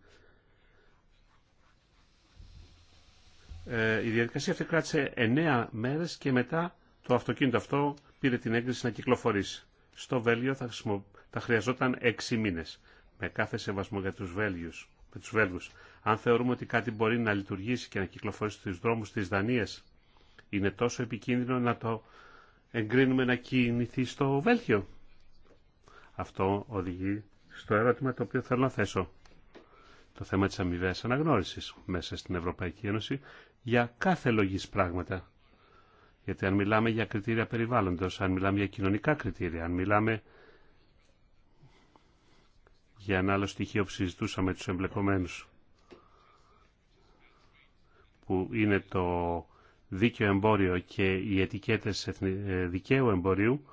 Ε, η διαδικασία αυτή κράτησε 9 μέρες και μετά το αυτοκίνητο αυτό πήρε την έγκριση να κυκλοφορήσει. Στο Βέλιο θα χρησιμοποιήσει θα χρειαζόταν έξι μήνες. Με κάθε σεβασμό για τους Βέλγιους, με τους Βέλγους. Αν θεωρούμε ότι κάτι μπορεί να λειτουργήσει και να κυκλοφορήσει στους δρόμους της Δανίας, είναι τόσο επικίνδυνο να το εγκρίνουμε να κινηθεί στο Βέλγιο. Αυτό οδηγεί στο ερώτημα το οποίο θέλω να θέσω. Το θέμα της αμοιβαία αναγνώρισης μέσα στην Ευρωπαϊκή Ένωση για κάθε λογής πράγματα. Γιατί αν μιλάμε για κριτήρια περιβάλλοντος, αν μιλάμε για κοινωνικά κριτήρια, αν μιλάμε για ένα άλλο στοιχείο που συζητούσαμε τους εμπλεκομένους που είναι το δίκαιο εμπόριο και οι ετικέτες ε, δικαίου εμπορίου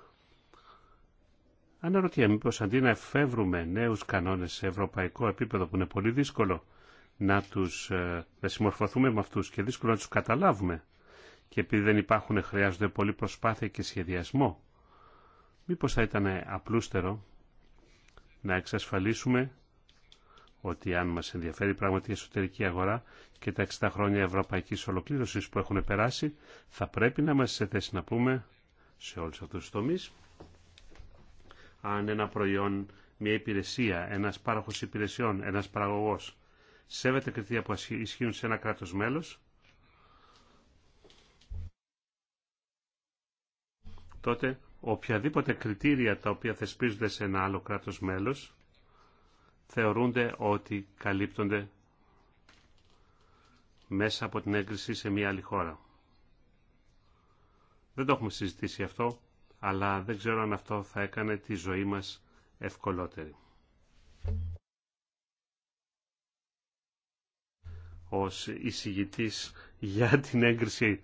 αναρωτιέμαι μήπως αντί να εφεύρουμε νέους κανόνες σε ευρωπαϊκό επίπεδο που είναι πολύ δύσκολο να, τους, ε, να συμμορφωθούμε με αυτούς και δύσκολο να τους καταλάβουμε και επειδή δεν υπάρχουν χρειάζονται πολύ προσπάθεια και σχεδιασμό μήπως θα ήταν απλούστερο να εξασφαλίσουμε ότι αν μας ενδιαφέρει πράγματι η εσωτερική αγορά και τα 60 χρόνια ευρωπαϊκής ολοκλήρωσης που έχουν περάσει, θα πρέπει να μας σε θέση να πούμε σε όλους αυτούς τους τομείς αν ένα προϊόν, μια υπηρεσία, ένας πάροχος υπηρεσιών, ένας παραγωγός σέβεται κριτήρια που ισχύουν σε ένα κράτος μέλος, τότε οποιαδήποτε κριτήρια τα οποία θεσπίζονται σε ένα άλλο κράτος μέλος θεωρούνται ότι καλύπτονται μέσα από την έγκριση σε μια άλλη χώρα. Δεν το έχουμε συζητήσει αυτό, αλλά δεν ξέρω αν αυτό θα έκανε τη ζωή μας ευκολότερη. Ως εισηγητής για την έγκριση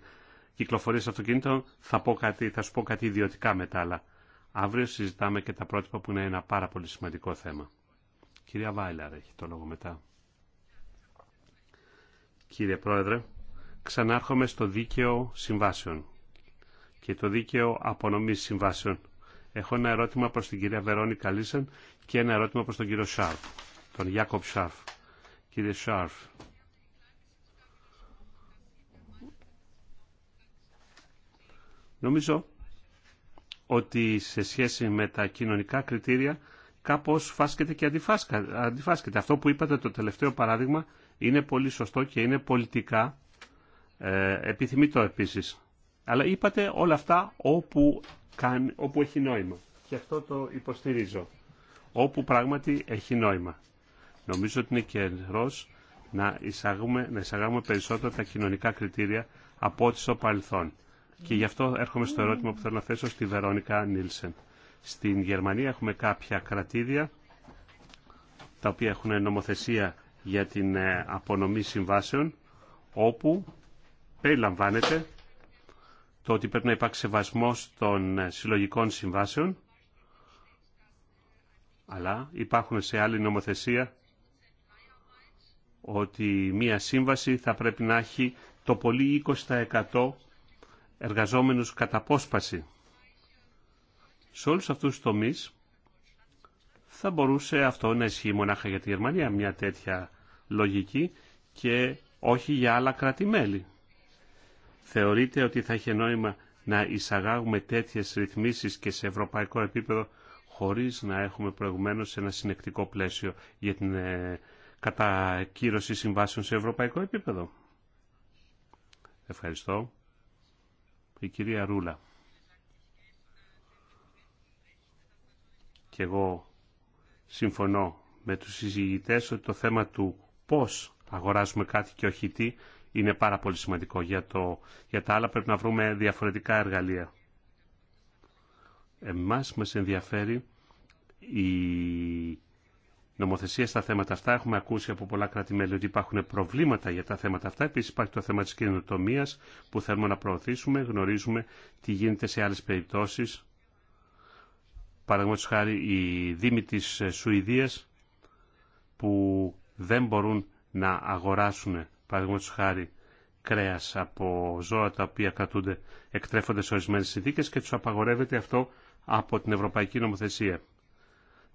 κυκλοφορείς αυτοκινήτων, θα, πω κάτι, θα σου πω κάτι ιδιωτικά μετά, αλλά αύριο συζητάμε και τα πρότυπα που είναι ένα πάρα πολύ σημαντικό θέμα. Κυρία Βάιλαρ έχει το λόγο μετά. Κύριε Πρόεδρε, ξανάρχομαι στο δίκαιο συμβάσεων και το δίκαιο απονομής συμβάσεων. Έχω ένα ερώτημα προς την κυρία Βερόνη Καλίσεν και ένα ερώτημα προς τον κύριο Σάρφ, τον Ιάκοπ Σάρφ. Κύριε Σάρφ, Νομίζω ότι σε σχέση με τα κοινωνικά κριτήρια κάπως φάσκεται και αντιφάσκεται. Αυτό που είπατε το τελευταίο παράδειγμα είναι πολύ σωστό και είναι πολιτικά ε, επιθυμητό επίσης. Αλλά είπατε όλα αυτά όπου, όπου έχει νόημα. Και αυτό το υποστηρίζω. Όπου πράγματι έχει νόημα. Νομίζω ότι είναι καιρό να εισαγάγουμε, να περισσότερα τα κοινωνικά κριτήρια από ό,τι στο παρελθόν. Και γι' αυτό έρχομαι στο ερώτημα που θέλω να θέσω στη Βερόνικα Νίλσεν. Στην Γερμανία έχουμε κάποια κρατήδια τα οποία έχουν νομοθεσία για την ε, απονομή συμβάσεων όπου περιλαμβάνεται το ότι πρέπει να υπάρξει σεβασμός των ε, συλλογικών συμβάσεων αλλά υπάρχουν σε άλλη νομοθεσία ότι μία σύμβαση θα πρέπει να έχει το πολύ 20% εργαζόμενους κατά πόσπαση. Σε όλους αυτούς τους τομείς θα μπορούσε αυτό να ισχύει μονάχα για τη Γερμανία μια τέτοια λογική και όχι για άλλα κράτη-μέλη. Θεωρείτε ότι θα είχε νόημα να εισαγάγουμε τέτοιες ρυθμίσεις και σε ευρωπαϊκό επίπεδο χωρίς να έχουμε προηγουμένως ένα συνεκτικό πλαίσιο για την ε, κατακύρωση συμβάσεων σε ευρωπαϊκό επίπεδο. Ευχαριστώ η κυρία Ρούλα. Και εγώ συμφωνώ με τους συζητητές ότι το θέμα του πώς αγοράζουμε κάτι και όχι τι είναι πάρα πολύ σημαντικό. Για, το, για τα άλλα πρέπει να βρούμε διαφορετικά εργαλεία. Εμάς μας ενδιαφέρει η νομοθεσία στα θέματα αυτά. Έχουμε ακούσει από πολλά κράτη-μέλη ότι υπάρχουν προβλήματα για τα θέματα αυτά. Επίση υπάρχει το θέμα τη καινοτομία που θέλουμε να προωθήσουμε. Γνωρίζουμε τι γίνεται σε άλλε περιπτώσει. Παραδείγματο χάρη οι Δήμοι τη Σουηδία που δεν μπορούν να αγοράσουν, παραδείγματο χάρη, κρέα από ζώα τα οποία κρατούνται, εκτρέφονται σε ορισμένε συνθήκε και του απαγορεύεται αυτό από την Ευρωπαϊκή Νομοθεσία.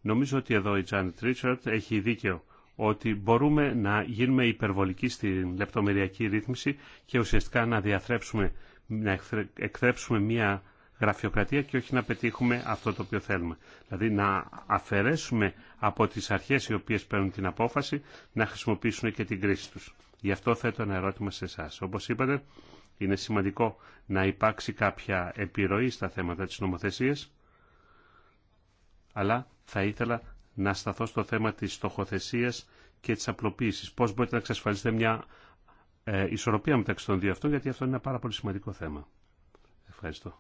Νομίζω ότι εδώ η Τζάνετ Ρίτσαρτ έχει δίκαιο ότι μπορούμε να γίνουμε υπερβολικοί στην λεπτομεριακή ρύθμιση και ουσιαστικά να διαθρέψουμε, να εκθρέψουμε μια γραφειοκρατία και όχι να πετύχουμε αυτό το οποίο θέλουμε. Δηλαδή να αφαιρέσουμε από τις αρχές οι οποίες παίρνουν την απόφαση να χρησιμοποιήσουν και την κρίση τους. Γι' αυτό θέτω ένα ερώτημα σε εσά. Όπως είπατε, είναι σημαντικό να υπάρξει κάποια επιρροή στα θέματα της νομοθεσίας, αλλά θα ήθελα να σταθώ στο θέμα της στοχοθεσίας και της απλοποίησης. Πώς μπορείτε να εξασφαλίσετε μια ε, ισορροπία μεταξύ των δύο αυτών, γιατί αυτό είναι ένα πάρα πολύ σημαντικό θέμα. Ευχαριστώ.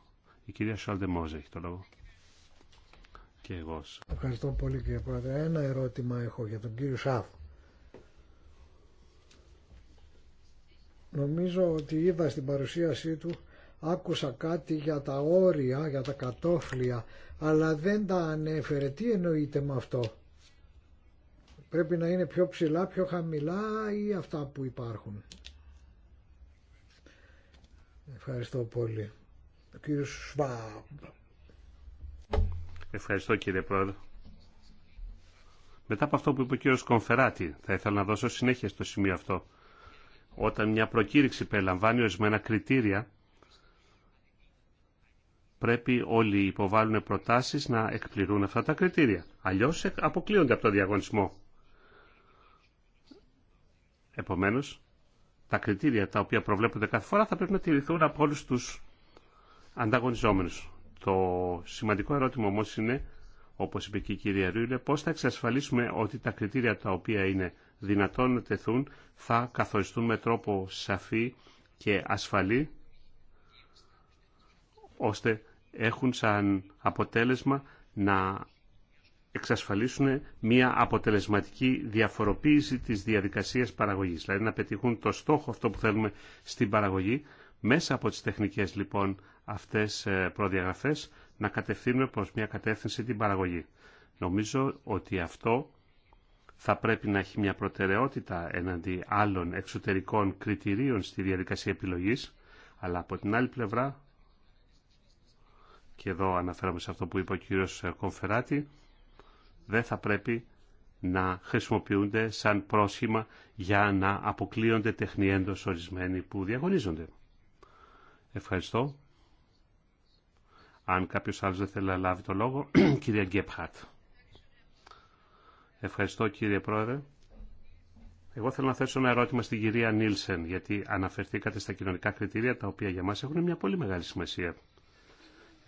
Η κυρία Σόλντε Μόζε έχει το λόγο. Και εγώ. Ευχαριστώ πολύ κύριε Πρόεδρε. Ένα ερώτημα έχω για τον κύριο Σάφ. Νομίζω ότι είδα στην παρουσίασή του, άκουσα κάτι για τα όρια, για τα κατόφλια αλλά δεν τα ανέφερε. Τι εννοείται με αυτό. Πρέπει να είναι πιο ψηλά, πιο χαμηλά ή αυτά που υπάρχουν. Ευχαριστώ πολύ. Ο κύριος Σβάμπ. Ευχαριστώ κύριε Πρόεδρε. Μετά από αυτό που είπε ο κύριος Κομφεράτη, θα ήθελα να δώσω συνέχεια στο σημείο αυτό. Όταν μια προκήρυξη περιλαμβάνει ορισμένα κριτήρια πρέπει όλοι οι υποβάλλουν προτάσεις να εκπληρούν αυτά τα κριτήρια. Αλλιώς αποκλείονται από το διαγωνισμό. Επομένως, τα κριτήρια τα οποία προβλέπονται κάθε φορά θα πρέπει να τηρηθούν από όλους τους ανταγωνιζόμενους. Το σημαντικό ερώτημα όμως είναι, όπως είπε και η κυρία Ρούλε, πώς θα εξασφαλίσουμε ότι τα κριτήρια τα οποία είναι δυνατόν να τεθούν θα καθοριστούν με τρόπο σαφή και ασφαλή ώστε έχουν σαν αποτέλεσμα να εξασφαλίσουν μια αποτελεσματική διαφοροποίηση της διαδικασίας παραγωγής. Δηλαδή να πετύχουν το στόχο αυτό που θέλουμε στην παραγωγή μέσα από τις τεχνικές λοιπόν αυτές ε, προδιαγραφές να κατευθύνουμε προς μια κατεύθυνση την παραγωγή. Νομίζω ότι αυτό θα πρέπει να έχει μια προτεραιότητα εναντί άλλων εξωτερικών κριτηρίων στη διαδικασία επιλογής, αλλά από την άλλη πλευρά και εδώ αναφέρομαι σε αυτό που είπε ο κύριος Κομφεράτη, δεν θα πρέπει να χρησιμοποιούνται σαν πρόσχημα για να αποκλείονται τεχνιέντος ορισμένοι που διαγωνίζονται. Ευχαριστώ. Αν κάποιος άλλος δεν θέλει να λάβει το λόγο, κυρία Γκέπχατ. Ευχαριστώ κύριε Πρόεδρε. Εγώ θέλω να θέσω ένα ερώτημα στην κυρία Νίλσεν, γιατί αναφερθήκατε στα κοινωνικά κριτήρια, τα οποία για μας έχουν μια πολύ μεγάλη σημασία.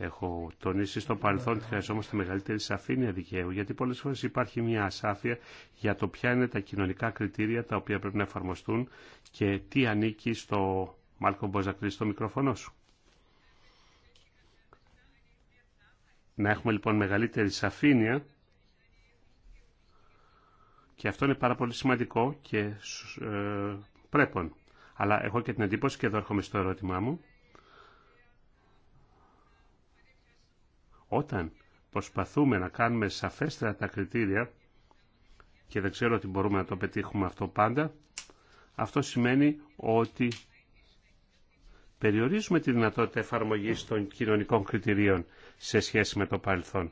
Έχω τονίσει στο παρελθόν ότι χρειαζόμαστε μεγαλύτερη σαφήνεια δικαίου, γιατί πολλέ φορέ υπάρχει μια ασάφεια για το ποια είναι τα κοινωνικά κριτήρια τα οποία πρέπει να εφαρμοστούν και τι ανήκει στο. Μάλκο Μποζακρί στο μικρόφωνο σου. Να έχουμε λοιπόν μεγαλύτερη σαφήνεια και αυτό είναι πάρα πολύ σημαντικό και ε, πρέπει. Αλλά έχω και την εντύπωση και εδώ έρχομαι στο ερώτημά μου Όταν προσπαθούμε να κάνουμε σαφέστερα τα κριτήρια και δεν ξέρω ότι μπορούμε να το πετύχουμε αυτό πάντα, αυτό σημαίνει ότι περιορίζουμε τη δυνατότητα εφαρμογής των κοινωνικών κριτηρίων σε σχέση με το παρελθόν.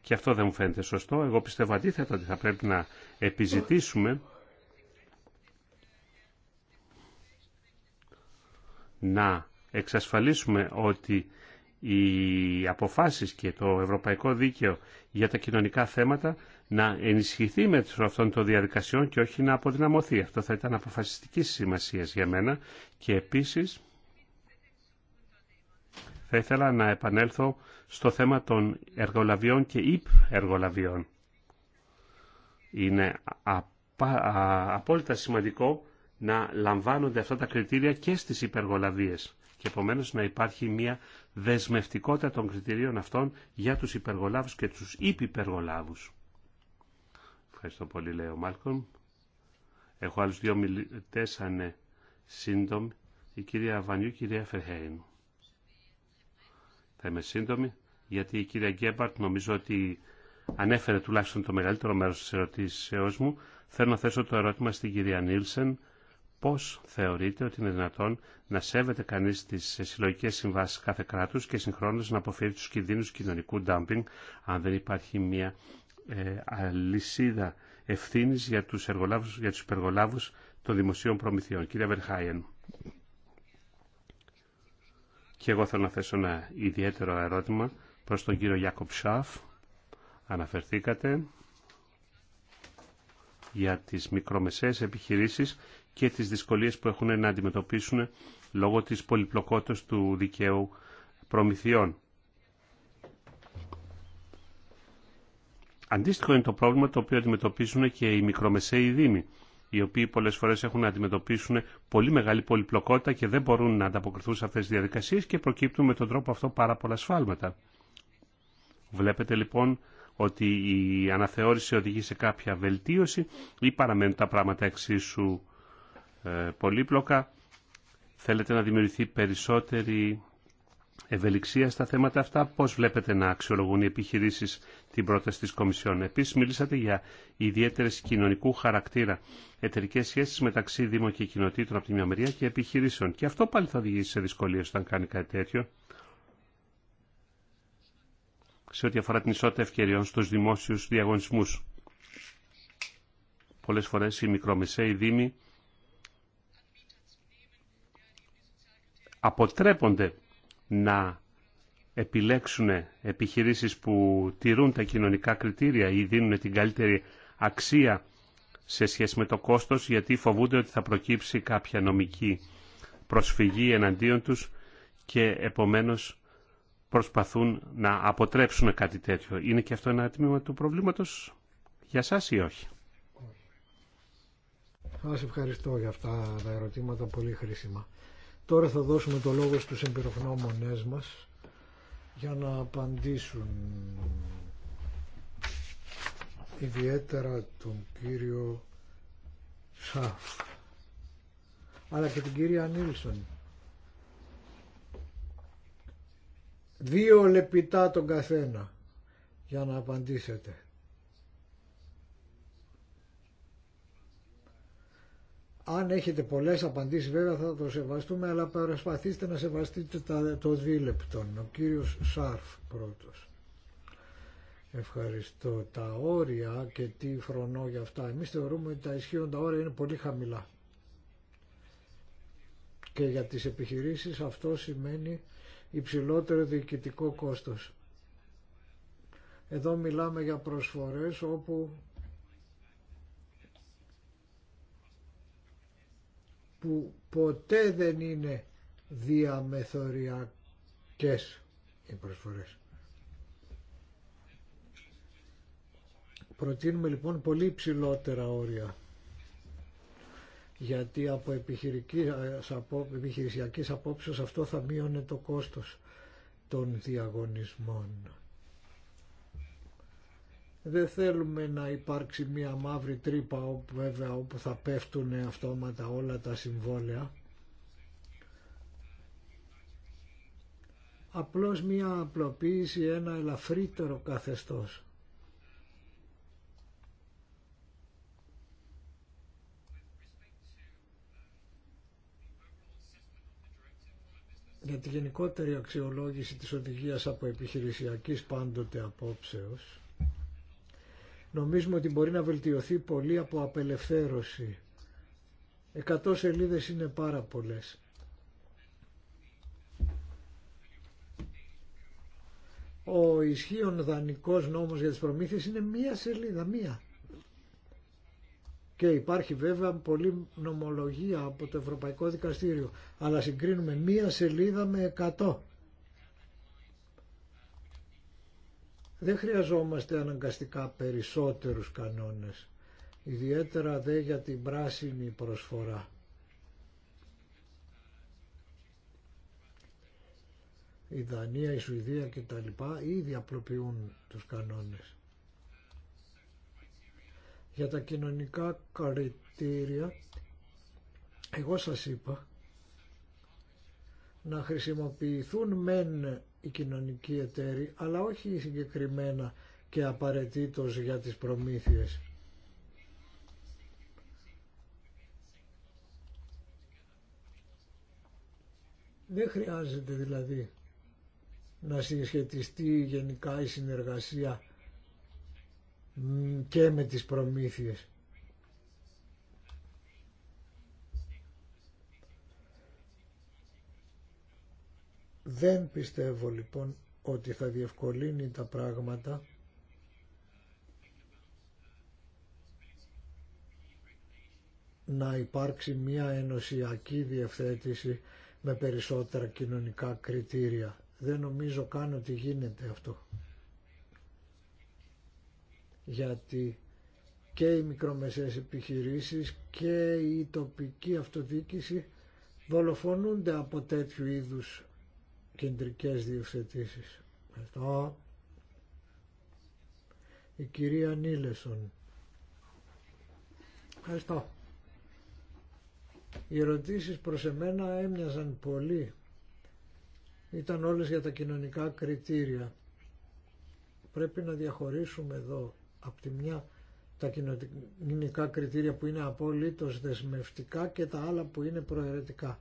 Και αυτό δεν μου φαίνεται σωστό. Εγώ πιστεύω αντίθετα ότι θα πρέπει να επιζητήσουμε να εξασφαλίσουμε ότι οι αποφάσεις και το ευρωπαϊκό δίκαιο για τα κοινωνικά θέματα να ενισχυθεί με αυτών των διαδικασιών και όχι να αποδυναμωθεί. Αυτό θα ήταν αποφασιστική σημασία για μένα και επίσης θα ήθελα να επανέλθω στο θέμα των εργολαβιών και υπ εργολαβιών. Είναι απόλυτα σημαντικό να λαμβάνονται αυτά τα κριτήρια και στις υπεργολαβίες και επομένως να υπάρχει μια δεσμευτικότητα των κριτηρίων αυτών για τους υπεργολάβους και τους υπυπεργολάβους. Ευχαριστώ πολύ, λέει ο Μάλκομ. Έχω άλλους δύο μιλητές, αν σύντομοι, η κυρία Βανιού, η κυρία Φερχέιν. Θα είμαι σύντομη, γιατί η κυρία Γκέμπαρτ νομίζω ότι ανέφερε τουλάχιστον το μεγαλύτερο μέρος της ερωτήσεώς μου. Θέλω να θέσω το ερώτημα στην κυρία Νίλσεν πώς θεωρείτε ότι είναι δυνατόν να σέβεται κανείς τις συλλογικές συμβάσεις κάθε κράτους και συγχρόνως να αποφέρει τους κινδύνους κοινωνικού ντάμπινγκ αν δεν υπάρχει μια ε, αλυσίδα ευθύνης για τους, εργολάβους, για τους υπεργολάβους των δημοσίων προμηθειών. Κύριε Βερχάιεν. Και εγώ θέλω να θέσω ένα ιδιαίτερο ερώτημα προς τον κύριο Ιάκοπ Σαφ. Αναφερθήκατε για τις μικρομεσαίες επιχειρήσεις και τις δυσκολίες που έχουν να αντιμετωπίσουν λόγω της πολυπλοκότητας του δικαίου προμηθειών. Αντίστοιχο είναι το πρόβλημα το οποίο αντιμετωπίζουν και οι μικρομεσαίοι δήμοι, οι οποίοι πολλές φορές έχουν να αντιμετωπίσουν πολύ μεγάλη πολυπλοκότητα και δεν μπορούν να ανταποκριθούν σε αυτές τις διαδικασίες και προκύπτουν με τον τρόπο αυτό πάρα πολλά σφάλματα. Βλέπετε λοιπόν ότι η αναθεώρηση οδηγεί σε κάποια βελτίωση ή παραμένουν τα πράγματα εξίσου ε, πολύπλοκα. Θέλετε να δημιουργηθεί περισσότερη ευελιξία στα θέματα αυτά. Πώς βλέπετε να αξιολογούν οι επιχειρήσεις την πρόταση της Κομισιόν. Επίσης μιλήσατε για ιδιαίτερες κοινωνικού χαρακτήρα εταιρικέ σχέσεις μεταξύ Δήμων και κοινοτήτων από τη μια μεριά και επιχειρήσεων. Και αυτό πάλι θα οδηγήσει σε δυσκολίες όταν κάνει κάτι τέτοιο σε ό,τι αφορά την ισότητα ευκαιριών στους δημόσιους διαγωνισμούς. Πολλές φορές οι μικρομεσαίοι δήμοι αποτρέπονται να επιλέξουν επιχειρήσεις που τηρούν τα κοινωνικά κριτήρια ή δίνουν την καλύτερη αξία σε σχέση με το κόστος γιατί φοβούνται ότι θα προκύψει κάποια νομική προσφυγή εναντίον τους και επομένως προσπαθούν να αποτρέψουν κάτι τέτοιο. Είναι και αυτό ένα τμήμα του προβλήματος για σας ή όχι. Σας ευχαριστώ για αυτά τα ερωτήματα πολύ χρήσιμα. Τώρα θα δώσουμε το λόγο στους εμπειρογνώμονές μας για να απαντήσουν ιδιαίτερα τον κύριο Σαφ αλλά και την κυρία Νίλσον Δύο λεπτά τον καθένα για να απαντήσετε. Αν έχετε πολλές απαντήσεις βέβαια θα το σεβαστούμε, αλλά προσπαθήστε να σεβαστείτε το δίλεπτον. Ο κύριος Σάρφ πρώτος. Ευχαριστώ. Τα όρια και τι φρονώ για αυτά. Εμείς θεωρούμε ότι τα ισχύοντα όρια είναι πολύ χαμηλά. Και για τις επιχειρήσεις αυτό σημαίνει υψηλότερο διοικητικό κόστος. Εδώ μιλάμε για προσφορές όπου που ποτέ δεν είναι διαμεθοριακές οι προσφορές. Προτείνουμε λοιπόν πολύ ψηλότερα όρια γιατί από επιχειρησιακή απόψεως αυτό θα μείωνε το κόστος των διαγωνισμών. Δεν θέλουμε να υπάρξει μία μαύρη τρύπα όπου, βέβαια, όπου θα πέφτουν αυτόματα όλα τα συμβόλαια. Απλώς μία απλοποίηση, ένα ελαφρύτερο καθεστώς. για τη γενικότερη αξιολόγηση της οδηγίας από επιχειρησιακής πάντοτε απόψεως νομίζουμε ότι μπορεί να βελτιωθεί πολύ από απελευθέρωση. Εκατό σελίδες είναι πάρα πολλές. Ο ισχύων δανεικός νόμος για τις προμήθειες είναι μία σελίδα, μία. Και υπάρχει βέβαια πολλή νομολογία από το Ευρωπαϊκό Δικαστήριο. Αλλά συγκρίνουμε μία σελίδα με 100. Δεν χρειαζόμαστε αναγκαστικά περισσότερους κανόνες. Ιδιαίτερα δε για την πράσινη προσφορά. Η Δανία, η Σουηδία κτλ. ήδη απλοποιούν τους κανόνες για τα κοινωνικά καριτήρια, εγώ σας είπα να χρησιμοποιηθούν μεν οι κοινωνικοί εταίροι αλλά όχι συγκεκριμένα και απαραίτητος για τις προμήθειες. Δεν χρειάζεται δηλαδή να συσχετιστεί γενικά η συνεργασία και με τις προμήθειες. Δεν πιστεύω λοιπόν ότι θα διευκολύνει τα πράγματα να υπάρξει μια ενωσιακή διευθέτηση με περισσότερα κοινωνικά κριτήρια. Δεν νομίζω καν ότι γίνεται αυτό γιατί και οι μικρομεσαίες επιχειρήσεις και η τοπική αυτοδιοίκηση δολοφονούνται από τέτοιου είδους κεντρικές διευθετήσεις. Ευχαριστώ. Η κυρία Νίλεσον. Ευχαριστώ. Οι ερωτήσεις προς εμένα έμοιαζαν πολύ. Ήταν όλες για τα κοινωνικά κριτήρια. Πρέπει να διαχωρίσουμε εδώ από τη μια τα κοινωνικά κριτήρια που είναι απολύτως δεσμευτικά και τα άλλα που είναι προαιρετικά.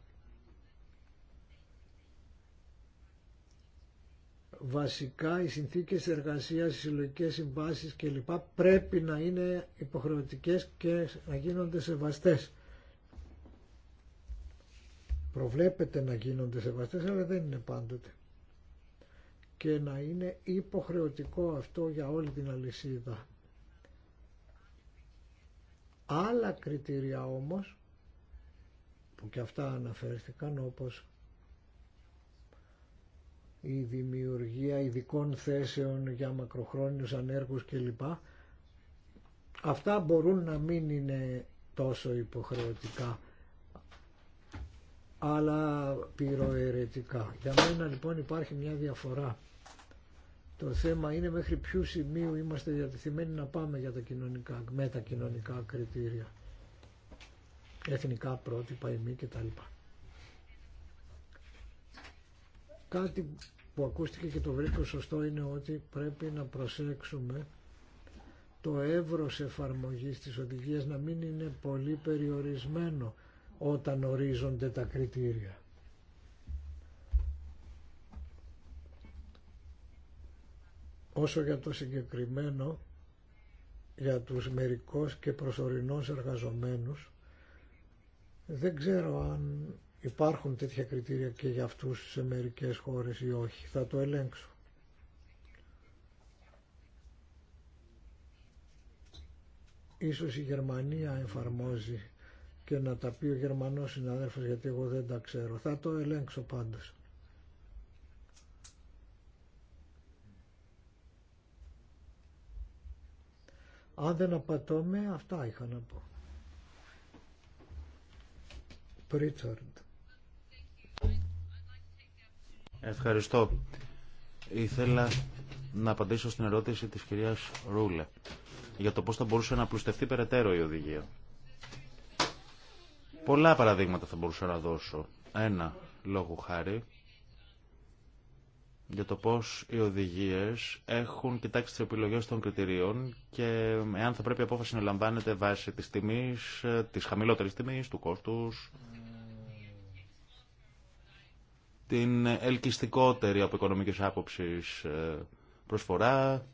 Βασικά οι συνθήκες εργασίας, οι συλλογικές συμβάσεις κλπ. πρέπει να είναι υποχρεωτικές και να γίνονται σεβαστές. Προβλέπεται να γίνονται σεβαστές αλλά δεν είναι πάντοτε. Και να είναι υποχρεωτικό αυτό για όλη την αλυσίδα Άλλα κριτήρια όμως, που και αυτά αναφέρθηκαν όπως η δημιουργία ειδικών θέσεων για μακροχρόνιους ανέργους κλπ. Αυτά μπορούν να μην είναι τόσο υποχρεωτικά αλλά πυροαιρετικά. Για μένα λοιπόν υπάρχει μια διαφορά το θέμα είναι μέχρι ποιου σημείου είμαστε διατεθειμένοι να πάμε για τα κοινωνικά, με τα κοινωνικά κριτήρια, εθνικά πρότυπα, τα κτλ. Κάτι που ακούστηκε και το βρίσκω σωστό είναι ότι πρέπει να προσέξουμε το εύρος εφαρμογής της οδηγίας να μην είναι πολύ περιορισμένο όταν ορίζονται τα κριτήρια. Όσο για το συγκεκριμένο, για τους μερικώς και προσωρινώς εργαζομένους, δεν ξέρω αν υπάρχουν τέτοια κριτήρια και για αυτούς σε μερικές χώρες ή όχι. Θα το ελέγξω. Ίσως η Γερμανία εφαρμόζει και να τα πει ο Γερμανός συναδέλφος γιατί εγώ δεν τα ξέρω. Θα το ελέγξω πάντως. Αν δεν απατώμε, αυτά είχα να πω. Πρίτσαρντ. Ευχαριστώ. Ήθελα να απαντήσω στην ερώτηση της κυρίας Ρούλε για το πώς θα μπορούσε να πλουστευτεί περαιτέρω η οδηγία. Πολλά παραδείγματα θα μπορούσα να δώσω. Ένα, λόγου χάρη, για το πώς οι οδηγίες έχουν κοιτάξει τις επιλογές των κριτηρίων και εάν θα πρέπει η απόφαση να λαμβάνεται βάσει της τιμής, της χαμηλότερης τιμής, του κόστους, την ελκυστικότερη από οικονομικής άποψης ε, προσφορά,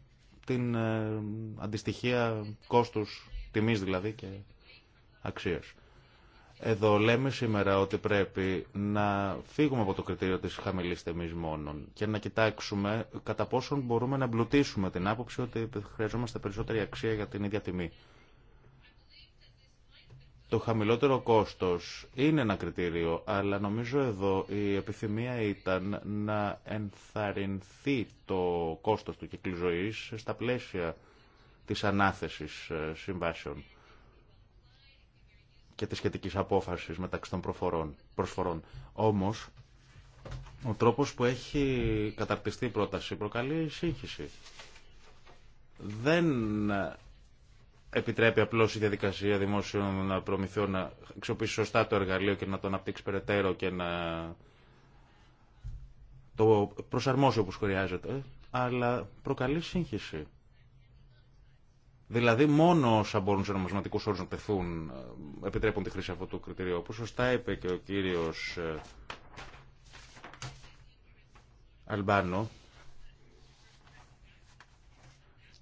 την ε, αντιστοιχεία κόστους, τιμής δηλαδή και αξίας. Εδώ λέμε σήμερα ότι πρέπει να φύγουμε από το κριτήριο της χαμηλής τιμής μόνον και να κοιτάξουμε κατά πόσον μπορούμε να εμπλουτίσουμε την άποψη ότι χρειαζόμαστε περισσότερη αξία για την ίδια τιμή. Το χαμηλότερο κόστος είναι ένα κριτήριο, αλλά νομίζω εδώ η επιθυμία ήταν να ενθαρρυνθεί το κόστος του κύκλου ζωής στα πλαίσια της ανάθεσης ε, συμβάσεων και της σχετικής απόφασης μεταξύ των προφορών, προσφορών. Όμως, ο τρόπος που έχει καταρτιστεί η πρόταση προκαλεί σύγχυση. Δεν επιτρέπει απλώς η διαδικασία δημόσιων προμηθειών να αξιοποιήσει σωστά το εργαλείο και να το αναπτύξει περαιτέρω και να το προσαρμόσει όπως χρειάζεται, αλλά προκαλεί σύγχυση. Δηλαδή, μόνο όσα μπορούν σε νομισματικού όρου να τεθούν ε, επιτρέπουν τη χρήση αυτού του κριτηρίου. Όπω σωστά είπε και ο κύριο ε, Αλμπάνο,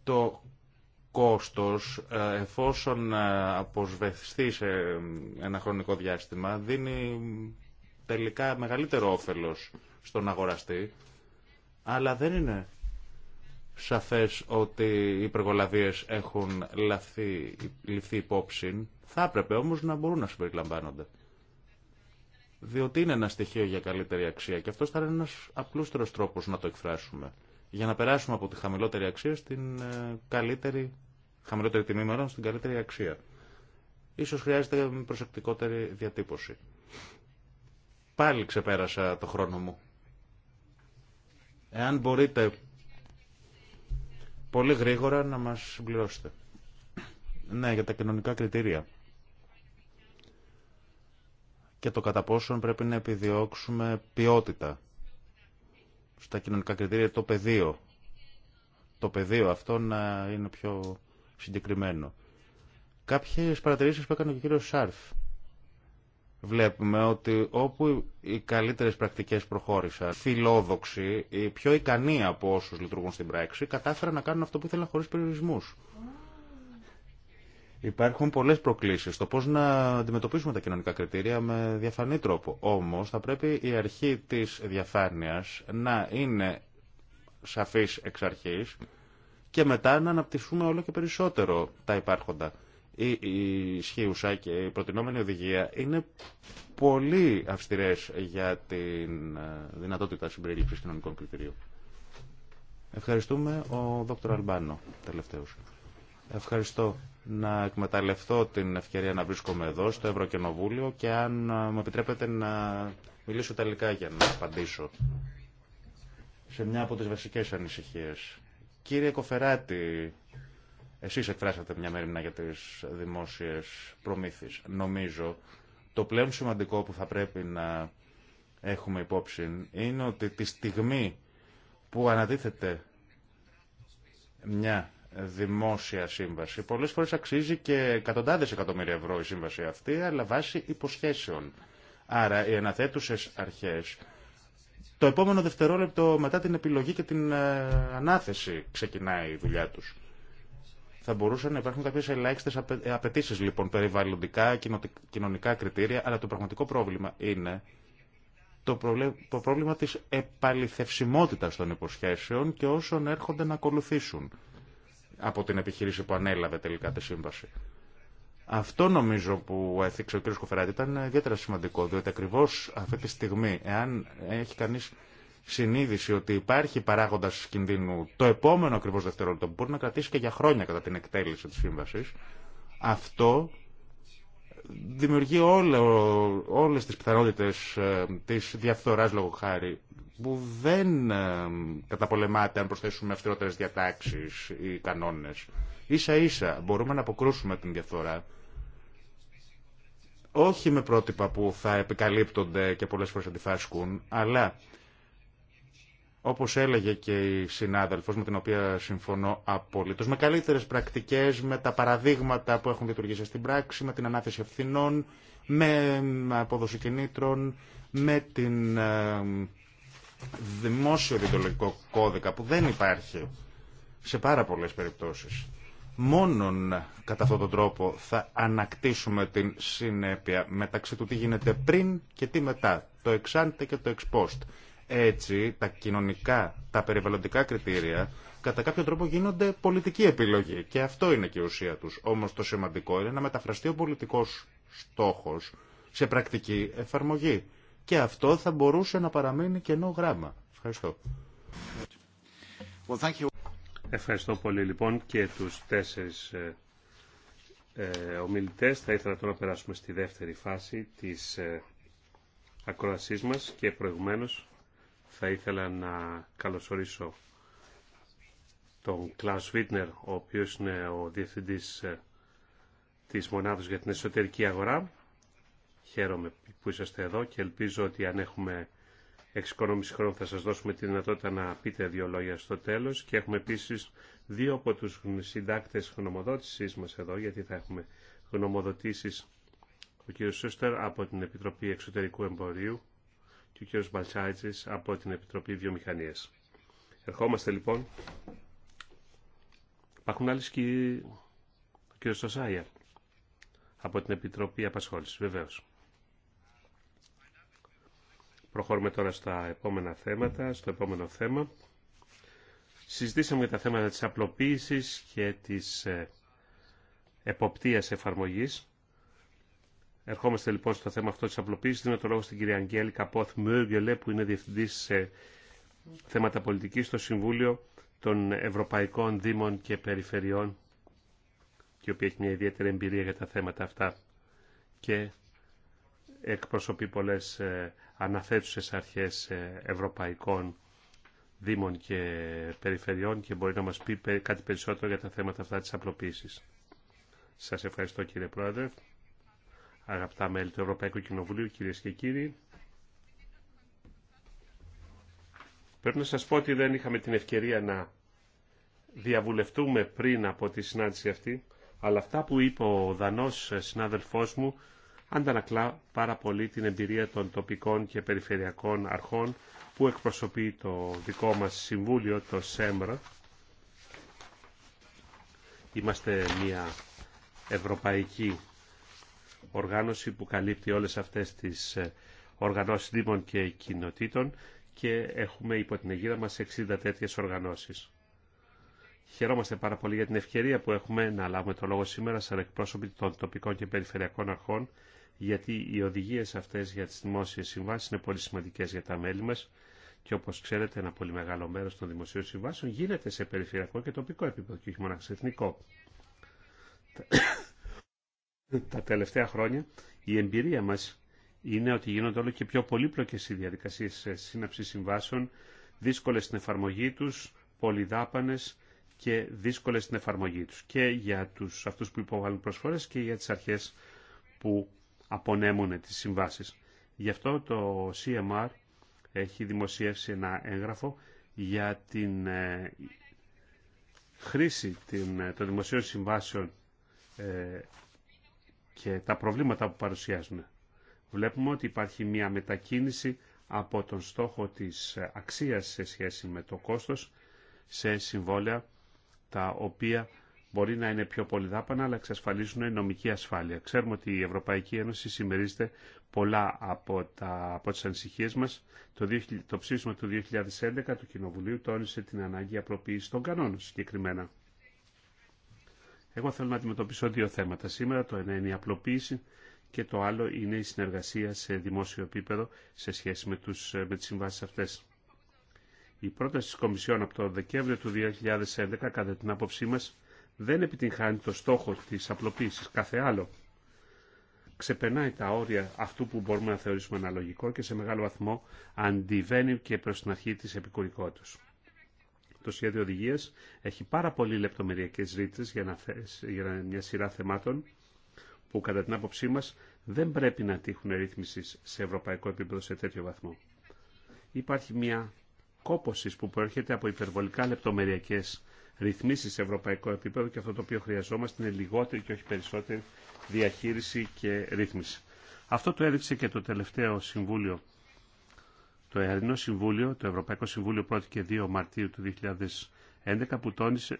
το κόστος, ε, εφόσον αποσβεθεί σε ένα χρονικό διάστημα, δίνει τελικά μεγαλύτερο όφελος στον αγοραστή, αλλά δεν είναι σαφές ότι οι υπεργολαβίες έχουν λαθεί ληφθεί υπόψη. Θα έπρεπε όμως να μπορούν να συμπεριλαμβάνονται. Διότι είναι ένα στοιχείο για καλύτερη αξία και αυτό θα είναι ένας απλούστερος τρόπος να το εκφράσουμε. Για να περάσουμε από τη χαμηλότερη αξία στην ε, καλύτερη, χαμηλότερη τιμή μάλλον, στην καλύτερη αξία. Ίσως χρειάζεται προσεκτικότερη διατύπωση. Πάλι ξεπέρασα το χρόνο μου. Εάν μπορείτε πολύ γρήγορα να μας συμπληρώσετε. Ναι, για τα κοινωνικά κριτήρια. Και το κατά πόσον πρέπει να επιδιώξουμε ποιότητα στα κοινωνικά κριτήρια το πεδίο. Το πεδίο αυτό να είναι πιο συγκεκριμένο. Κάποιες παρατηρήσεις που έκανε ο κύριος Σάρφ βλέπουμε ότι όπου οι καλύτερες πρακτικές προχώρησαν, φιλόδοξοι, οι πιο ικανοί από όσους λειτουργούν στην πράξη, κατάφεραν να κάνουν αυτό που ήθελαν χωρίς περιορισμούς. Υπάρχουν πολλέ προκλήσει. Το πώ να αντιμετωπίσουμε τα κοινωνικά κριτήρια με διαφανή τρόπο. Όμω θα πρέπει η αρχή τη διαφάνεια να είναι σαφή εξ αρχή και μετά να αναπτυσσούμε όλο και περισσότερο τα υπάρχοντα η, ισχύουσα και η προτινόμενη οδηγία είναι πολύ αυστηρές για την ε, δυνατότητα συμπερίληψης κοινωνικών κριτηρίων. Ευχαριστούμε ο Δ. Αλμπάνο τελευταίος. Ευχαριστώ να εκμεταλλευτώ την ευκαιρία να βρίσκομαι εδώ στο Ευρωκοινοβούλιο και αν ε, μου επιτρέπετε να μιλήσω τελικά για να απαντήσω σε μια από τις βασικές ανησυχίες. Κύριε Κοφεράτη, Εσεί εκφράσατε μια μεριμνά για τις δημόσιες προμήθειες. Νομίζω το πλέον σημαντικό που θα πρέπει να έχουμε υπόψη είναι ότι τη στιγμή που αναδίθεται μια δημόσια σύμβαση. Πολλές φορές αξίζει και εκατοντάδες εκατομμύρια ευρώ η σύμβαση αυτή, αλλά βάσει υποσχέσεων. Άρα οι αναθέτουσες αρχές το επόμενο δευτερόλεπτο μετά την επιλογή και την ε, ανάθεση ξεκινάει η δουλειά τους. Θα μπορούσαν να υπάρχουν κάποιε ελάχιστε απαιτήσει λοιπόν περιβαλλοντικά, κοινωνικά κριτήρια, αλλά το πραγματικό πρόβλημα είναι το πρόβλημα της επαληθευσιμότητας των υποσχέσεων και όσων έρχονται να ακολουθήσουν από την επιχείρηση που ανέλαβε τελικά τη σύμβαση. Αυτό νομίζω που έθιξε ο κ. Κοφεράτη ήταν ιδιαίτερα σημαντικό, διότι ακριβώ αυτή τη στιγμή, εάν έχει κανείς συνείδηση ότι υπάρχει παράγοντα κινδύνου το επόμενο ακριβώ δευτερόλεπτο που μπορεί να κρατήσει και για χρόνια κατά την εκτέλεση τη σύμβαση, αυτό δημιουργεί όλε όλες τις πιθανότητες ε, της διαφθοράς λόγω χάρη που δεν ε, καταπολεμάται αν προσθέσουμε αυστηρότερες διατάξεις ή κανόνες. Ίσα ίσα μπορούμε να αποκρούσουμε την διαφθορά όχι με πρότυπα που θα επικαλύπτονται και πολλές φορές αντιφάσκουν, αλλά όπως έλεγε και η Συνάδελφο, με την οποία συμφωνώ απολύτως, με καλύτερες πρακτικές, με τα παραδείγματα που έχουν λειτουργήσει στην πράξη, με την ανάθεση ευθυνών, με απόδοση κινήτρων, με την ε, δημόσιο διδολογικό κώδικα που δεν υπάρχει σε πάρα πολλές περιπτώσεις. Μόνον κατά αυτόν τον τρόπο θα ανακτήσουμε την συνέπεια μεταξύ του τι γίνεται πριν και τι μετά, το εξάντε και το εξπόστ. Έτσι, τα κοινωνικά, τα περιβαλλοντικά κριτήρια κατά κάποιο τρόπο γίνονται πολιτική επιλογή και αυτό είναι και η ουσία τους. Όμως το σημαντικό είναι να μεταφραστεί ο πολιτικός στόχος σε πρακτική εφαρμογή. Και αυτό θα μπορούσε να παραμείνει κενό γράμμα. Ευχαριστώ. Well, thank you. Ευχαριστώ πολύ λοιπόν και τους τέσσερις ε, ε ομιλητές. Θα ήθελα τώρα να περάσουμε στη δεύτερη φάση της ε, μας και προηγουμένως θα ήθελα να καλωσορίσω τον Κλάους Βίτνερ, ο οποίος είναι ο Διευθυντής ε, της Μονάδος για την Εσωτερική Αγορά. Χαίρομαι που είσαστε εδώ και ελπίζω ότι αν έχουμε εξοικονόμηση χρόνου θα σας δώσουμε τη δυνατότητα να πείτε δύο λόγια στο τέλος και έχουμε επίσης δύο από τους συντάκτες γνωμοδότησής μας εδώ γιατί θα έχουμε γνωμοδοτήσεις ο κ. Σούστερ από την Επιτροπή Εξωτερικού Εμπορίου και ο κ. Μπαλτσάιτζης από την Επιτροπή Βιομηχανίας. Ερχόμαστε λοιπόν. Υπάρχουν άλλοι και ο κ. Στοσάια από την Επιτροπή Απασχόλησης, βεβαίως. Προχωρούμε τώρα στα επόμενα θέματα, στο επόμενο θέμα. Συζητήσαμε για τα θέματα της απλοποίησης και της ε, εποπτείας εφαρμογής. Ερχόμαστε λοιπόν στο θέμα αυτό τη απλοποίηση, Δίνω το λόγο στην κυρία Αγγέλη Καπόθ Μούργελε, που είναι διευθυντή σε θέματα πολιτική στο Συμβούλιο των Ευρωπαϊκών Δήμων και Περιφερειών και η οποία έχει μια ιδιαίτερη εμπειρία για τα θέματα αυτά και εκπροσωπεί πολλέ ε, αναθέτουσες αρχέ ε, ευρωπαϊκών δήμων και περιφερειών και μπορεί να μα πει κάτι περισσότερο για τα θέματα αυτά τη απλοποίηση. Σας ευχαριστώ κύριε Πρόεδρε αγαπητά μέλη του Ευρωπαϊκού Κοινοβουλίου, κυρίε και κύριοι. Πρέπει να σας πω ότι δεν είχαμε την ευκαιρία να διαβουλευτούμε πριν από τη συνάντηση αυτή, αλλά αυτά που είπε ο Δανός συνάδελφός μου αντανακλά πάρα πολύ την εμπειρία των τοπικών και περιφερειακών αρχών που εκπροσωπεί το δικό μας συμβούλιο, το ΣΕΜΡΑ. Είμαστε μια ευρωπαϊκή οργάνωση που καλύπτει όλες αυτές τις ε, οργανώσεις δήμων και κοινοτήτων και έχουμε υπό την αιγύδα μας 60 τέτοιες οργανώσεις. Χαιρόμαστε πάρα πολύ για την ευκαιρία που έχουμε να λάβουμε το λόγο σήμερα σαν εκπρόσωποι των τοπικών και περιφερειακών αρχών, γιατί οι οδηγίες αυτές για τις δημόσιες συμβάσεις είναι πολύ σημαντικές για τα μέλη μας και όπως ξέρετε ένα πολύ μεγάλο μέρος των δημοσίων συμβάσεων γίνεται σε περιφερειακό και τοπικό επίπεδο και όχι μόνο σε εθνικό τα τελευταία χρόνια η εμπειρία μας είναι ότι γίνονται όλο και πιο πολύπλοκες οι διαδικασίες σύναψη συμβάσεων, δύσκολες στην εφαρμογή τους, πολυδάπανες και δύσκολες στην εφαρμογή τους. Και για τους, αυτούς που υποβάλλουν προσφορές και για τις αρχές που απονέμουν τις συμβάσεις. Γι' αυτό το CMR έχει δημοσιεύσει ένα έγγραφο για την ε, χρήση ε, των δημοσίων συμβάσεων ε, και τα προβλήματα που παρουσιάζουν. Βλέπουμε ότι υπάρχει μια μετακίνηση από τον στόχο της αξίας σε σχέση με το κόστος σε συμβόλαια τα οποία μπορεί να είναι πιο πολυδάπανα αλλά εξασφαλίζουν νομική ασφάλεια. Ξέρουμε ότι η Ευρωπαϊκή Ένωση συμμερίζεται πολλά από, τα, από τις ανησυχίες μας. Το, το ψήφισμα του 2011 του Κοινοβουλίου τόνισε την ανάγκη απροποίηση των κανόνων συγκεκριμένα. Εγώ θέλω να αντιμετωπίσω δύο θέματα σήμερα. Το ένα είναι η απλοποίηση και το άλλο είναι η συνεργασία σε δημόσιο επίπεδο σε σχέση με, τους, με τις συμβάσεις αυτές. Η πρόταση της Κομισιόν από το Δεκέμβριο του 2011, κατά την άποψή μας, δεν επιτυγχάνει το στόχο της απλοποίησης, κάθε άλλο. Ξεπερνάει τα όρια αυτού που μπορούμε να θεωρήσουμε αναλογικό και σε μεγάλο βαθμό αντιβαίνει και προς την αρχή της επικουρικότητας το σχέδιο οδηγία έχει πάρα πολύ λεπτομεριακέ ρήτρε για, μια σειρά θεμάτων που κατά την άποψή μα δεν πρέπει να τύχουν ρύθμιση σε ευρωπαϊκό επίπεδο σε τέτοιο βαθμό. Υπάρχει μια κόποση που προέρχεται από υπερβολικά λεπτομεριακέ ρυθμίσει σε ευρωπαϊκό επίπεδο και αυτό το οποίο χρειαζόμαστε είναι λιγότερη και όχι περισσότερη διαχείριση και ρύθμιση. Αυτό το έδειξε και το τελευταίο Συμβούλιο το Ιαρινό Συμβούλιο, το Ευρωπαϊκό Συμβούλιο 1 και 2 Μαρτίου του 2011 που τόνισε,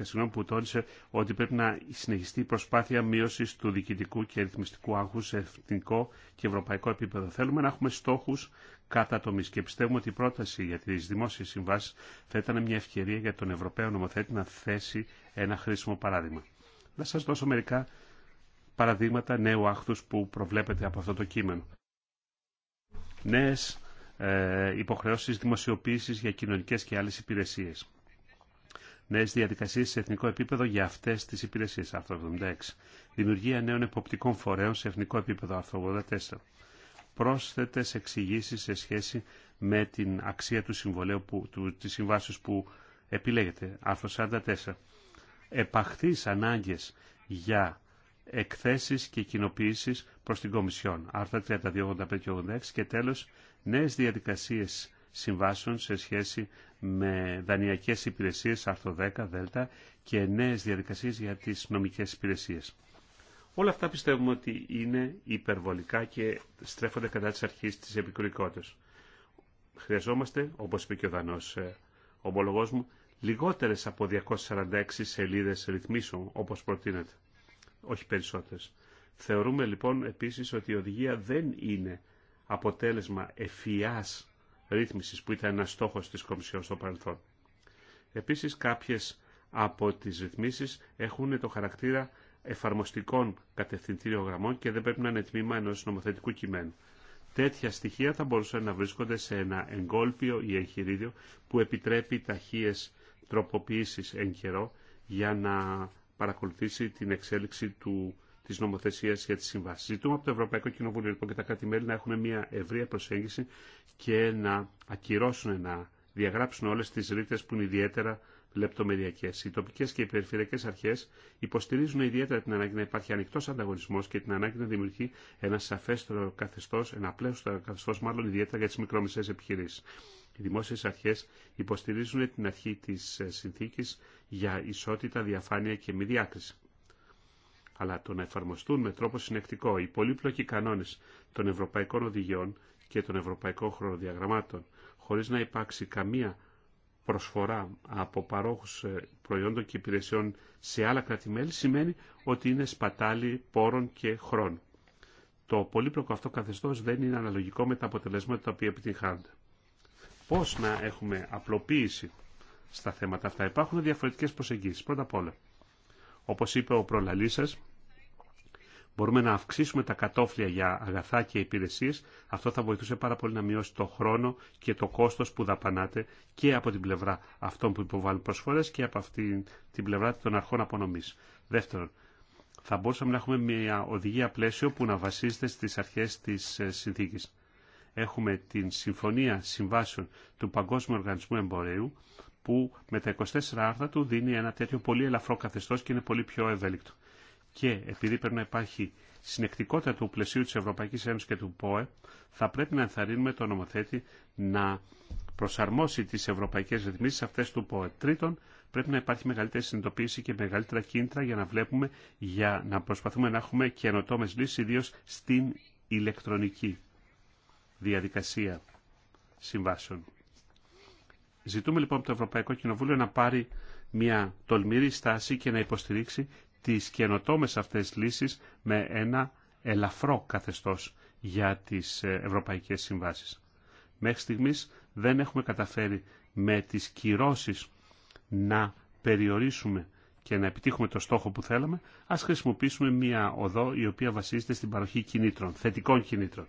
συγγνώμη, που τόνισε ότι πρέπει να συνεχιστεί η προσπάθεια μείωση του διοικητικού και ρυθμιστικού άγχου σε εθνικό και ευρωπαϊκό επίπεδο. Θέλουμε να έχουμε στόχου κατά τομής και πιστεύουμε ότι η πρόταση για τι δημόσιε συμβάσει θα ήταν μια ευκαιρία για τον Ευρωπαίο νομοθέτη να θέσει ένα χρήσιμο παράδειγμα. Να σα δώσω μερικά παραδείγματα νέου άχθους που προβλέπεται από αυτό το κείμενο. Ε, υποχρεώσεις δημοσιοποίησης για κοινωνικές και άλλες υπηρεσίες. Νέε διαδικασίε σε εθνικό επίπεδο για αυτέ τι υπηρεσίε άρθρο 76. Δημιουργία νέων εποπτικών φορέων σε εθνικό επίπεδο, άρθρο 84. Πρόσθετες εξηγήσει σε σχέση με την αξία του συμβολέου, που, του, της συμβάσεως που επιλέγεται, άρθρο 44. Επαχθείς ανάγκε για εκθέσει και κοινοποιήσει προ την Κομισιόν, Αρθρο 32, 85 και 86 και τέλο νέες διαδικασίες συμβάσεων σε σχέση με δανειακές υπηρεσίες, άρθρο 10, δέλτα, και νέες διαδικασίες για τις νομικές υπηρεσίες. Όλα αυτά πιστεύουμε ότι είναι υπερβολικά και στρέφονται κατά της αρχής της επικουρικότητας. Χρειαζόμαστε, όπως είπε και ο Δανός ε, ομολογός μου, λιγότερες από 246 σελίδες ρυθμίσεων, όπως προτείνεται, όχι περισσότερες. Θεωρούμε λοιπόν επίσης ότι η οδηγία δεν είναι αποτέλεσμα εφιάς ρύθμισης που ήταν ένας στόχος της Κομισιόν στο παρελθόν. Επίσης κάποιες από τις ρυθμίσεις έχουν το χαρακτήρα εφαρμοστικών κατευθυντήριων γραμμών και δεν πρέπει να είναι τμήμα ενός νομοθετικού κειμένου. Τέτοια στοιχεία θα μπορούσαν να βρίσκονται σε ένα εγκόλπιο ή εγχειρίδιο που επιτρέπει ταχείες τροποποιήσεις εν καιρό για να παρακολουθήσει την εξέλιξη του τη νομοθεσία για τη σύμβασή Ζητούμε από το Ευρωπαϊκό Κοινοβούλιο λοιπόν και τα κράτη-μέλη να έχουν μια ευρεία προσέγγιση και να ακυρώσουν, να διαγράψουν όλε τι ρήτρε που είναι ιδιαίτερα λεπτομεριακέ. Οι τοπικέ και οι περιφερειακέ αρχέ υποστηρίζουν ιδιαίτερα την ανάγκη να υπάρχει ανοιχτό ανταγωνισμό και την ανάγκη να δημιουργεί ένα σαφέστερο καθεστώ, ένα πλέον καθεστώ, μάλλον ιδιαίτερα για τι μικρόμεσέ επιχειρήσει. Οι δημόσιε αρχέ υποστηρίζουν την αρχή τη συνθήκη για ισότητα, διαφάνεια και μη διάκριση αλλά το να εφαρμοστούν με τρόπο συνεκτικό οι πολύπλοκοι κανόνε των ευρωπαϊκών οδηγιών και των ευρωπαϊκών χρονοδιαγραμμάτων, χωρί να υπάρξει καμία προσφορά από παρόχου ε, προϊόντων και υπηρεσιών σε άλλα κράτη-μέλη, σημαίνει ότι είναι σπατάλη πόρων και χρόνου. Το πολύπλοκο αυτό καθεστώ δεν είναι αναλογικό με τα αποτελέσματα τα οποία επιτυγχάνονται. Πώς να έχουμε απλοποίηση στα θέματα αυτά. Υπάρχουν διαφορετικέ προσεγγίσεις. Πρώτα απ' όλα, όπως είπε ο προλαλής σας, μπορούμε να αυξήσουμε τα κατόφλια για αγαθά και υπηρεσίες. Αυτό θα βοηθούσε πάρα πολύ να μειώσει το χρόνο και το κόστος που δαπανάτε και από την πλευρά αυτών που υποβάλλουν προσφορές και από αυτή την πλευρά των αρχών απονομής. Δεύτερον, θα μπορούσαμε να έχουμε μια οδηγία πλαίσιο που να βασίζεται στις αρχές της ε, συνθήκης. Έχουμε την Συμφωνία Συμβάσεων του Παγκόσμιου Οργανισμού Εμπορίου, που με τα 24 άρθρα του δίνει ένα τέτοιο πολύ ελαφρό καθεστώς και είναι πολύ πιο ευέλικτο. Και επειδή πρέπει να υπάρχει συνεκτικότητα του πλαισίου της Ευρωπαϊκής Ένωσης και του ΠΟΕ, θα πρέπει να ενθαρρύνουμε τον νομοθέτη να προσαρμόσει τις ευρωπαϊκές ρυθμίσεις αυτές του ΠΟΕ. Τρίτον, πρέπει να υπάρχει μεγαλύτερη συνειδητοποίηση και μεγαλύτερα κίνητρα για να βλέπουμε, για να προσπαθούμε να έχουμε καινοτόμε λύσεις, ιδίω στην ηλεκτρονική διαδικασία συμβάσεων. Ζητούμε λοιπόν από το Ευρωπαϊκό Κοινοβούλιο να πάρει μια τολμηρή στάση και να υποστηρίξει τις καινοτόμες αυτές λύσεις με ένα ελαφρό καθεστώς για τις ε, ευρωπαϊκές συμβάσεις. Μέχρι στιγμής δεν έχουμε καταφέρει με τις κυρώσεις να περιορίσουμε και να επιτύχουμε το στόχο που θέλαμε, ας χρησιμοποιήσουμε μια οδό η οποία βασίζεται στην παροχή κινήτρων, θετικών κινήτρων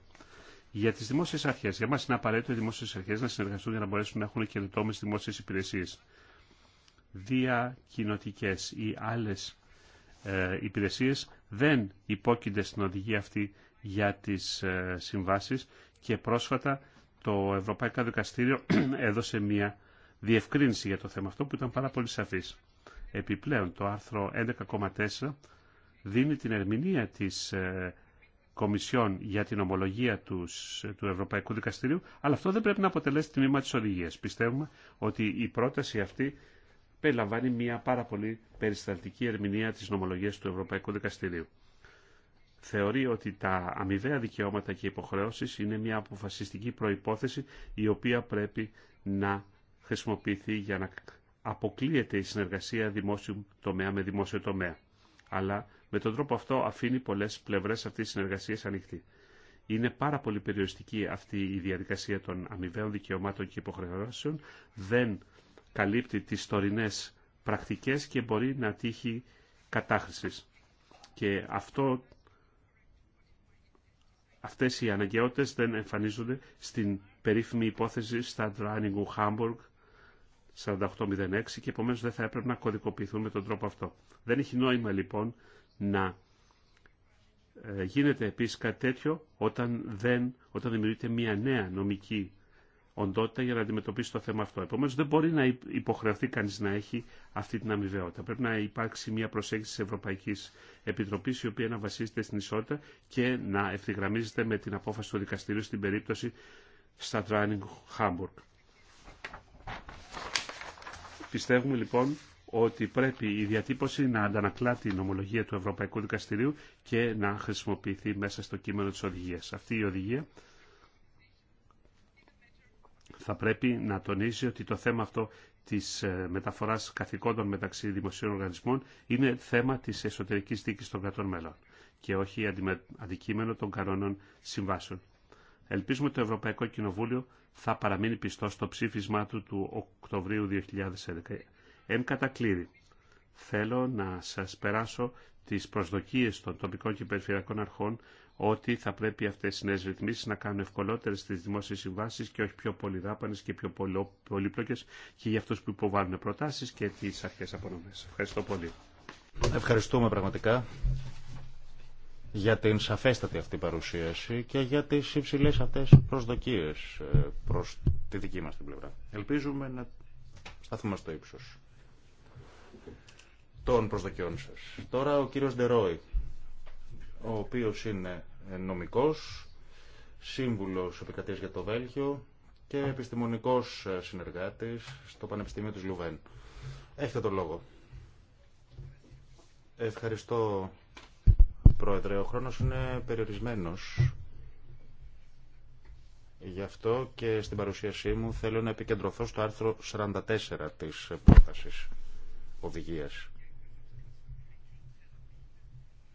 για τις δημόσιες αρχές. Για μας είναι απαραίτητο οι δημόσιες αρχές να συνεργαστούν για να μπορέσουν να έχουν δημόσιε δημόσιες υπηρεσίες. Διακοινωτικές ή άλλες ε, υπηρεσίες δεν υπόκεινται στην οδηγία αυτή για τις ε, συμβάσεις και πρόσφατα το Ευρωπαϊκό Δικαστήριο έδωσε μια διευκρίνηση για το θέμα αυτό που ήταν πάρα πολύ σαφή. Επιπλέον το άρθρο 11,4 δίνει την ερμηνεία της ε, Κομισιόν για την ομολογία του, του Ευρωπαϊκού Δικαστηρίου, αλλά αυτό δεν πρέπει να αποτελέσει τμήμα τη οδηγία. Πιστεύουμε ότι η πρόταση αυτή περιλαμβάνει μια πάρα πολύ περιστατική ερμηνεία τη νομολογία του Ευρωπαϊκού Δικαστηρίου. Θεωρεί ότι τα αμοιβαία δικαιώματα και υποχρεώσει είναι μια αποφασιστική προπόθεση η οποία πρέπει να χρησιμοποιηθεί για να αποκλείεται η συνεργασία δημόσιου τομέα με δημόσιο τομέα. Αλλά με τον τρόπο αυτό αφήνει πολλέ πλευρέ αυτή τη συνεργασία ανοιχτή. Είναι πάρα πολύ περιοριστική αυτή η διαδικασία των αμοιβαίων δικαιωμάτων και υποχρεώσεων. Δεν καλύπτει τι τωρινέ πρακτικέ και μπορεί να τύχει κατάχρηση. Και αυτό, αυτές οι αναγκαιότητες δεν εμφανίζονται στην περίφημη υπόθεση στα Dranningu Hamburg 4806 και επομένως δεν θα έπρεπε να κωδικοποιηθούν με τον τρόπο αυτό. Δεν έχει νόημα λοιπόν να ε, γίνεται επίσης κάτι τέτοιο όταν, δεν, όταν δημιουργείται μια νέα νομική οντότητα για να αντιμετωπίσει το θέμα αυτό. Επομένως δεν μπορεί να υποχρεωθεί κανείς να έχει αυτή την αμοιβαιότητα. Πρέπει να υπάρξει μια προσέγγιση της Ευρωπαϊκής Επιτροπής η οποία να βασίζεται στην ισότητα και να ευθυγραμμίζεται με την απόφαση του δικαστηρίου στην περίπτωση στα Χάμπουργκ. Πιστεύουμε λοιπόν ότι πρέπει η διατύπωση να αντανακλά την ομολογία του Ευρωπαϊκού Δικαστηρίου και να χρησιμοποιηθεί μέσα στο κείμενο της οδηγίας. Αυτή η οδηγία θα πρέπει να τονίζει ότι το θέμα αυτό της ε, μεταφοράς καθηκόντων μεταξύ δημοσίων οργανισμών είναι θέμα της εσωτερικής δίκης των κρατών μελών και όχι αντικείμενο των κανόνων συμβάσεων. Ελπίζουμε το Ευρωπαϊκό Κοινοβούλιο θα παραμείνει πιστό στο ψήφισμά του του Οκτωβρίου 2011 Εν κατακλείδη, θέλω να σας περάσω τις προσδοκίες των τοπικών και περιφερειακών αρχών ότι θα πρέπει αυτές οι νέες ρυθμίσεις να κάνουν ευκολότερες τις δημόσιες συμβάσεις και όχι πιο πολυδάπανες και πιο πολύπλοκες και για αυτούς που υποβάλλουν προτάσεις και τις αρχές απονομές. Ευχαριστώ πολύ. Ευχαριστούμε πραγματικά για την σαφέστατη αυτή παρουσίαση και για τις υψηλές αυτές προσδοκίες ε, προς τη δική μας την πλευρά. Ελπίζουμε να σταθούμε στο ύψος των προσδοκιών σας. Τώρα ο κύριο Ντερόι, ο οποίος είναι ε, νομικό, σύμβουλος επικρατεία για το Βέλγιο και επιστημονικός ε, συνεργάτης στο Πανεπιστήμιο τη Λουβέν. Έχετε τον λόγο. Ευχαριστώ, Πρόεδρε. Ο χρόνος είναι περιορισμένος. Γι' αυτό και στην παρουσίασή μου θέλω να επικεντρωθώ στο άρθρο 44 της πρότασης οδηγίας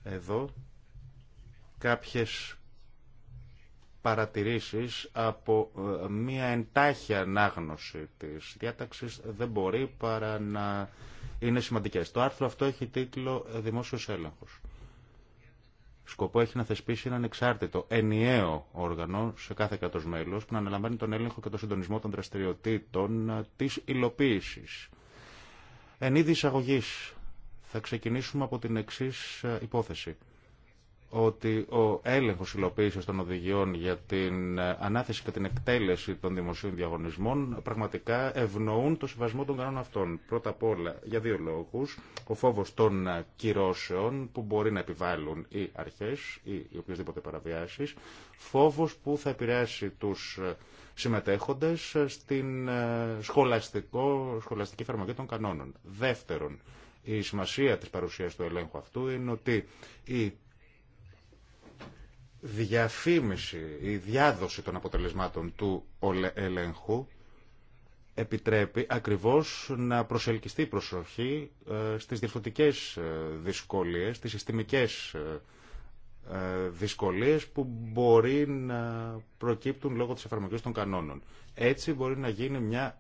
εδώ κάποιες παρατηρήσεις από ε, μία εντάχει ανάγνωση της διάταξης δεν μπορεί παρά να είναι σημαντικές. Το άρθρο αυτό έχει τίτλο ε, «Δημόσιος έλεγχος». Σκοπό έχει να θεσπίσει έναν εξάρτητο, ενιαίο όργανο σε κάθε κράτος μέλος που να αναλαμβάνει τον έλεγχο και τον συντονισμό των δραστηριοτήτων ε, της υλοποίησης. Εν είδη εισαγωγής θα ξεκινήσουμε από την εξή ε, υπόθεση ότι ο έλεγχος υλοποίησης των οδηγιών για την ε, ανάθεση και την εκτέλεση των δημοσίων διαγωνισμών πραγματικά ευνοούν το συμβασμό των κανόνων αυτών. Πρώτα απ' όλα για δύο λόγους. Ο φόβος των ε, κυρώσεων που μπορεί να επιβάλλουν οι αρχές ή οι οποιασδήποτε παραβιάσεις. Φόβος που θα επηρεάσει τους συμμετέχοντες στην σχολαστική εφαρμογή των κανόνων. Δεύτερον, η σημασία της παρουσίας του ελέγχου αυτού είναι ότι η διαφήμιση, η διάδοση των αποτελεσμάτων του ελέγχου επιτρέπει ακριβώς να προσελκυστεί η προσοχή ε, στις διευθυντικές ε, δυσκολίες, στις συστημικές ε, ε, δυσκολίες που μπορεί να προκύπτουν λόγω της εφαρμογής των κανόνων. Έτσι μπορεί να γίνει μια,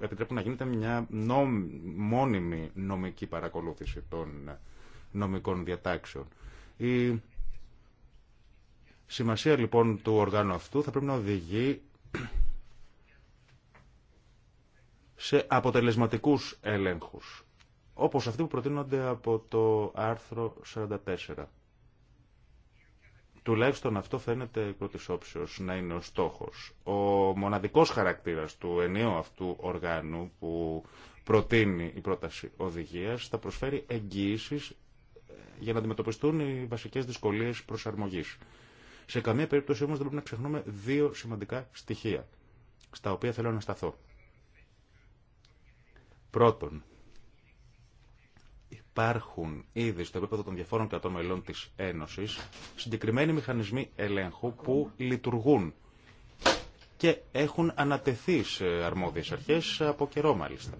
ε, επιτρέπουν να γίνεται μια νόμ, μόνιμη νομική παρακολούθηση των νομικών διατάξεων. Η σημασία λοιπόν του οργάνου αυτού θα πρέπει να οδηγεί σε αποτελεσματικούς έλεγχους, όπως αυτοί που προτείνονται από το άρθρο 44. Τουλάχιστον αυτό φαίνεται πρώτη όψεω να είναι ο στόχο. Ο μοναδικό χαρακτήρα του ενίου αυτού οργάνου που προτείνει η πρόταση οδηγία θα προσφέρει εγγύησει ε, για να αντιμετωπιστούν οι βασικέ δυσκολίε προσαρμογή. Σε καμία περίπτωση όμω δεν πρέπει να ξεχνούμε δύο σημαντικά στοιχεία, στα οποία θέλω να σταθώ. Πρώτον, υπάρχουν ήδη στο επίπεδο των διαφόρων κρατών μελών της Ένωσης συγκεκριμένοι μηχανισμοί ελέγχου που λειτουργούν και έχουν ανατεθεί σε αρμόδιες αρχές από καιρό μάλιστα.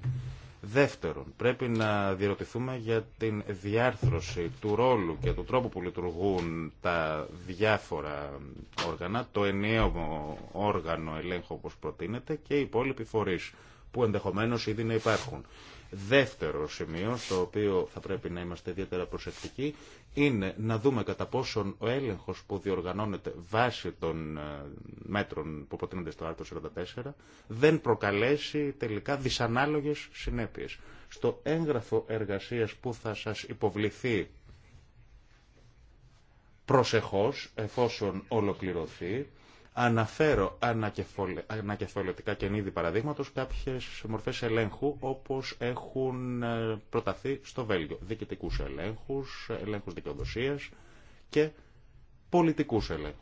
Δεύτερον, πρέπει να διερωτηθούμε για την διάρθρωση του ρόλου και του τρόπου που λειτουργούν τα διάφορα όργανα, το ενιαίο όργανο ελέγχου όπως προτείνεται και οι υπόλοιποι φορείς που ενδεχομένως ήδη να υπάρχουν. Δεύτερο σημείο, στο οποίο θα πρέπει να είμαστε ιδιαίτερα προσεκτικοί, είναι να δούμε κατά πόσον ο έλεγχος που διοργανώνεται βάσει των ε, μέτρων που προτείνονται στο άρθρο 44 δεν προκαλέσει τελικά δυσανάλογες συνέπειες. Στο έγγραφο εργασίας που θα σας υποβληθεί προσεχώς, εφόσον ολοκληρωθεί, Αναφέρω ανακεφαλαιωτικά και ενίδη παραδείγματο κάποιε μορφέ ελέγχου όπω έχουν ε, προταθεί στο Βέλγιο. Διοικητικού ελέγχου, ελέγχου δικαιοδοσία και πολιτικού ελέγχου.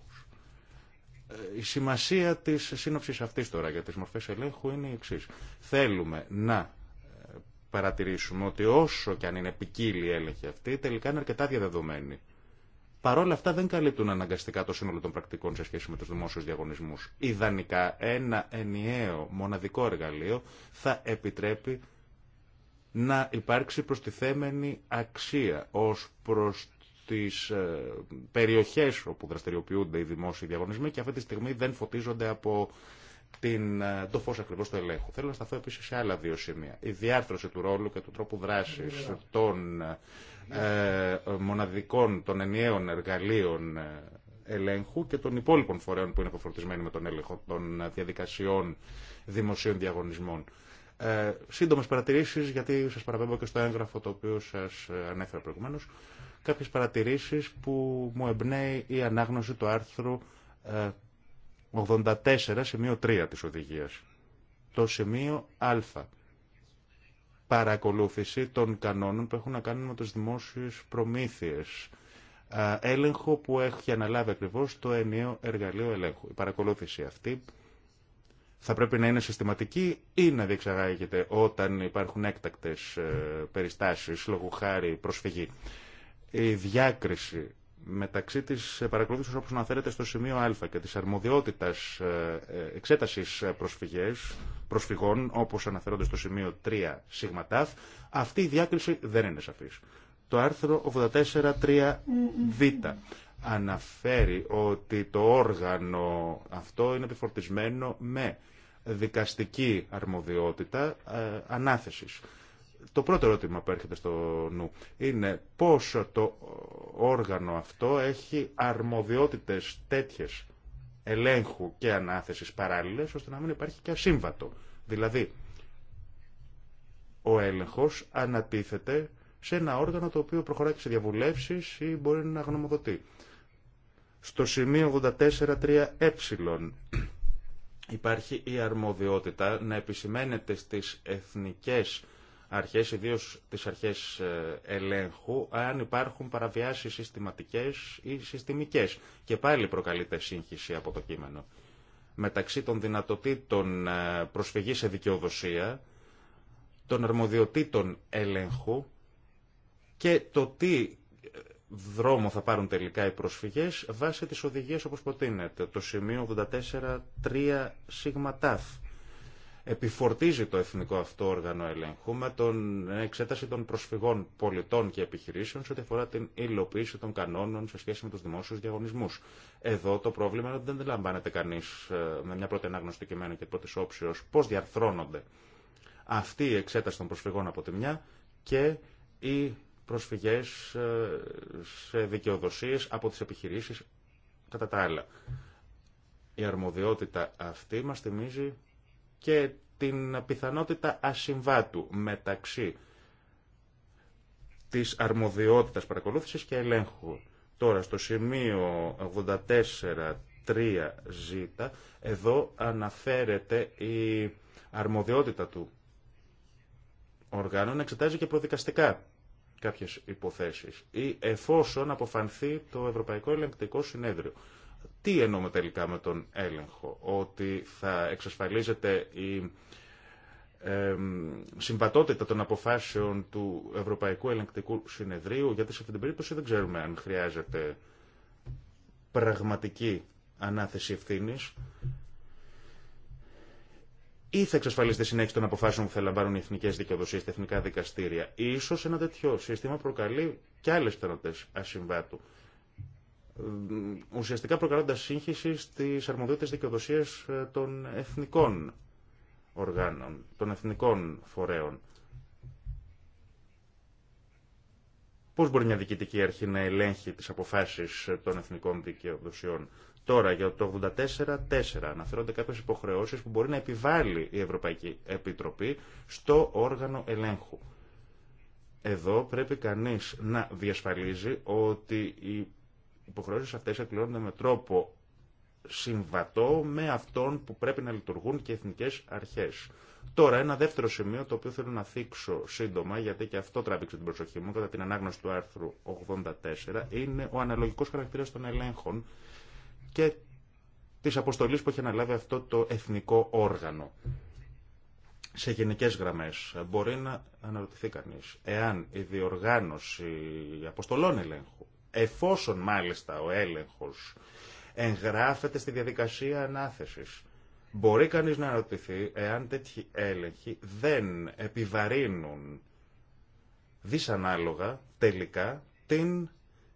Ε, η σημασία τη σύνοψη αυτή τώρα για τι μορφέ ελέγχου είναι η εξή. Θέλουμε να ε, παρατηρήσουμε ότι όσο και αν είναι ποικίλη η έλεγχη αυτή, τελικά είναι αρκετά διαδεδομένη παρόλα αυτά δεν καλύπτουν αναγκαστικά το σύνολο των πρακτικών σε σχέση με τους δημόσιους διαγωνισμούς. Ιδανικά ένα ενιαίο μοναδικό εργαλείο θα επιτρέπει να υπάρξει προστιθέμενη αξία ως προς τις ε, περιοχές όπου δραστηριοποιούνται οι δημόσιοι διαγωνισμοί και αυτή τη στιγμή δεν φωτίζονται από την, ε, το φως ακριβώς του ελέγχου. Θέλω να σταθώ επίσης σε άλλα δύο σημεία. Η διάρθρωση του ρόλου και του τρόπου δράσης των ε, ε, μοναδικών των ενιαίων εργαλείων ε, ελέγχου και των υπόλοιπων φορέων που είναι αποφορτισμένοι με τον έλεγχο των διαδικασιών δημοσίων διαγωνισμών. Ε, Σύντομε παρατηρήσει, γιατί σα παραπέμπω και στο έγγραφο το οποίο σα ε, ανέφερα προηγουμένω. Κάποιε παρατηρήσει που μου εμπνέει η ανάγνωση του άρθρου 84, σημείο 3 τη οδηγία. Το σημείο Α παρακολούθηση των κανόνων που έχουν να κάνουν με τις δημόσιες προμήθειες. Έλεγχο που έχει αναλάβει ακριβώς το ενίο εργαλείο ελέγχου. Η παρακολούθηση αυτή θα πρέπει να είναι συστηματική ή να διεξαγάγεται όταν υπάρχουν έκτακτες ε, περιστάσεις, λόγω χάρη προσφυγή. Η διάκριση μεταξύ της παρακολούθησης όπως αναφέρεται στο σημείο Α και της αρμοδιότητας ε, ε, εξέτασης προσφυγές προσφυγών, όπως αναφέρονται στο σημείο 3 ΣΥΓΜΑΤΑΦ, αυτή η διάκριση δεν είναι σαφή. Το άρθρο 84.3 Β αναφέρει ότι το όργανο αυτό είναι επιφορτισμένο με δικαστική αρμοδιότητα ε, ανάθεσης. Το πρώτο ερώτημα που έρχεται στο νου είναι πόσο το όργανο αυτό έχει αρμοδιότητες τέτοιες ελέγχου και ανάθεσης παράλληλες, ώστε να μην υπάρχει και ασύμβατο. Δηλαδή, ο έλεγχος ανατίθεται σε ένα όργανο το οποίο προχωράει σε διαβουλεύσεις ή μπορεί να γνωμοδοτεί. Στο σημείο 84.3 ε υπάρχει η αρμοδιότητα να επισημαίνεται στις εθνικές αρχές, ιδίω τις αρχές ε, ελέγχου, αν υπάρχουν παραβιάσεις συστηματικές ή συστημικές. Και πάλι προκαλείται σύγχυση από το κείμενο. Μεταξύ των δυνατοτήτων ε, προσφυγή σε δικαιοδοσία, των αρμοδιοτήτων ελέγχου και το τι ε, δρόμο θα πάρουν τελικά οι προσφυγές βάσει τις οδηγίες όπως προτείνεται. Το σημείο 84 84-3 σιγματάφ επιφορτίζει το εθνικό αυτό όργανο ελέγχου με την εξέταση των προσφυγών πολιτών και επιχειρήσεων σε ό,τι αφορά την υλοποίηση των κανόνων σε σχέση με του δημόσιου διαγωνισμού. Εδώ το πρόβλημα είναι ότι δεν αντιλαμβάνεται κανεί ε, με μια πρώτη ανάγνωση κειμένου και πρώτη όψεω πώ διαρθρώνονται αυτή η εξέταση των προσφυγών από τη μια και οι προσφυγές ε, σε δικαιοδοσίε από τις επιχειρήσεις κατά τα άλλα. Η αρμοδιότητα αυτή μας θυμίζει και την πιθανότητα ασυμβάτου μεταξύ της αρμοδιότητας παρακολούθησης και ελέγχου. Τώρα στο σημείο 84 3 εδώ αναφέρεται η αρμοδιότητα του οργάνου να εξετάζει και προδικαστικά κάποιες υποθέσεις ή εφόσον αποφανθεί το Ευρωπαϊκό Ελεγκτικό Συνέδριο. Τι εννοούμε τελικά με τον έλεγχο, ότι θα εξασφαλίζεται η συμβατότητα των αποφάσεων του Ευρωπαϊκού Ελεγκτικού Συνεδρίου, γιατί σε αυτή την περίπτωση δεν ξέρουμε αν χρειάζεται πραγματική ανάθεση ευθύνη ή θα εξασφαλίσετε συνέχιση των αποφάσεων που θα λαμβάνουν οι εθνικέ δικαιοδοσίε, τα εθνικά δικαστήρια. σω ένα τέτοιο σύστημα προκαλεί και άλλε πιθανότητε ασυμβάτου. Ε, ουσιαστικά προκαλώντας σύγχυση στις αρμοδιότητες δικαιοδοσίες ε, των εθνικών οργάνων, των εθνικών φορέων. Πώς μπορεί μια διοικητική αρχή να ελέγχει τις αποφάσεις ε, των εθνικών δικαιοδοσιών. Τώρα, για το 84-4 αναφέρονται κάποιες υποχρεώσεις που μπορεί να επιβάλλει η Ευρωπαϊκή Επιτροπή στο όργανο ελέγχου. Εδώ πρέπει κανείς να διασφαλίζει ότι η υποχρεώσει αυτέ εκπληρώνονται με τρόπο συμβατό με αυτόν που πρέπει να λειτουργούν και οι εθνικές αρχές. Τώρα, ένα δεύτερο σημείο το οποίο θέλω να θίξω σύντομα, γιατί και αυτό τράβηξε την προσοχή μου κατά την ανάγνωση του άρθρου 84, είναι ο αναλογικός χαρακτήρας των ελέγχων και τη αποστολή που έχει αναλάβει αυτό το εθνικό όργανο. Σε γενικέ γραμμέ, μπορεί να αναρωτηθεί κανεί, εάν η διοργάνωση αποστολών ελέγχου εφόσον μάλιστα ο έλεγχος εγγράφεται στη διαδικασία ανάθεσης. Μπορεί κανείς να ρωτηθεί εάν τέτοιοι έλεγχοι δεν επιβαρύνουν δυσανάλογα τελικά την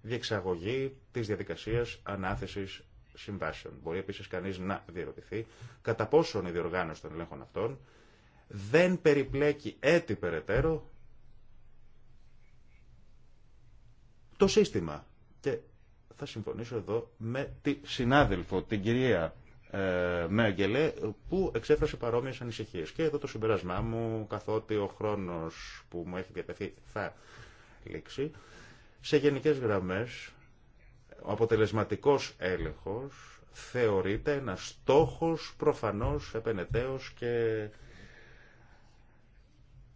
διεξαγωγή της διαδικασίας ανάθεσης συμβάσεων. Μπορεί επίσης κανείς να διερωτηθεί κατά πόσον η διοργάνωση των ελέγχων αυτών δεν περιπλέκει έτσι περαιτέρω το σύστημα. Και θα συμφωνήσω εδώ με τη συνάδελφο, την κυρία ε, Μέγκελε, που εξέφρασε παρόμοιε ανησυχίε. Και εδώ το συμπεράσμά μου, καθότι ο χρόνο που μου έχει διατεθεί θα λήξει. Σε γενικέ γραμμέ, ο αποτελεσματικό έλεγχο θεωρείται ένα στόχο προφανώ επενεταίο και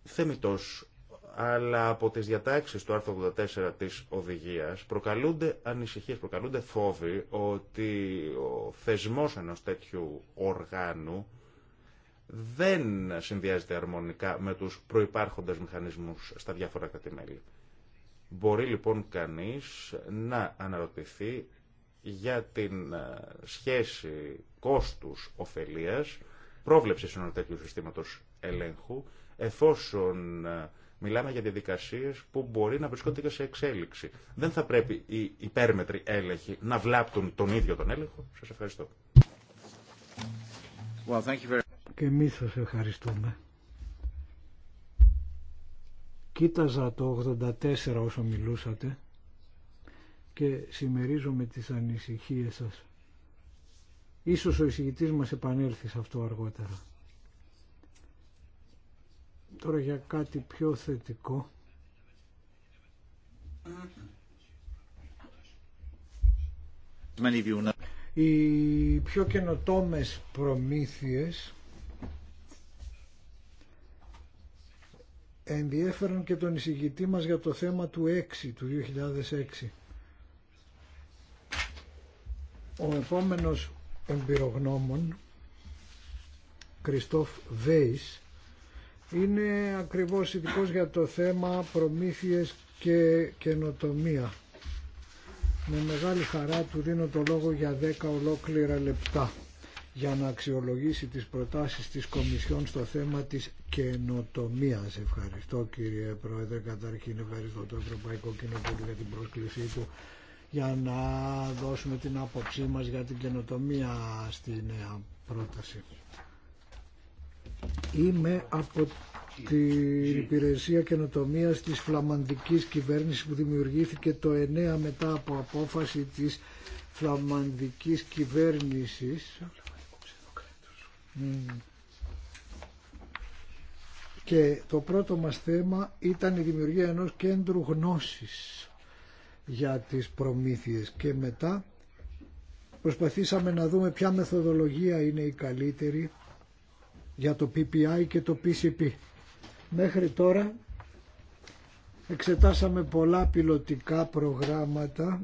θεμητός αλλά από τις διατάξεις του άρθρου 84 της οδηγίας προκαλούνται ανησυχίες, προκαλούνται φόβοι ότι ο θεσμός ενός τέτοιου οργάνου δεν συνδυάζεται αρμονικά με τους προϋπάρχοντες μηχανισμούς στα διάφορα κατημέλη. Μπορεί λοιπόν κανείς να αναρωτηθεί για την ε, σχέση κόστους-οφελίας, πρόβλεψης ενός τέτοιου συστήματος ελέγχου, εφόσον ε, Μιλάμε για διαδικασίε που μπορεί να βρισκόνται και σε εξέλιξη. Δεν θα πρέπει οι υπέρμετροι έλεγχοι να βλάπτουν τον ίδιο τον έλεγχο. Σα ευχαριστώ. Well, thank you very... Και εμεί σα ευχαριστούμε. Κοίταζα το 84 όσο μιλούσατε και συμμερίζομαι τις ανησυχίες σας. Ίσως ο εισηγητής μας επανέλθει σε αυτό αργότερα. Τώρα για κάτι πιο θετικό. Οι πιο καινοτόμες προμήθειες ενδιέφεραν και τον εισηγητή μας για το θέμα του 6, του 2006. Ο επόμενος εμπειρογνώμων, Κριστόφ Βέης, είναι ακριβώς ειδικό για το θέμα προμήθειες και καινοτομία. Με μεγάλη χαρά του δίνω το λόγο για 10 ολόκληρα λεπτά για να αξιολογήσει τις προτάσεις της Κομισιόν στο θέμα της καινοτομία. Ευχαριστώ κύριε Πρόεδρε, καταρχήν ευχαριστώ το Ευρωπαϊκό Κοινοβούλιο για την πρόσκλησή του για να δώσουμε την άποψή μας για την καινοτομία στη νέα πρόταση. Είμαι από την υπηρεσία καινοτομία της φλαμανδικής κυβέρνησης που δημιουργήθηκε το 9 μετά από απόφαση της φλαμανδικής κυβέρνησης mm. και το πρώτο μας θέμα ήταν η δημιουργία ενός κέντρου γνώσης για τις προμήθειες και μετά προσπαθήσαμε να δούμε ποια μεθοδολογία είναι η καλύτερη για το PPI και το PCP. Μέχρι τώρα εξετάσαμε πολλά πιλωτικά προγράμματα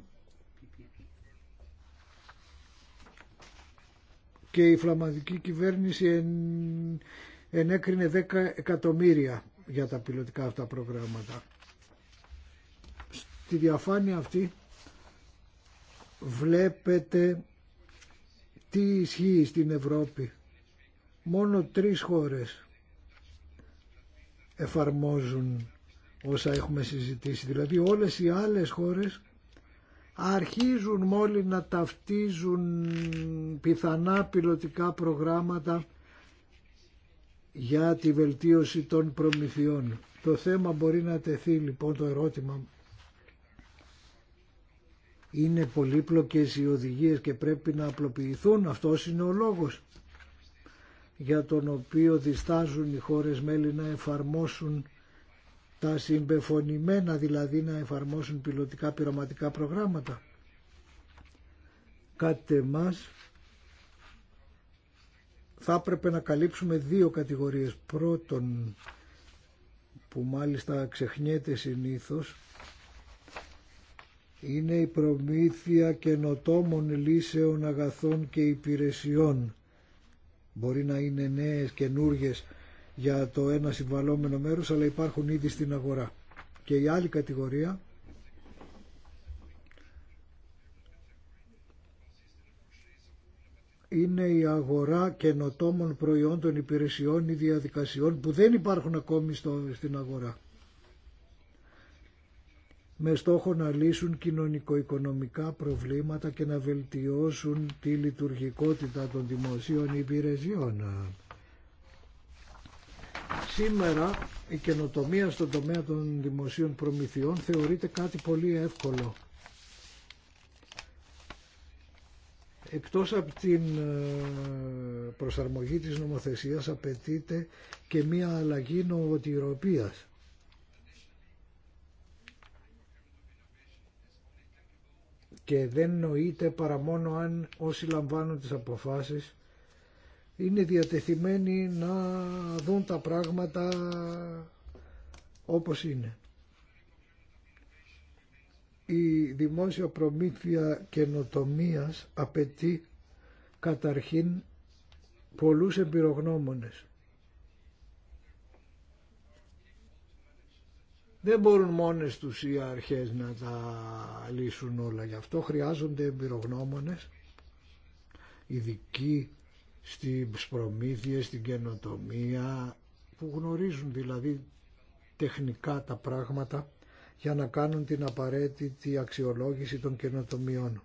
και η φλαμανδική κυβέρνηση ενέκρινε 10 εκατομμύρια για τα πιλωτικά αυτά προγράμματα. Στη διαφάνεια αυτή βλέπετε τι ισχύει στην Ευρώπη Μόνο τρεις χώρες εφαρμόζουν όσα έχουμε συζητήσει. Δηλαδή όλες οι άλλες χώρες αρχίζουν μόλις να ταυτίζουν πιθανά πιλωτικά προγράμματα για τη βελτίωση των προμηθειών. Το θέμα μπορεί να τεθεί λοιπόν το ερώτημα είναι πολύπλοκες οι οδηγίες και πρέπει να απλοποιηθούν. Αυτός είναι ο λόγος για τον οποίο διστάζουν οι χώρες μέλη να εφαρμόσουν τα συμπεφωνημένα δηλαδή να εφαρμόσουν πιλωτικά πειραματικά προγράμματα. Κάτι εμάς θα έπρεπε να καλύψουμε δύο κατηγορίες. Πρώτον, που μάλιστα ξεχνιέται συνήθως, είναι η προμήθεια καινοτόμων λύσεων αγαθών και υπηρεσιών Μπορεί να είναι νέες καινούριε για το ένα συμβαλόμενο μέρος, αλλά υπάρχουν ήδη στην αγορά. Και η άλλη κατηγορία είναι η αγορά καινοτόμων προϊόντων, υπηρεσιών ή διαδικασιών που δεν υπάρχουν ακόμη στο, στην αγορά με στόχο να λύσουν κοινωνικο-οικονομικά προβλήματα και να βελτιώσουν τη λειτουργικότητα των δημοσίων υπηρεσιών. Σήμερα η καινοτομία στον τομέα των δημοσίων προμηθειών θεωρείται κάτι πολύ εύκολο. Εκτός από την ε, προσαρμογή της νομοθεσίας απαιτείται και μία αλλαγή νοοτηροπίας και δεν νοείται παρά μόνο αν όσοι λαμβάνουν τις αποφάσεις είναι διατεθειμένοι να δουν τα πράγματα όπως είναι. Η δημόσια προμήθεια καινοτομίας απαιτεί καταρχήν πολλούς εμπειρογνώμονες Δεν μπορούν μόνες τους οι αρχές να τα λύσουν όλα. Γι' αυτό χρειάζονται εμπειρογνώμονες, ειδικοί στις προμήθειες, στην καινοτομία, που γνωρίζουν δηλαδή τεχνικά τα πράγματα για να κάνουν την απαραίτητη αξιολόγηση των καινοτομιών.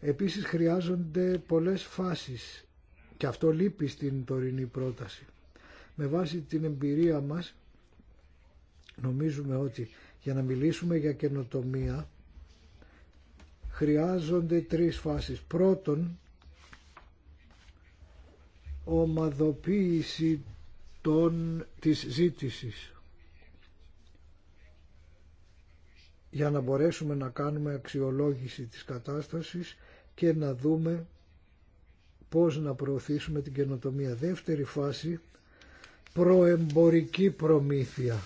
Επίσης χρειάζονται πολλές φάσεις και αυτό λείπει στην τωρινή πρόταση. Με βάση την εμπειρία μας Νομίζουμε ότι για να μιλήσουμε για καινοτομία χρειάζονται τρεις φάσεις. Πρώτον, ομαδοποίηση των, της ζήτησης. Για να μπορέσουμε να κάνουμε αξιολόγηση της κατάστασης και να δούμε πώς να προωθήσουμε την καινοτομία. Δεύτερη φάση, προεμπορική προμήθεια.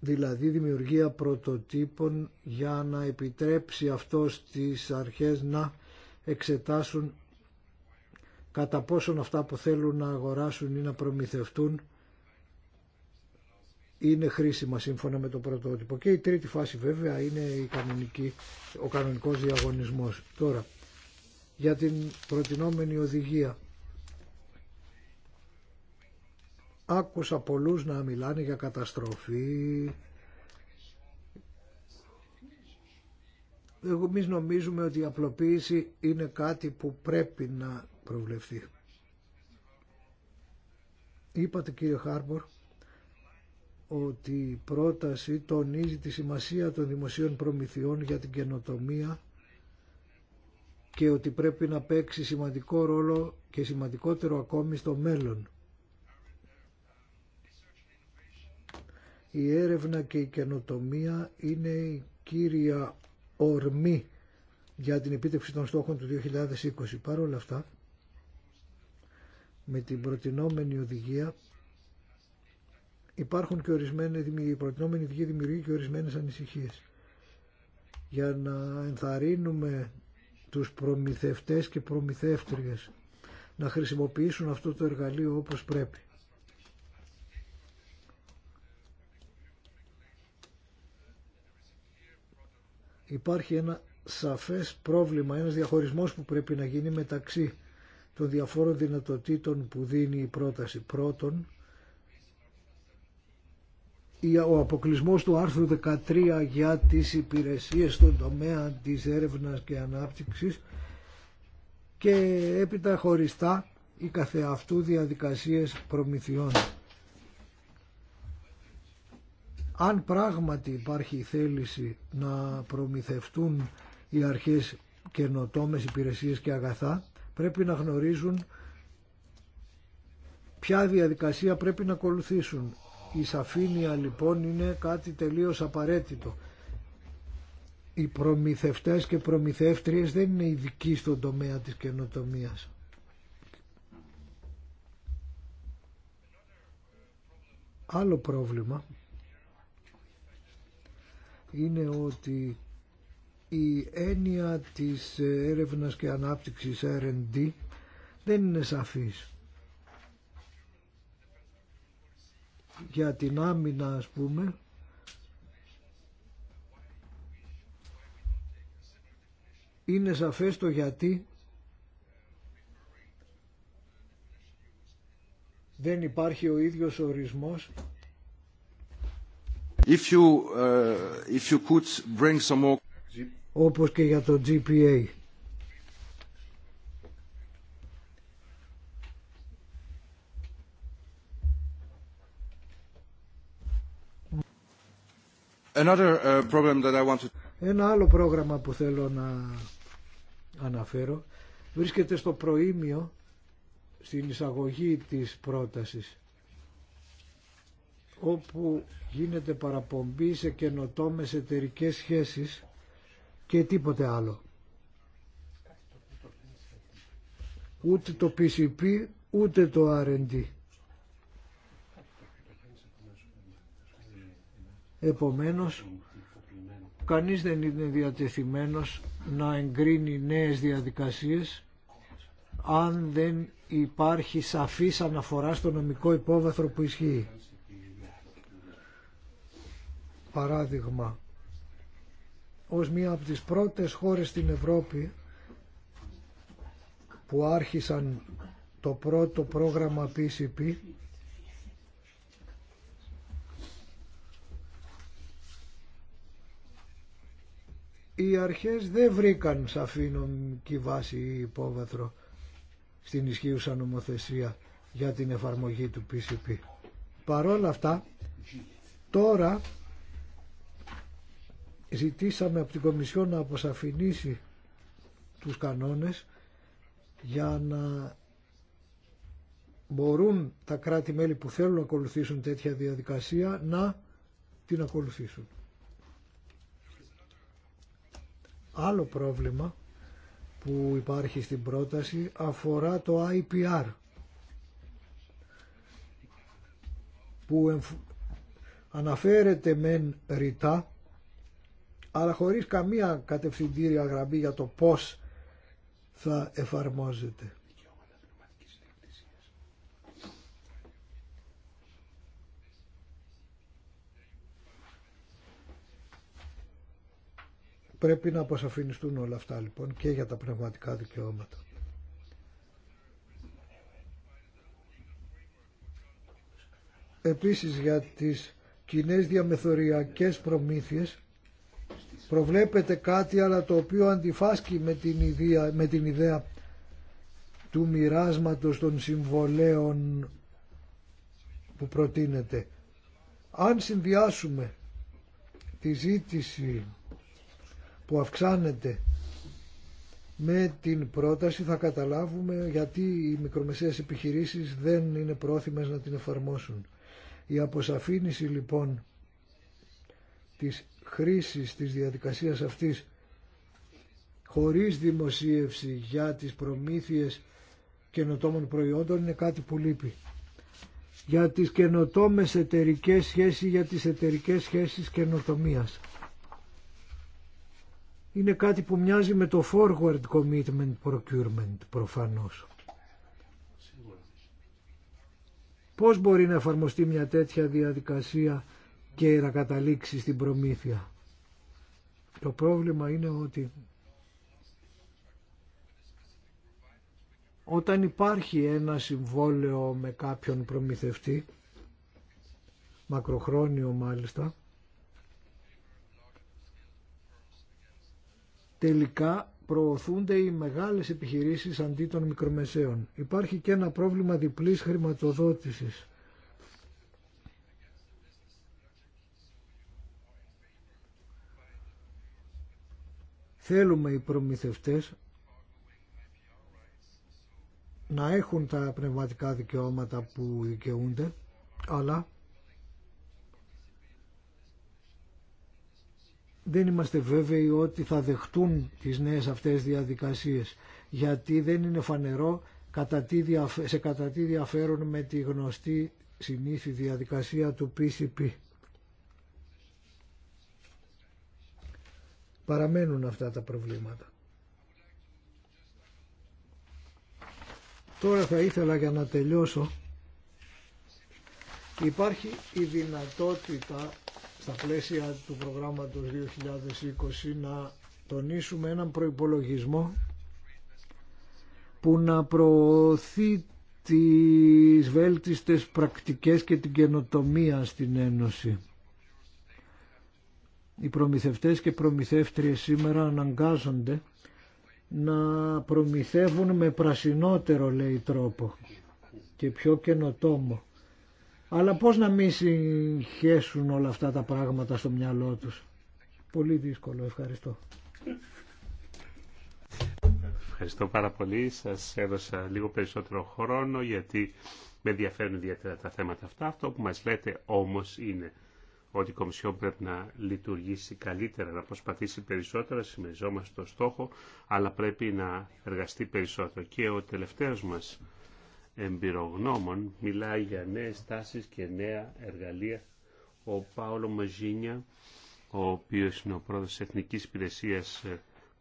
δηλαδή δημιουργία πρωτοτύπων για να επιτρέψει αυτό στις αρχές να εξετάσουν κατά πόσον αυτά που θέλουν να αγοράσουν ή να προμηθευτούν είναι χρήσιμα σύμφωνα με το πρωτότυπο. Και η τρίτη φάση βέβαια είναι η κανονική, ο κανονικός διαγωνισμός. Τώρα, για την προτινόμενη οδηγία. Άκουσα πολλούς να μιλάνε για καταστροφή. Εγώ εμείς νομίζουμε ότι η απλοποίηση είναι κάτι που πρέπει να προβλεφθεί. Είπατε κύριε Χάρμπορ ότι η πρόταση τονίζει τη σημασία των δημοσίων προμηθειών για την καινοτομία και ότι πρέπει να παίξει σημαντικό ρόλο και σημαντικότερο ακόμη στο μέλλον. Η έρευνα και η καινοτομία είναι η κύρια ορμή για την επίτευξη των στόχων του 2020. Παρ' όλα αυτά, με την προτινόμενη οδηγία υπάρχουν και ορισμένες, η προτινόμενη οδηγία δημιουργεί και ορισμένες ανησυχίες. Για να ενθαρρύνουμε τους προμηθευτές και προμηθεύτριες να χρησιμοποιήσουν αυτό το εργαλείο όπως πρέπει. υπάρχει ένα σαφές πρόβλημα, ένας διαχωρισμός που πρέπει να γίνει μεταξύ των διαφόρων δυνατοτήτων που δίνει η πρόταση. Πρώτον, ο αποκλεισμός του άρθρου 13 για τις υπηρεσίες στον τομέα της έρευνας και ανάπτυξης και έπειτα χωριστά οι καθεαυτού διαδικασίες προμηθειών. Αν πράγματι υπάρχει θέληση να προμηθευτούν οι αρχές καινοτόμες υπηρεσίες και αγαθά, πρέπει να γνωρίζουν ποια διαδικασία πρέπει να ακολουθήσουν. Η σαφήνεια λοιπόν είναι κάτι τελείως απαραίτητο. Οι προμηθευτές και προμηθεύτριες δεν είναι ειδικοί στον τομέα της καινοτομίας. Άλλο πρόβλημα είναι ότι η έννοια της έρευνας και ανάπτυξης R&D δεν είναι σαφής. Για την άμυνα ας πούμε είναι σαφές το γιατί δεν υπάρχει ο ίδιος ορισμός Uh, Όπως και για το GPA. Uh, Ένα άλλο πρόγραμμα που θέλω να αναφέρω βρίσκεται στο προήμιο στην εισαγωγή της πρότασης όπου γίνεται παραπομπή σε καινοτόμες εταιρικέ σχέσεις και τίποτε άλλο. Ούτε το PCP ούτε το R&D. Επομένως, κανείς δεν είναι διατεθειμένος να εγκρίνει νέες διαδικασίες αν δεν υπάρχει σαφής αναφορά στο νομικό υπόβαθρο που ισχύει παράδειγμα ως μία από τις πρώτες χώρες στην Ευρώπη που άρχισαν το πρώτο πρόγραμμα PCP οι αρχές δεν βρήκαν σαφή νομική βάση ή υπόβαθρο στην ισχύουσα νομοθεσία για την εφαρμογή του PCP. Παρόλα αυτά, τώρα ζητήσαμε από την Κομισιό να αποσαφηνίσει τους κανόνες για να μπορούν τα κράτη-μέλη που θέλουν να ακολουθήσουν τέτοια διαδικασία να την ακολουθήσουν. Άλλο πρόβλημα που υπάρχει στην πρόταση αφορά το IPR που αναφέρεται μεν ρητά αλλά χωρίς καμία κατευθυντήρια γραμμή για το πώς θα εφαρμόζεται. Πρέπει να αποσαφινιστούν όλα αυτά λοιπόν και για τα πνευματικά δικαιώματα. Επίσης για τις κοινέ διαμεθοριακές προμήθειες προβλέπετε κάτι αλλά το οποίο αντιφάσκει με την ιδέα, με την ιδέα του μοιράσματο των συμβολέων που προτείνεται. Αν συνδυάσουμε τη ζήτηση που αυξάνεται με την πρόταση θα καταλάβουμε γιατί οι μικρομεσαίες επιχειρήσεις δεν είναι πρόθυμες να την εφαρμόσουν. Η αποσαφήνιση λοιπόν της χρήσης της διαδικασίας αυτής χωρίς δημοσίευση για τις προμήθειες καινοτόμων προϊόντων είναι κάτι που λείπει. Για τις καινοτόμες εταιρικέ σχέσεις, για τις εταιρικέ σχέσεις καινοτομίας. Είναι κάτι που μοιάζει με το forward commitment procurement προφανώς. Πώς μπορεί να εφαρμοστεί μια τέτοια διαδικασία και να καταλήξει στην προμήθεια. Το πρόβλημα είναι ότι όταν υπάρχει ένα συμβόλαιο με κάποιον προμηθευτή, μακροχρόνιο μάλιστα, τελικά προωθούνται οι μεγάλες επιχειρήσεις αντί των μικρομεσαίων. Υπάρχει και ένα πρόβλημα διπλής χρηματοδότησης. Θέλουμε οι προμηθευτές να έχουν τα πνευματικά δικαιώματα που δικαιούνται, αλλά δεν είμαστε βέβαιοι ότι θα δεχτούν τις νέες αυτές διαδικασίες, γιατί δεν είναι φανερό σε κατά τι διαφέρουν με τη γνωστή συνήθη διαδικασία του PCP. Παραμένουν αυτά τα προβλήματα. Τώρα θα ήθελα για να τελειώσω. Υπάρχει η δυνατότητα στα πλαίσια του προγράμματος 2020 να τονίσουμε έναν προϋπολογισμό που να προωθεί τις βέλτιστες πρακτικές και την καινοτομία στην Ένωση. Οι προμηθευτές και προμηθεύτριες σήμερα αναγκάζονται να προμηθεύουν με πρασινότερο λέει τρόπο και πιο καινοτόμο. Αλλά πώς να μην συγχέσουν όλα αυτά τα πράγματα στο μυαλό τους. Πολύ δύσκολο. Ευχαριστώ. Ευχαριστώ πάρα πολύ. Σας έδωσα λίγο περισσότερο χρόνο γιατί με ενδιαφέρουν ιδιαίτερα τα θέματα αυτά. Αυτό που μας λέτε όμως είναι ότι η Κομισιόν πρέπει να λειτουργήσει καλύτερα, να προσπαθήσει περισσότερα, συμμεριζόμαστε το στόχο, αλλά πρέπει να εργαστεί περισσότερο. Και ο τελευταίος μας εμπειρογνώμων μιλάει για νέες τάσεις και νέα εργαλεία. Ο Πάολο Μαζίνια, ο οποίος είναι ο πρόεδρος της Εθνικής Υπηρεσίας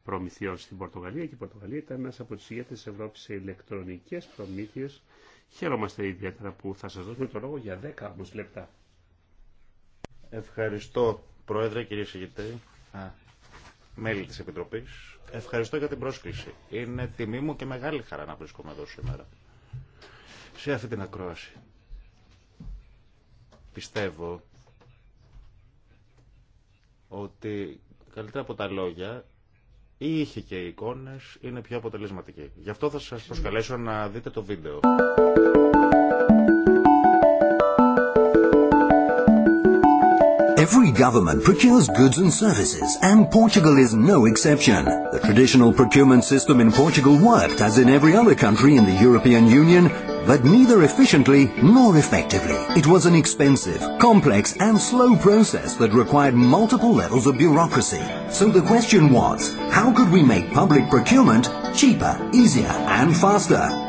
Προμηθειών στην Πορτογαλία και η Πορτογαλία ήταν ένας από τις ηγέτες της Ευρώπης σε ηλεκτρονικές προμήθειες. Χαίρομαστε ιδιαίτερα που θα σας δώσουμε το λόγο για 10 όμως λεπτά. Ευχαριστώ, Πρόεδρε, κύριε Συγητή, μέλη της Επιτροπής. Ευχαριστώ για την πρόσκληση. Είναι τιμή μου και μεγάλη χαρά να βρίσκομαι εδώ σήμερα. Σε αυτή την ακρόαση. Πιστεύω ότι καλύτερα από τα λόγια ή είχε και εικόνες είναι πιο αποτελεσματική. Γι' αυτό θα σας προσκαλέσω να δείτε το βίντεο. Every government procures goods and services, and Portugal is no exception. The traditional procurement system in Portugal worked, as in every other country in the European Union, but neither efficiently nor effectively. It was an expensive, complex and slow process that required multiple levels of bureaucracy. So the question was, how could we make public procurement cheaper, easier and faster?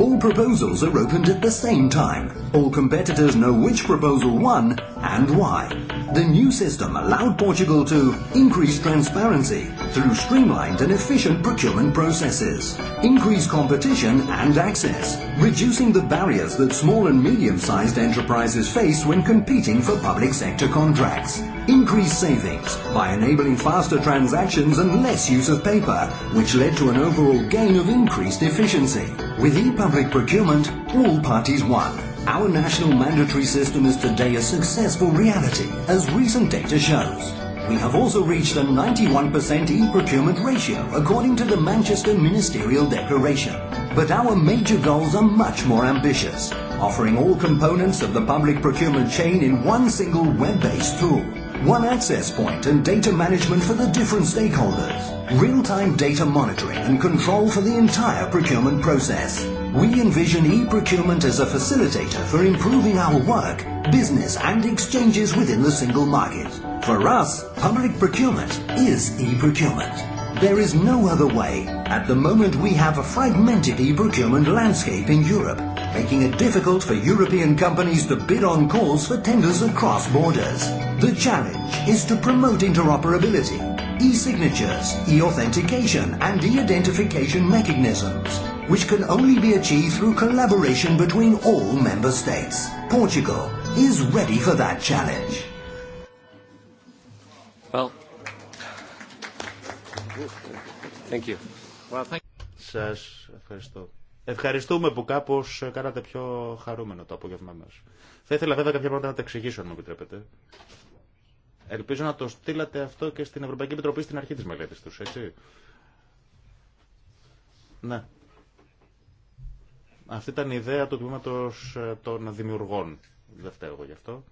All proposals are opened at the same time. All competitors know which proposal won and why. The new system allowed Portugal to increase transparency through streamlined and efficient procurement processes, increase competition and access, reducing the barriers that small and medium-sized enterprises face when competing for public sector contracts, increase savings by enabling faster transactions and less use of paper, which led to an overall gain of increased efficiency. With e-public procurement, all parties won. Our national mandatory system is today a successful reality, as recent data shows. We have also reached a 91% e-procurement ratio, according to the Manchester Ministerial Declaration. But our major goals are much more ambitious, offering all components of the public procurement chain in one single web-based tool one access point and data management for the different stakeholders, real-time data monitoring and control for the entire procurement process. We envision e-procurement as a facilitator for improving our work, business and exchanges within the single market. For us, public procurement is e-procurement. There is no other way. At the moment we have a fragmented e-procurement landscape in Europe, making it difficult for European companies to bid on calls for tenders across borders. The challenge is to promote interoperability, e-signatures, e-authentication and e-identification mechanisms, which can only be achieved through collaboration between all member states. Portugal is ready for that challenge. Well, thank you. Well, thank Σας ευχαριστώ. Ευχαριστούμε που κάπως κάνατε πιο χαρούμενο το απόγευμά μας. Θα ήθελα βέβαια κάποια πράγματα να τα εξηγήσω, αν μου επιτρέπετε. Ελπίζω να το στείλατε αυτό και στην Ευρωπαϊκή Επιτροπή στην αρχή της μελέτης τους, έτσι. Ναι. Αυτή ήταν η ιδέα του τμήματος ε, των δημιουργών. Δεν φταίω εγώ γι' αυτό.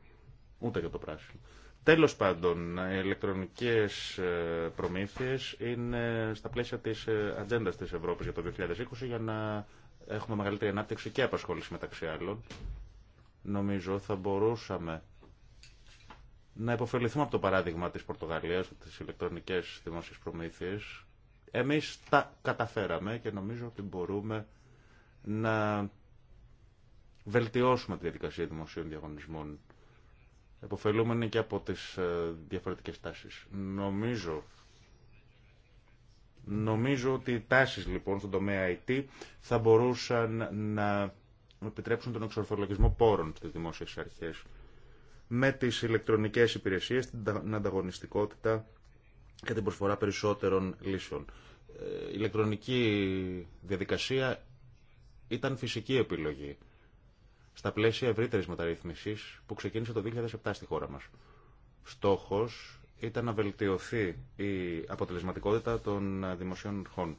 Ούτε για το πράσινο. Τέλος πάντων, οι ηλεκτρονικές ε, προμήθειες είναι στα πλαίσια της ε, ατζέντα της Ευρώπης για το 2020 για να έχουμε μεγαλύτερη ανάπτυξη και απασχόληση μεταξύ άλλων. Νομίζω θα μπορούσαμε να υποφεληθούμε από το παράδειγμα της Πορτογαλίας, τις ηλεκτρονικές δημόσιες προμήθειες. Εμείς τα καταφέραμε και νομίζω ότι μπορούμε να βελτιώσουμε τη διαδικασία δημοσίων διαγωνισμών εποφελούμενοι και από τις ε, διαφορετικές τάσεις. Νομίζω, νομίζω ότι οι τάσεις λοιπόν στον τομέα IT θα μπορούσαν να επιτρέψουν τον εξορθολογισμό πόρων στις δημόσιες αρχές με τις ηλεκτρονικές υπηρεσίες, την ανταγωνιστικότητα και την προσφορά περισσότερων λύσεων. Η ε, ηλεκτρονική διαδικασία ήταν φυσική επιλογή στα πλαίσια ευρύτερης μεταρρύθμισης που ξεκίνησε το 2007 στη χώρα μας. Στόχος ήταν να βελτιωθεί η αποτελεσματικότητα των δημοσίων αρχών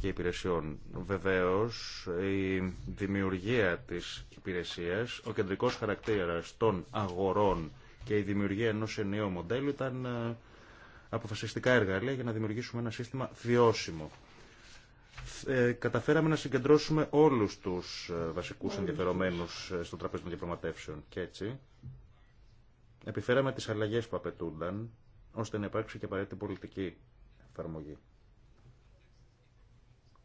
και υπηρεσιών. Βεβαίως, η δημιουργία της υπηρεσίας, ο κεντρικός χαρακτήρας των αγορών και η δημιουργία ενός ενιαίου μοντέλου ήταν ε, αποφασιστικά εργαλεία για να δημιουργήσουμε ένα σύστημα βιώσιμο. Ε, καταφέραμε να συγκεντρώσουμε όλους τους ε, βασικούς ενδιαφερομένους στο τραπέζι των διαπραγματεύσεων και έτσι επιφέραμε τις αλλαγές που απαιτούνταν ώστε να υπάρξει και απαραίτητη πολιτική εφαρμογή.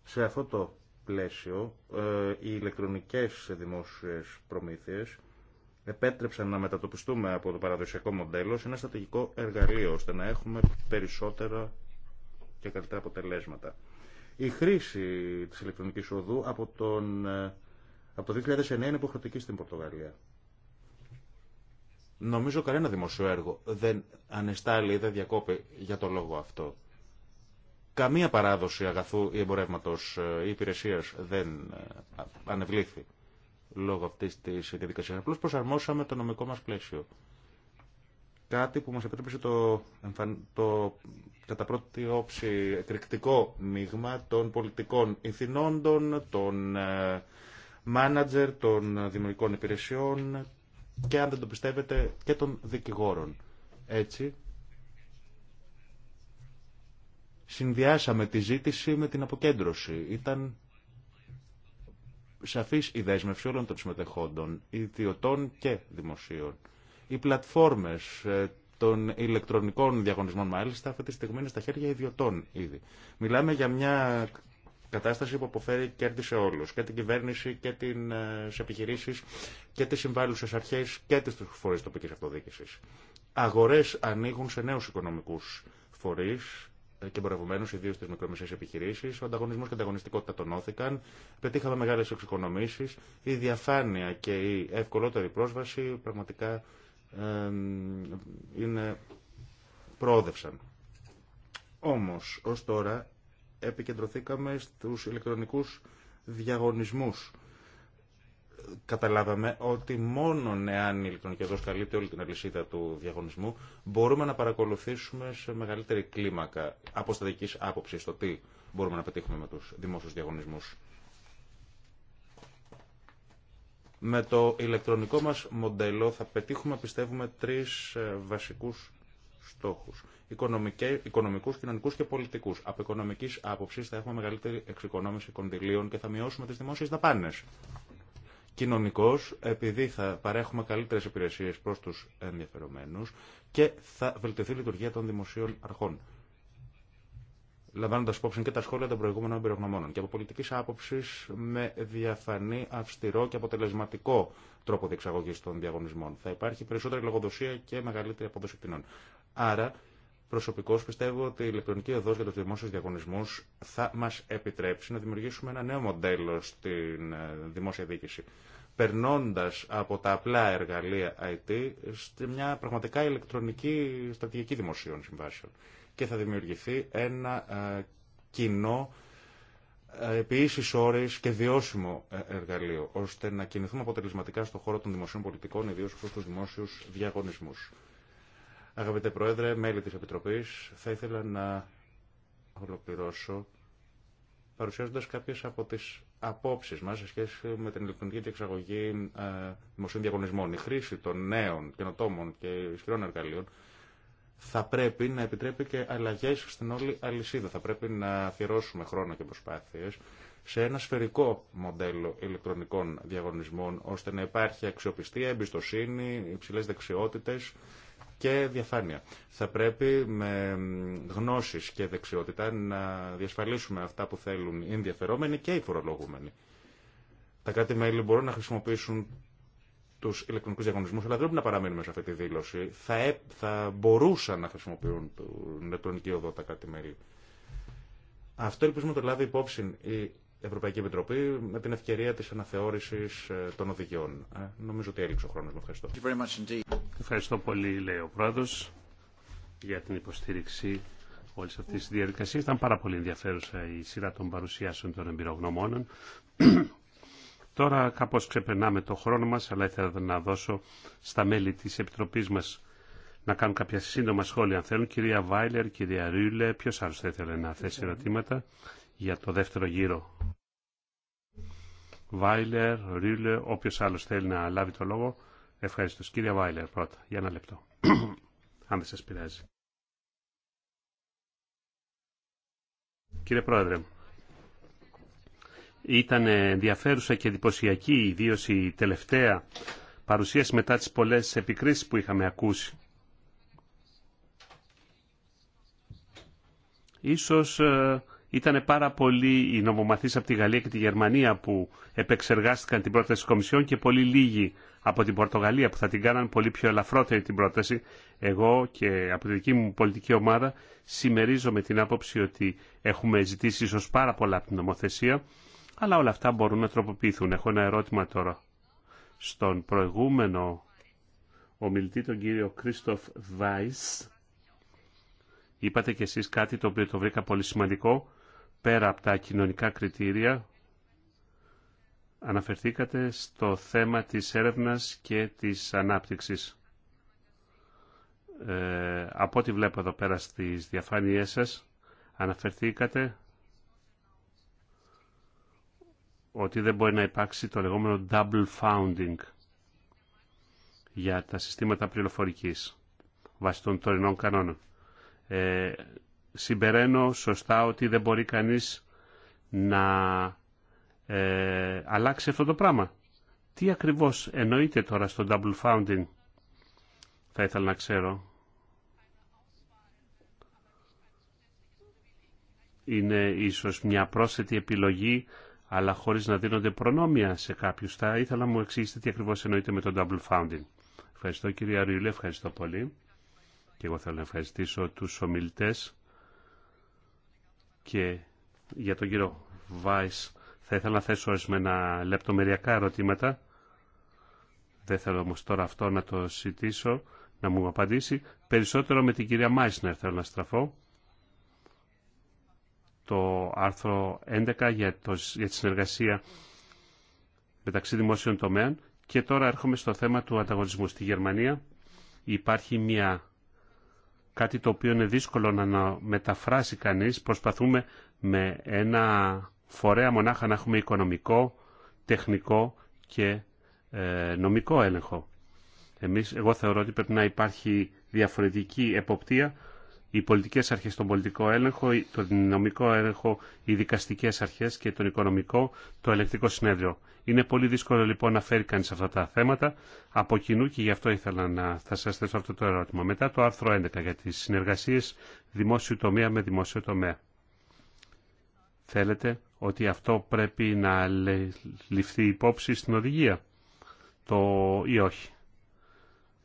Σε αυτό το πλαίσιο, ε, οι ηλεκτρονικές δημόσιες προμήθειες επέτρεψαν να μετατοπιστούμε από το παραδοσιακό μοντέλο σε ένα στρατηγικό εργαλείο, ώστε να έχουμε περισσότερα και καλύτερα αποτελέσματα. Η χρήση της ηλεκτρονικής οδού από, τον, ε, από το 2009 είναι υποχρεωτική στην Πορτογαλία. Νομίζω κανένα δημοσιοέργο δεν ανεστάλλει, δεν διακόπει για το λόγο αυτό καμία παράδοση αγαθού ή εμπορεύματο ε, ή υπηρεσία δεν ε, ανεβλήθη λόγω αυτής της διαδικασία. Απλώ προσαρμόσαμε το νομικό μας πλαίσιο. Κάτι που μας επέτρεψε το, το κατά πρώτη όψη εκρηκτικό μείγμα των πολιτικών ηθινόντων, των ε, μάνατζερ, των δημιουργικών υπηρεσιών και αν δεν το πιστεύετε και των δικηγόρων. Έτσι, συνδυάσαμε τη ζήτηση με την αποκέντρωση. Ήταν σαφής η δέσμευση όλων των συμμετεχόντων, ιδιωτών και δημοσίων. Οι πλατφόρμες ε, των ηλεκτρονικών διαγωνισμών μάλιστα αυτή τη στιγμή είναι στα χέρια ιδιωτών ήδη. Μιλάμε για μια κατάσταση που αποφέρει κέρδη σε όλους, και την κυβέρνηση και τις ε, επιχειρήσεις και τις συμβάλλουσες αρχές και τις φορές τοπικής αυτοδιοίκησης. Αγορές ανοίγουν σε νέους οικονομικούς φορείς, και εμπορευμένου, ιδίω στι μικρομεσαίε επιχειρήσει. Ο ανταγωνισμό και η ανταγωνιστικότητα τονώθηκαν. Πετύχαμε μεγάλε εξοικονομήσει. Η διαφάνεια και η ευκολότερη πρόσβαση πραγματικά είναι, προόδευσαν. Όμω, ω τώρα επικεντρωθήκαμε στου ηλεκτρονικού διαγωνισμούς καταλάβαμε ότι μόνο εάν η ηλεκτρονική εδώ καλύπτει όλη την αλυσίδα του διαγωνισμού μπορούμε να παρακολουθήσουμε σε μεγαλύτερη κλίμακα από άποψης άποψη το τι μπορούμε να πετύχουμε με τους δημόσιους διαγωνισμούς. Με το ηλεκτρονικό μας μοντέλο θα πετύχουμε, πιστεύουμε, τρεις ε, βασικούς στόχους. Οικονομικούς, κοινωνικούς και πολιτικούς. Από οικονομικής άποψης θα έχουμε μεγαλύτερη εξοικονόμηση κονδυλίων και θα μειώσουμε τις δημόσιες δαπάνες κοινωνικός, επειδή θα παρέχουμε καλύτερε υπηρεσίε προ του ενδιαφερομένους και θα βελτιωθεί η λειτουργία των δημοσίων αρχών. Λαμβάνοντα υπόψη και τα σχόλια των προηγούμενων εμπειρογνωμόνων. Και από πολιτική άποψη, με διαφανή, αυστηρό και αποτελεσματικό τρόπο διεξαγωγή των διαγωνισμών. Θα υπάρχει περισσότερη λογοδοσία και μεγαλύτερη απόδοση πτυνών. Άρα, Προσωπικώ πιστεύω ότι η ηλεκτρονική οδό για του δημόσιου διαγωνισμού θα μα επιτρέψει να δημιουργήσουμε ένα νέο μοντέλο στην ε, δημόσια διοίκηση. Περνώντα από τα απλά εργαλεία IT σε μια πραγματικά ηλεκτρονική στρατηγική δημοσίων συμβάσεων. Και θα δημιουργηθεί ένα ε, κοινό ε, επίση ίσης και βιώσιμο εργαλείο, ώστε να κινηθούμε αποτελεσματικά στον χώρο των δημοσίων πολιτικών, ιδίω προ του δημόσιου διαγωνισμού. Αγαπητέ Πρόεδρε, μέλη της Επιτροπής, θα ήθελα να ολοκληρώσω παρουσιάζοντας κάποιες από τις απόψεις μας σε σχέση με την ηλεκτρονική διεξαγωγή ε, δημοσίων διαγωνισμών. Η χρήση των νέων, καινοτόμων και ισχυρών εργαλείων θα πρέπει να επιτρέπει και αλλαγές στην όλη αλυσίδα. Θα πρέπει να αφιερώσουμε χρόνο και προσπάθειες σε ένα σφαιρικό μοντέλο ηλεκτρονικών διαγωνισμών, ώστε να υπάρχει αξιοπιστία, εμπιστοσύνη, υψηλές δεξιότητες, και διαφάνεια. Θα πρέπει με γνώσεις και δεξιότητα να διασφαλίσουμε αυτά που θέλουν οι ενδιαφερόμενοι και οι φορολογούμενοι. Τα κράτη-μέλη μπορούν να χρησιμοποιήσουν τους ηλεκτρονικούς διαγωνισμού, αλλά δεν πρέπει να παραμείνουμε σε αυτή τη δήλωση. Θα, ε, θα μπορούσαν να χρησιμοποιούν την ηλεκτρονική οδό τα κράτη-μέλη. Αυτό ελπίζουμε το λάβει υπόψη η Ευρωπαϊκή Επιτροπή με την ευκαιρία της αναθεώρησης ε, των οδηγιών. Ε, νομίζω ότι έλειξε ο χρόνος. Με ευχαριστώ. Ευχαριστώ πολύ, λέει ο Πρόεδρος, για την υποστήριξη όλης αυτής της διαδικασίας. Ήταν πάρα πολύ ενδιαφέρουσα η σειρά των παρουσιάσεων των εμπειρογνωμόνων. Τώρα κάπως ξεπερνάμε το χρόνο μας, αλλά ήθελα να δώσω στα μέλη της Επιτροπής μας να κάνουν κάποια σύντομα σχόλια αν θέλουν. Κυρία Βάιλερ, κυρία Ρούλε, ποιος άλλος θα ήθελε να θέσει ερωτήματα για το δεύτερο γύρο. Βάιλερ, Ρίλε, όποιος άλλος θέλει να λάβει το λόγο, ευχαριστώ. Κύριε Βάιλερ πρώτα, για ένα λεπτό, αν δεν σας πειράζει. Κύριε Πρόεδρε, ήταν ενδιαφέρουσα και εντυπωσιακή η η τελευταία παρουσίαση μετά τις πολλές επικρίσεις που είχαμε ακούσει. Ίσως ε, ήταν πάρα πολλοί οι νομομαθείς από τη Γαλλία και τη Γερμανία που επεξεργάστηκαν την πρόταση της Κομισιόν και πολύ λίγοι από την Πορτογαλία που θα την κάναν πολύ πιο ελαφρότερη την πρόταση. Εγώ και από τη δική μου πολιτική ομάδα συμμερίζομαι την άποψη ότι έχουμε ζητήσει ίσως πάρα πολλά από την νομοθεσία, αλλά όλα αυτά μπορούν να τροποποιηθούν. Έχω ένα ερώτημα τώρα. Στον προηγούμενο ομιλητή, τον κύριο Κρίστοφ Βάις, είπατε κι εσείς κάτι το οποίο το βρήκα πολύ σημαντικό, πέρα από τα κοινωνικά κριτήρια, αναφερθήκατε στο θέμα της έρευνας και της ανάπτυξης. Ε, από ό,τι βλέπω εδώ πέρα στις διαφάνειές σας, αναφερθήκατε ότι δεν μπορεί να υπάρξει το λεγόμενο double founding για τα συστήματα πληροφορικής βάσει των τωρινών κανόνων. Ε, συμπεραίνω σωστά ότι δεν μπορεί κανείς να ε, αλλάξει αυτό το πράγμα. Τι ακριβώς εννοείται τώρα στο double founding, θα ήθελα να ξέρω. Είναι ίσως μια πρόσθετη επιλογή, αλλά χωρίς να δίνονται προνόμια σε κάποιους. Θα ήθελα να μου εξηγήσετε τι ακριβώς εννοείται με το double founding. Ευχαριστώ κύριε Αριούλη, ευχαριστώ πολύ. Και εγώ θέλω να ευχαριστήσω τους ομιλητές και για τον κύριο Βάις θα ήθελα να θέσω ορισμένα λεπτομεριακά ερωτήματα. Δεν θέλω όμως τώρα αυτό να το συζητήσω, να μου απαντήσει. Περισσότερο με την κυρία Μάισνερ θέλω να στραφώ. Το άρθρο 11 για, το, για τη συνεργασία μεταξύ δημόσιων τομέων. Και τώρα έρχομαι στο θέμα του ανταγωνισμού. Στη Γερμανία υπάρχει μια κάτι το οποίο είναι δύσκολο να μεταφράσει κανείς. Προσπαθούμε με ένα φορέα μονάχα να έχουμε οικονομικό, τεχνικό και ε, νομικό έλεγχο. Εμείς, εγώ θεωρώ ότι πρέπει να υπάρχει διαφορετική εποπτεία οι πολιτικές αρχές, τον πολιτικό έλεγχο, τον νομικό έλεγχο, οι δικαστικές αρχές και τον οικονομικό, το ελεκτικό συνέδριο. Είναι πολύ δύσκολο λοιπόν να φέρει κανείς αυτά τα θέματα από κοινού και γι' αυτό ήθελα να θα σας θέσω αυτό το ερώτημα. Μετά το άρθρο 11 για τις συνεργασίες δημόσιου τομέα με δημόσιο τομέα. Θέλετε ότι αυτό πρέπει να ληφθεί υπόψη στην οδηγία το ή όχι.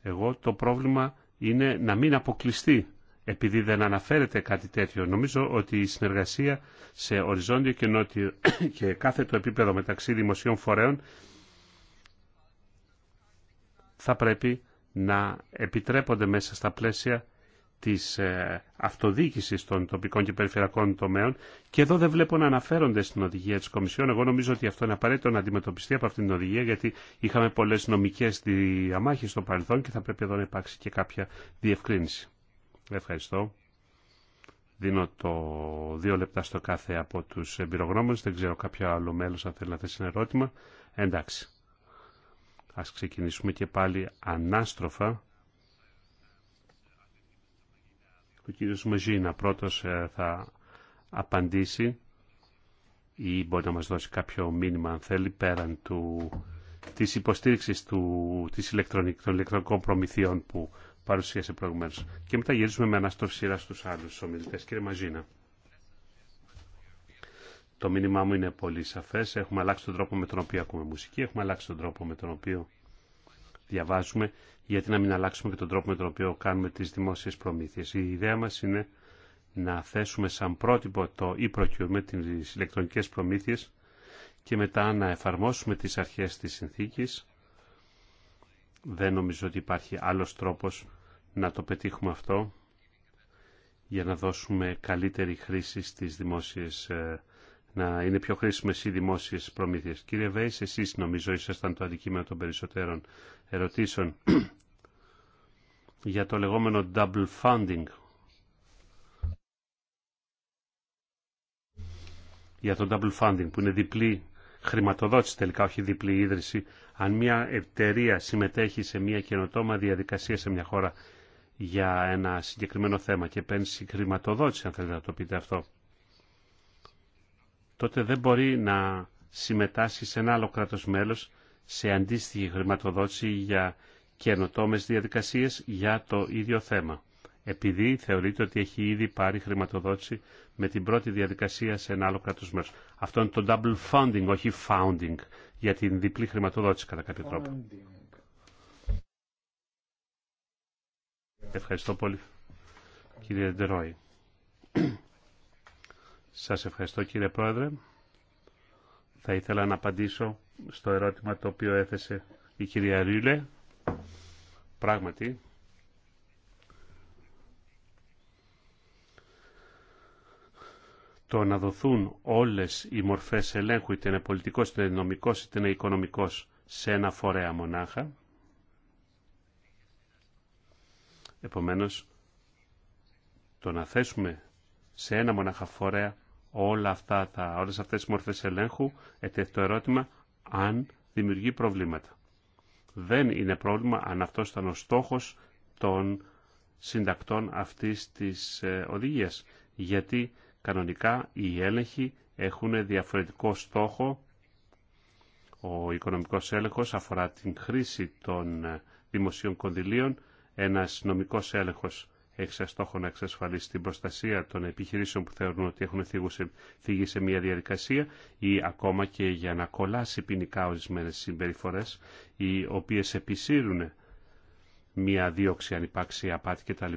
Εγώ το πρόβλημα είναι να μην αποκλειστεί επειδή δεν αναφέρεται κάτι τέτοιο. Νομίζω ότι η συνεργασία σε οριζόντιο και νότιο και κάθε το επίπεδο μεταξύ δημοσίων φορέων θα πρέπει να επιτρέπονται μέσα στα πλαίσια της ε, αυτοδιοίκησης των τοπικών και περιφερειακών τομέων και εδώ δεν βλέπω να αναφέρονται στην οδηγία της Κομισιόν. Εγώ νομίζω ότι αυτό είναι απαραίτητο να αντιμετωπιστεί από αυτήν την οδηγία γιατί είχαμε πολλές νομικές διαμάχες στο παρελθόν και θα πρέπει εδώ να υπάρξει και κάποια διευκρίνηση. Ευχαριστώ. Δίνω το δύο λεπτά στο κάθε από τους εμπειρογνώμονες. Δεν ξέρω κάποιο άλλο μέλος αν θέλει να θέσει ένα ερώτημα. Εντάξει. Ας ξεκινήσουμε και πάλι ανάστροφα. Ο κύριος Μεζίνα πρώτος ε, θα απαντήσει ή μπορεί να μας δώσει κάποιο μήνυμα αν θέλει πέραν του, της υποστήριξης του, της των ηλεκτρονικών προμηθειών που παρουσίασε προηγουμένω. Και μετά γυρίζουμε με αναστροφή σειρά στου άλλου ομιλητέ. Κύριε Μαζίνα. Το μήνυμά μου είναι πολύ σαφέ. Έχουμε αλλάξει τον τρόπο με τον οποίο ακούμε μουσική, έχουμε αλλάξει τον τρόπο με τον οποίο διαβάζουμε. Γιατί να μην αλλάξουμε και τον τρόπο με τον οποίο κάνουμε τι δημόσιε προμήθειε. Η ιδέα μα είναι να θέσουμε σαν πρότυπο το e-procurement, τι ηλεκτρονικέ προμήθειε και μετά να εφαρμόσουμε τις αρχές της συνθήκης. Δεν νομίζω ότι υπάρχει άλλος τρόπος να το πετύχουμε αυτό για να δώσουμε καλύτερη χρήση στις δημόσιες, ε, να είναι πιο χρήσιμες οι δημόσιες προμήθειες. Κύριε Βέης, εσείς νομίζω ήσασταν το αντικείμενο των περισσότερων ερωτήσεων για το λεγόμενο double funding. Για το double funding που είναι διπλή χρηματοδότηση τελικά, όχι διπλή ίδρυση. Αν μια εταιρεία συμμετέχει σε μια καινοτόμα διαδικασία σε μια χώρα για ένα συγκεκριμένο θέμα και παίρνει χρηματοδότηση, αν θέλετε να το πείτε αυτό, τότε δεν μπορεί να συμμετάσχει σε ένα άλλο κράτος μέλος σε αντίστοιχη χρηματοδότηση για καινοτόμες διαδικασίες για το ίδιο θέμα. Επειδή θεωρείται ότι έχει ήδη πάρει χρηματοδότηση με την πρώτη διαδικασία σε ένα άλλο κράτος μέλος. Αυτό είναι το double funding, όχι founding, για την διπλή χρηματοδότηση κατά κάποιο τρόπο. Ευχαριστώ πολύ, κύριε Ντερόι. Σας ευχαριστώ, κύριε Πρόεδρε. Θα ήθελα να απαντήσω στο ερώτημα το οποίο έθεσε η κυρία Ρίλε. Πράγματι, το να δοθούν όλες οι μορφές ελέγχου, είτε είναι πολιτικός, είτε είναι νομικός, είτε είναι οικονομικός, σε ένα φορέα μονάχα, Επομένως, το να θέσουμε σε ένα μονάχα φορέα όλα αυτά τα, όλες αυτές τις μορφές ελέγχου, ετέθη το ερώτημα αν δημιουργεί προβλήματα. Δεν είναι πρόβλημα αν αυτό ήταν ο στόχος των συντακτών αυτής της ε, οδηγίας, γιατί κανονικά οι έλεγχοι έχουν διαφορετικό στόχο. Ο οικονομικός έλεγχος αφορά την χρήση των ε, δημοσίων κονδυλίων ένας νομικός έλεγχος έχει σαν στόχο να εξασφαλίσει την προστασία των επιχειρήσεων που θεωρούν ότι έχουν φύγει σε μια διαδικασία ή ακόμα και για να κολλάσει ποινικά ορισμένε συμπεριφορέ, οι οποίε επισύρουν μια δίωξη αν υπάρξει απάτη κτλ.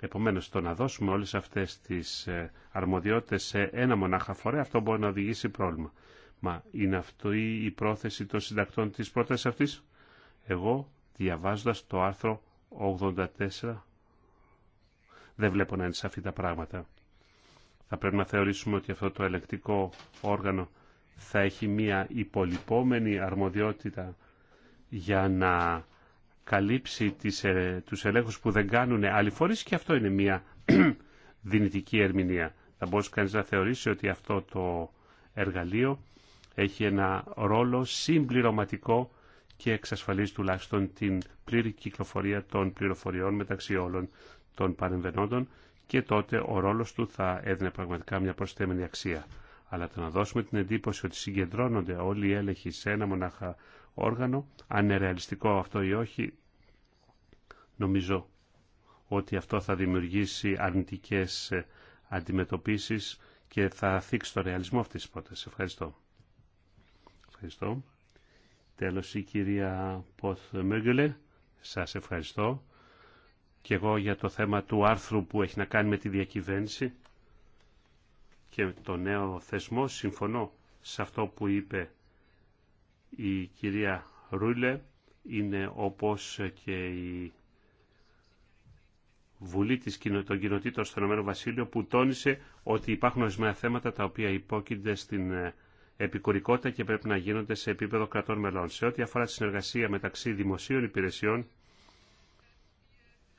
Επομένω, το να δώσουμε όλε αυτέ τι ε, αρμοδιότητε σε ένα μονάχα φορέ, αυτό μπορεί να οδηγήσει πρόβλημα. Μα είναι αυτό η πρόθεση των συντακτών τη πρόταση αυτή, Εγώ, διαβάζοντα το άρθρο 84 δεν βλέπω να είναι σαφή τα πράγματα. Θα πρέπει να θεωρήσουμε ότι αυτό το ελεκτικό όργανο θα έχει μία υπολοιπόμενη αρμοδιότητα για να καλύψει τις, ε, τους ελέγχους που δεν κάνουν άλλοι φορείς και αυτό είναι μία δυνητική ερμηνεία. Θα μπορούσε κανείς να θεωρήσει ότι αυτό το εργαλείο έχει ένα ρόλο συμπληρωματικό και εξασφαλίζει τουλάχιστον την πλήρη κυκλοφορία των πληροφοριών μεταξύ όλων των παρεμβενόντων και τότε ο ρόλος του θα έδινε πραγματικά μια προσθέμενη αξία. Αλλά το να δώσουμε την εντύπωση ότι συγκεντρώνονται όλοι οι έλεγχοι σε ένα μονάχα όργανο, αν είναι ρεαλιστικό αυτό ή όχι, νομίζω ότι αυτό θα δημιουργήσει αρνητικές ε, αντιμετωπίσεις και θα θίξει το ρεαλισμό αυτής της πρότασης. Ευχαριστώ. Ευχαριστώ. Τέλος η κυρία Ποθ Μέγκελε, σας ευχαριστώ και εγώ για το θέμα του άρθρου που έχει να κάνει με τη διακυβέρνηση και το νέο θεσμό. Συμφωνώ σε αυτό που είπε η κυρία Ρούλε. Είναι όπως και η Βουλή της των Κοινοτήτων στο Ηνωμένο Βασίλειο που τόνισε ότι υπάρχουν ορισμένα θέματα τα οποία υπόκεινται στην ε, επικουρικότητα και πρέπει να γίνονται σε επίπεδο κρατών μελών. Σε ό,τι αφορά τη συνεργασία μεταξύ δημοσίων υπηρεσιών,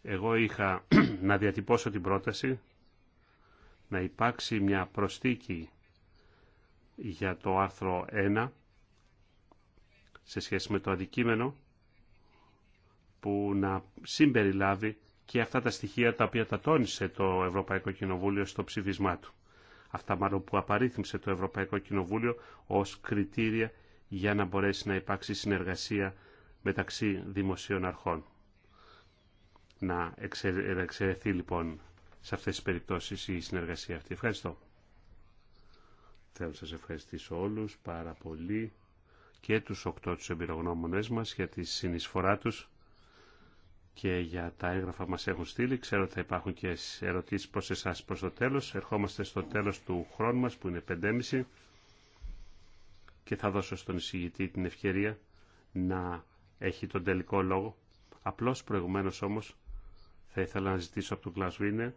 εγώ είχα να διατυπώσω την πρόταση να υπάρξει μια προστίκη για το άρθρο 1 σε σχέση με το αντικείμενο που να συμπεριλάβει και αυτά τα στοιχεία τα οποία τα τόνισε το Ευρωπαϊκό Κοινοβούλιο στο ψηφισμά του αυτά μάλλον που απαρίθμησε το Ευρωπαϊκό Κοινοβούλιο ως κριτήρια για να μπορέσει να υπάρξει συνεργασία μεταξύ δημοσίων αρχών. Να εξαιρεθεί λοιπόν σε αυτές τις περιπτώσεις η συνεργασία αυτή. Ευχαριστώ. Θέλω να σας ευχαριστήσω όλους πάρα πολύ και τους οκτώ τους εμπειρογνώμονές μας για τη συνεισφορά τους και για τα έγγραφα μας έχουν στείλει. Ξέρω ότι θα υπάρχουν και ερωτήσεις προς εσάς προς το τέλος. Ερχόμαστε στο τέλος του χρόνου μας που είναι 5.30 και θα δώσω στον εισηγητή την ευκαιρία να έχει τον τελικό λόγο. Απλώς προηγουμένω όμως θα ήθελα να ζητήσω από τον Κλασβίνε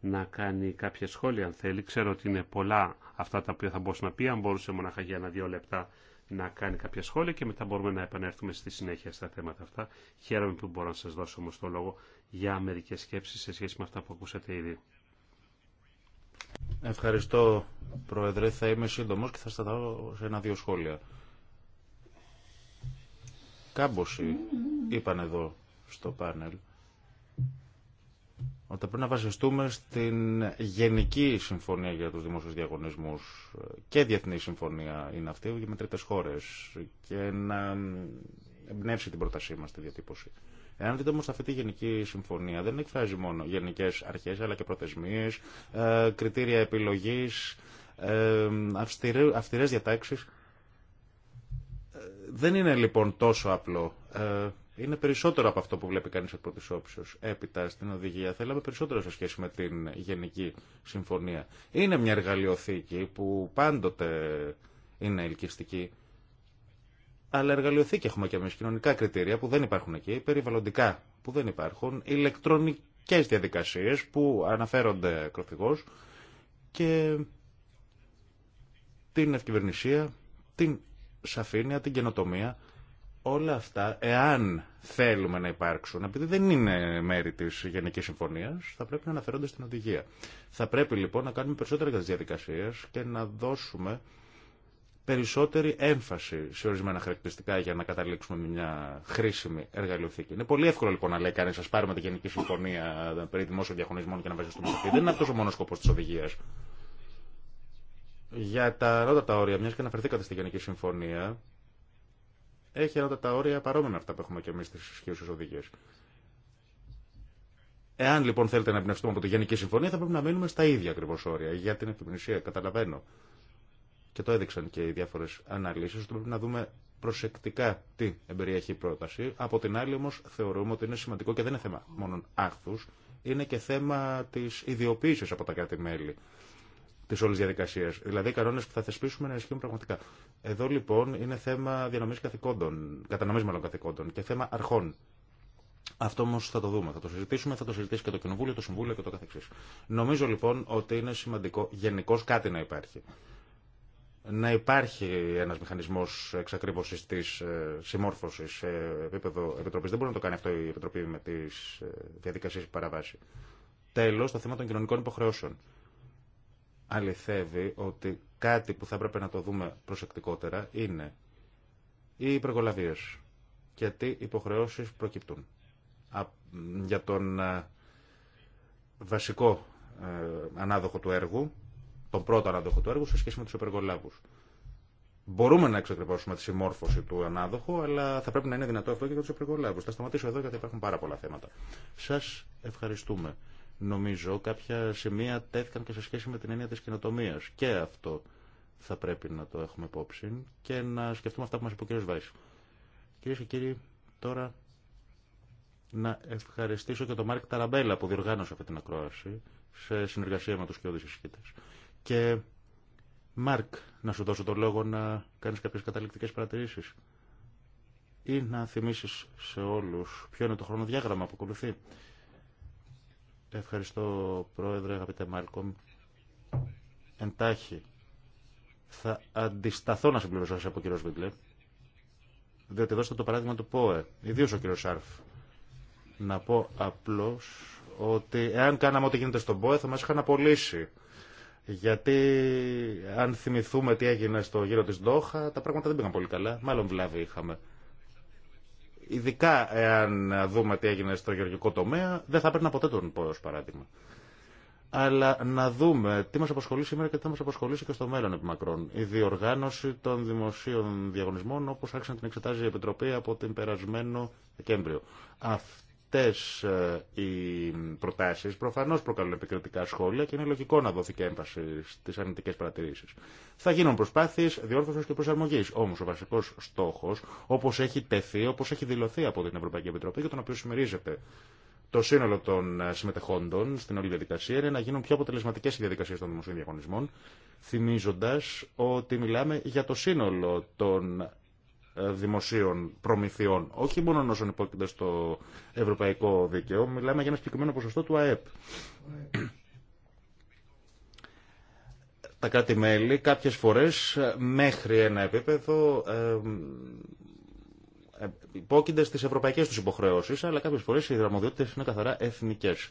να κάνει κάποια σχόλια αν θέλει. Ξέρω ότι είναι πολλά αυτά τα οποία θα μπορούσε να πει, αν μπορούσε μονάχα για ένα-δύο λεπτά να κάνει κάποια σχόλια και μετά μπορούμε να επανέλθουμε στη συνέχεια στα θέματα αυτά. Χαίρομαι που μπορώ να σας δώσω όμως το λόγο για μερικές σκέψεις σε σχέση με αυτά που ακούσατε ήδη. Ευχαριστώ, Πρόεδρε. Θα είμαι σύντομος και θα σταθώ σε ένα-δύο σχόλια. Κάμποση, είπαν εδώ στο πάνελ ότι πρέπει να βασιστούμε στην Γενική Συμφωνία για τους Δημόσιους Διαγωνισμούς και Διεθνή Συμφωνία είναι αυτή για με τρίτες χώρες και να εμπνεύσει την πρότασή μας στη διατύπωση. Εάν δείτε όμω αυτή τη γενική συμφωνία, δεν εκφράζει μόνο γενικές αρχές αλλά και προθεσμίε, ε, κριτήρια επιλογής, ε, αυστηρέ διατάξει. Ε, δεν είναι λοιπόν τόσο απλό. Ε, είναι περισσότερο από αυτό που βλέπει κανεί από πρώτη όψεω. Έπειτα στην οδηγία θέλαμε περισσότερο σε σχέση με την Γενική Συμφωνία. Είναι μια εργαλειοθήκη που πάντοτε είναι ελκυστική. Αλλά εργαλειοθήκη έχουμε και εμεί. Κοινωνικά κριτήρια που δεν υπάρχουν εκεί, περιβαλλοντικά που δεν υπάρχουν, ηλεκτρονικέ διαδικασίε που αναφέρονται ακροφυγώ και την ευκυβερνησία, την σαφήνεια, την καινοτομία όλα αυτά, εάν θέλουμε να υπάρξουν, επειδή δεν είναι μέρη τη Γενική Συμφωνία, θα πρέπει να αναφερόνται στην οδηγία. Θα πρέπει λοιπόν να κάνουμε περισσότερα για τι διαδικασίε και να δώσουμε περισσότερη έμφαση σε ορισμένα χαρακτηριστικά για να καταλήξουμε μια χρήσιμη εργαλειοθήκη. Είναι πολύ εύκολο λοιπόν να λέει κανεί, α πάρουμε τη Γενική Συμφωνία περί δημόσιων διαχωρισμών και να βασιστούμε σε αυτή. Δεν είναι αυτό ο μόνο σκοπό τη οδηγία. Για τα ανώτατα όρια, μια και αναφερθήκατε στη Γενική Συμφωνία, έχει τα όρια παρόμοια αυτά που έχουμε και εμεί στι ισχύουσε οδηγίε. Εάν λοιπόν θέλετε να εμπνευστούμε από τη Γενική Συμφωνία, θα πρέπει να μείνουμε στα ίδια ακριβώ όρια για την επιμνησία. Καταλαβαίνω. Και το έδειξαν και οι διάφορε αναλύσει, ότι πρέπει να δούμε προσεκτικά τι εμπεριέχει η πρόταση. Από την άλλη, όμω, θεωρούμε ότι είναι σημαντικό και δεν είναι θέμα μόνο άχθου, είναι και θέμα τη ιδιοποίηση από τα κράτη-μέλη. Τι όλε διαδικασίε. Δηλαδή οι κανόνε που θα θεσπίσουμε να ισχύουν πραγματικά. Εδώ λοιπόν είναι θέμα διανομή καθηκόντων, κατανομή μάλλον καθηκόντων και θέμα αρχών. Αυτό όμω θα το δούμε, θα το συζητήσουμε, θα το συζητήσει και το Κοινοβούλιο, το Συμβούλιο και το καθεξή. Νομίζω λοιπόν ότι είναι σημαντικό γενικώ κάτι να υπάρχει. Να υπάρχει ένα μηχανισμό εξακρίβωση τη ε, συμμόρφωση σε επίπεδο Επιτροπή. Δεν μπορεί να το κάνει αυτό η Επιτροπή με τι ε, διαδικασίε παραβάσει. Τέλο, το θέμα των κοινωνικών υποχρεώσεων αληθεύει ότι κάτι που θα έπρεπε να το δούμε προσεκτικότερα είναι οι υπεργολαβίες και τι υποχρεώσεις προκύπτουν. Για τον ε, βασικό ε, ανάδοχο του έργου, τον πρώτο ανάδοχο του έργου σε σχέση με τους υπεργολάβους. Μπορούμε να εξακριβώσουμε τη συμμόρφωση του ανάδοχου, αλλά θα πρέπει να είναι δυνατό αυτό και για του υπεργολάβους. Θα σταματήσω εδώ γιατί υπάρχουν πάρα πολλά θέματα. Σας ευχαριστούμε. Νομίζω κάποια σημεία τέθηκαν και σε σχέση με την έννοια της καινοτομία. Και αυτό θα πρέπει να το έχουμε υπόψη και να σκεφτούμε αυτά που μας είπε ο κ. Βάης. Κυρίες και κύριοι, τώρα να ευχαριστήσω και τον Μάρκ Ταραμπέλα που διοργάνωσε αυτή την ακρόαση σε συνεργασία με τους κοιόδης εισηγητές. Και Μάρκ, να σου δώσω το λόγο να κάνεις κάποιες καταληκτικές παρατηρήσεις ή να θυμίσεις σε όλους ποιο είναι το χρονοδιάγραμμα που ακολουθεί. Ευχαριστώ, Πρόεδρε, αγαπητέ Μάλκομ. Εντάχει, θα αντισταθώ να συμπληρώσω από κύριο Σβίγκλε, διότι δώστε το παράδειγμα του ΠΟΕ, ιδίω ο κύριο Σάρφ. Να πω απλώς ότι εάν κάναμε ό,τι γίνεται στον ΠΟΕ θα μας είχαν απολύσει. Γιατί αν θυμηθούμε τι έγινε στο γύρο της Ντόχα, τα πράγματα δεν πήγαν πολύ καλά. Μάλλον βλάβη είχαμε. Ειδικά εάν δούμε τι έγινε στο γεωργικό τομέα, δεν θα έπαιρνα ποτέ τον ως παράδειγμα. Αλλά να δούμε τι μας απασχολεί σήμερα και τι θα μας απασχολήσει και στο μέλλον επί μακρόν. Η διοργάνωση των δημοσίων διαγωνισμών όπως να την εξετάζει η Επιτροπή από την περασμένο Δεκέμβριο. Αυτό αυτέ ε, οι προτάσει προφανώ προκαλούν επικριτικά σχόλια και είναι λογικό να δοθεί και έμφαση στι αρνητικέ παρατηρήσει. Θα γίνουν προσπάθειε διόρθωση και προσαρμογή, όμω ο βασικό στόχο, όπω έχει τεθεί, όπω έχει δηλωθεί από την Ευρωπαϊκή Επιτροπή για τον οποίο συμμερίζεται το σύνολο των ε, συμμετεχόντων στην όλη διαδικασία είναι να γίνουν πιο αποτελεσματικέ οι διαδικασίε των δημοσίων διαγωνισμών, θυμίζοντα ότι μιλάμε για το σύνολο των ε, δημοσίων προμηθειών. Όχι μόνο όσων υπόκειται στο ευρωπαϊκό δίκαιο, μιλάμε για ένα συγκεκριμένο ποσοστό του ΑΕΠ. Τα κράτη-μέλη κάποιες φορές ε, μέχρι ένα επίπεδο ε, υπόκεινται στις ευρωπαϊκές τους υποχρεώσεις, αλλά κάποιες φορές οι δραμοδιότητες είναι καθαρά εθνικές.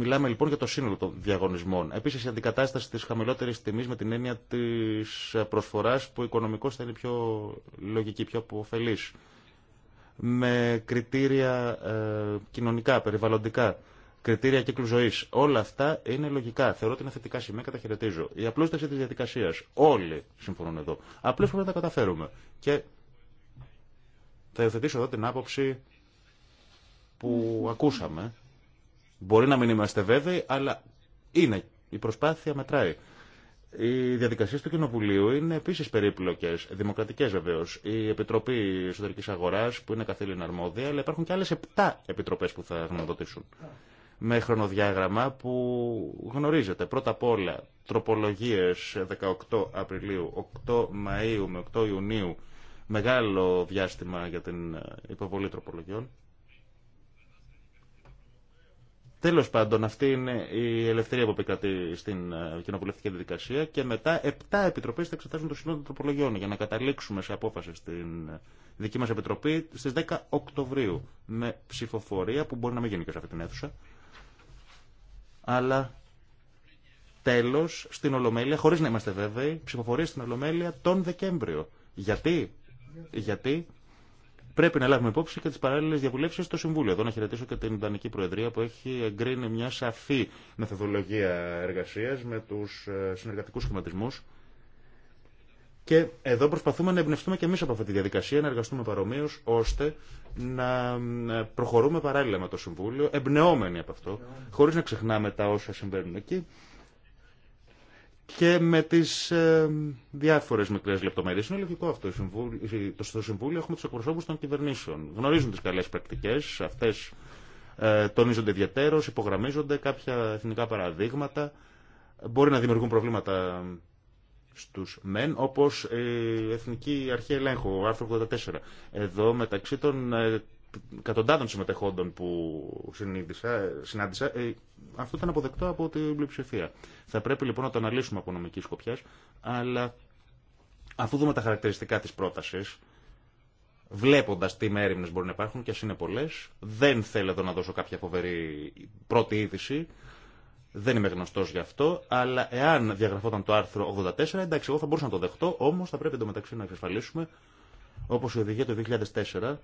Μιλάμε λοιπόν για το σύνολο των διαγωνισμών. Επίση η αντικατάσταση τη χαμηλότερη τιμή με την έννοια τη προσφορά που οικονομικώ θα είναι πιο λογική, πιο αποφελή. Με κριτήρια ε, κοινωνικά, περιβαλλοντικά, κριτήρια κύκλου ζωή. Όλα αυτά είναι λογικά. Θεωρώ ότι είναι θετικά σημαία. Καταχαιρετίζω. Η απλούσταση τη διαδικασία. Όλοι συμφωνούν εδώ. Απλώ πρέπει να τα καταφέρουμε. Και θα υιοθετήσω εδώ την άποψη που ακούσαμε Μπορεί να μην είμαστε βέβαιοι, αλλά είναι. Η προσπάθεια μετράει. Οι διαδικασίε του Κοινοβουλίου είναι επίση περίπλοκε, δημοκρατικέ βεβαίω. Η Επιτροπή Εσωτερική Αγορά, που είναι καθήλυνα αρμόδια, αλλά υπάρχουν και άλλε 7 επιτροπέ που θα γνωμοδοτήσουν. Με χρονοδιάγραμμα που γνωρίζετε. Πρώτα απ' όλα, τροπολογίε 18 Απριλίου, 8 Μαου με 8 Ιουνίου. Μεγάλο διάστημα για την υποβολή τροπολογιών. Τέλο πάντων, αυτή είναι η ελευθερία που επικρατεί στην ε, κοινοβουλευτική διαδικασία και μετά 7 επιτροπέ θα εξετάζουν το των Τροπολογιών για να καταλήξουμε σε απόφαση στην ε, δική μα επιτροπή στι 10 Οκτωβρίου με ψηφοφορία που μπορεί να μην γίνει και σε αυτή την αίθουσα. Αλλά τέλο στην Ολομέλεια, χωρί να είμαστε βέβαιοι, ψηφοφορία στην Ολομέλεια τον Δεκέμβριο. Γιατί, Γιατί Πρέπει να λάβουμε υπόψη και τι παράλληλε διαβουλεύσει στο Συμβούλιο. Εδώ να χαιρετήσω και την Ιδανική Προεδρία που έχει εγκρίνει μια σαφή μεθοδολογία εργασία με του ε, συνεργατικού σχηματισμού. Και εδώ προσπαθούμε να εμπνευστούμε και εμεί από αυτή τη διαδικασία, να εργαστούμε παρομοίω, ώστε να ε, προχωρούμε παράλληλα με το Συμβούλιο, εμπνεώμενοι από αυτό, χωρί να ξεχνάμε τα όσα συμβαίνουν εκεί και με τις ε, διάφορες μικρές λεπτομέρειες. Είναι λογικό αυτό. Στο Συμβούλιο έχουμε τους εκπροσώπου των κυβερνήσεων. Γνωρίζουν τις καλέ πρακτικές, αυτές ε, τονίζονται ιδιαίτερω, υπογραμμίζονται κάποια εθνικά παραδείγματα. Μπορεί να δημιουργούν προβλήματα στους μεν, όπως η Εθνική Αρχή Ελέγχου, ο άρθρο 84. Εδώ μεταξύ των ε, εκατοντάδων συμμετεχόντων που συνάντησα, ε, αυτό ήταν αποδεκτό από την πλειοψηφία. Θα πρέπει λοιπόν να το αναλύσουμε από νομική σκοπιά, αλλά αφού δούμε τα χαρακτηριστικά τη πρόταση, βλέποντα τι μέρημνε μπορεί να υπάρχουν και α είναι πολλέ, δεν θέλω εδώ να δώσω κάποια φοβερή πρώτη είδηση. Δεν είμαι γνωστό γι' αυτό, αλλά εάν διαγραφόταν το άρθρο 84, εντάξει, εγώ θα μπορούσα να το δεχτώ, όμω θα πρέπει εντωμεταξύ να εξασφαλίσουμε, όπω η οδηγία του 2004,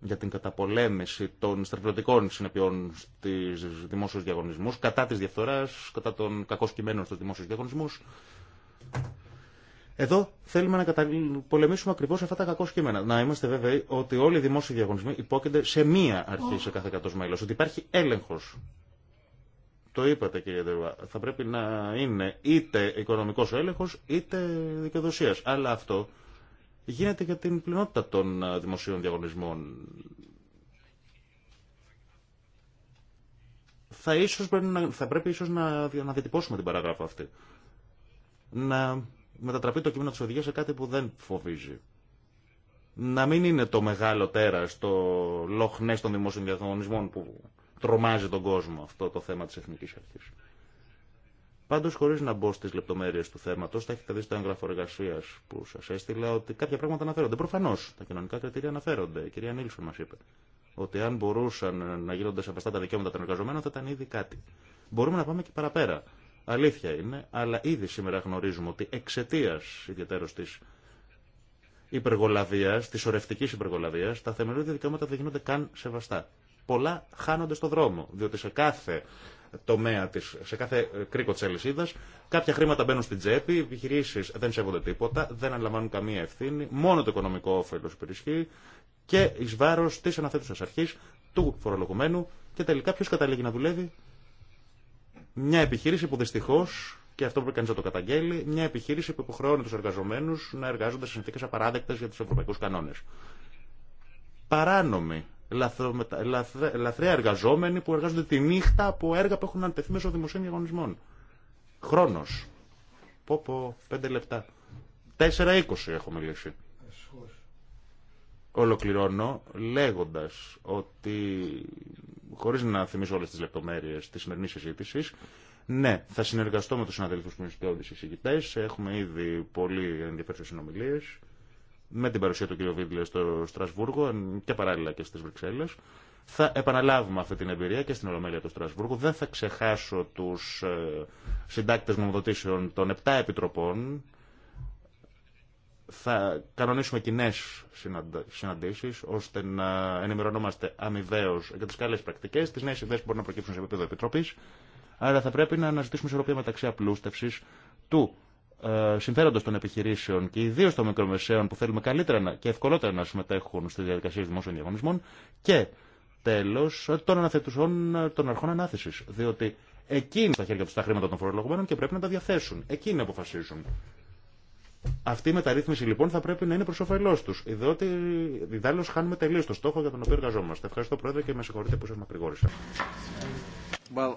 για την καταπολέμηση των στρατιωτικών συνεπειών στις δημόσιου διαγωνισμού, κατά τη διαφθοράς, κατά των κειμένων στους δημόσιου διαγωνισμού. Εδώ θέλουμε να καταπολεμήσουμε ακριβώ αυτά τα κακό κείμενα. Να είμαστε βέβαιοι ότι όλοι οι δημόσιοι διαγωνισμοί υπόκεινται σε μία αρχή σε κάθε κατό μέλο. Ότι υπάρχει έλεγχο. Το είπατε κύριε Δερουά. Θα πρέπει να είναι είτε οικονομικό έλεγχο είτε δικαιοδοσία. Αλλά αυτό γίνεται για την πλειονότητα των ε, δημοσίων διαγωνισμών. Θα, ίσως πρέπει, να, θα πρέπει ίσως να, να διατυπώσουμε την παράγραφα αυτή. Να μετατραπεί το κείμενο της οδηγίας σε κάτι που δεν φοβίζει. Να μην είναι το μεγάλο τέρας, το λόχνες των δημόσιων διαγωνισμών που τρομάζει τον κόσμο αυτό το θέμα της εθνικής αρχής. Πάντω, χωρί να μπω στι λεπτομέρειε του θέματο, θα έχετε δει στο έγγραφο εργασία που σα έστειλα ότι κάποια πράγματα αναφέρονται. Προφανώ, τα κοινωνικά κριτήρια αναφέρονται. Η κυρία Νίλσον μα είπε ότι αν μπορούσαν να γίνονται σεβαστά τα δικαιώματα των εργαζομένων θα ήταν ήδη κάτι. Μπορούμε να πάμε και παραπέρα. Αλήθεια είναι, αλλά ήδη σήμερα γνωρίζουμε ότι εξαιτία ιδιαίτερω τη υπεργολαβία, τη ορευτική υπεργολαβία, τα θεμελιώδη δικαιώματα δεν γίνονται καν σεβαστά. Πολλά χάνονται στο δρόμο, διότι σε κάθε τομέα της, σε κάθε κρίκο της αλυσίδας. Κάποια χρήματα μπαίνουν στην τσέπη, οι επιχειρήσεις δεν σέβονται τίποτα, δεν αναλαμβάνουν καμία ευθύνη, μόνο το οικονομικό όφελος υπερισχύει και εις βάρος της αναθέτουσας αρχής του φορολογουμένου και τελικά ποιος καταλήγει να δουλεύει. Μια επιχείρηση που δυστυχώς και αυτό πρέπει κανεί να το καταγγέλει, μια επιχείρηση που υποχρεώνει του εργαζομένου να εργάζονται σε συνθήκε απαράδεκτε για του ευρωπαϊκού κανόνε. Παράνομη λαθρέα εργαζόμενοι που εργάζονται τη νύχτα από έργα που έχουν αντεθεί μέσω δημοσίων διαγωνισμών. Χρόνο. Πω πω, πέντε λεπτά. Τέσσερα είκοσι έχω μιλήσει. Ολοκληρώνω λέγοντας ότι, χωρίς να θυμίσω όλες τις λεπτομέρειες τη σημερινή συζήτηση, ναι, θα συνεργαστώ με του συναδελφού που είναι στι έχουμε ήδη πολύ ενδιαφέρουσε συνομιλίε με την παρουσία του κ. Βίγκλε στο Στρασβούργο και παράλληλα και στι Βρυξέλλε. Θα επαναλάβουμε αυτή την εμπειρία και στην Ολομέλεια του Στρασβούργου. Δεν θα ξεχάσω του ε, συντάκτε νομοδοτήσεων των 7 επιτροπών. Θα κανονίσουμε κοινέ συναντήσει, ώστε να ενημερωνόμαστε αμοιβαίω για τι καλέ πρακτικέ, τι νέε ιδέε που μπορούν να προκύψουν σε επίπεδο επιτροπή, Άρα θα πρέπει να αναζητήσουμε ισορροπία μεταξύ απλούστευση του ε, συμφέροντος των επιχειρήσεων και ιδίως των μικρομεσαίων που θέλουμε καλύτερα και ευκολότερα να συμμετέχουν στις διαδικασίες δημόσιων διαγωνισμών και τέλος των αναθετουσών των αρχών ανάθεσης. Διότι εκείνοι στα χέρια τους τα χρήματα των φορολογουμένων και πρέπει να τα διαθέσουν. Εκεί Εκείνοι αποφασίζουν. Αυτή η μεταρρύθμιση λοιπόν θα πρέπει να είναι προ όφελό του. Διότι διδάλω χάνουμε τελείω το στόχο για τον οποίο εργαζόμαστε. Ευχαριστώ Πρόεδρε και με συγχωρείτε που σα μακρηγόρησα. Well,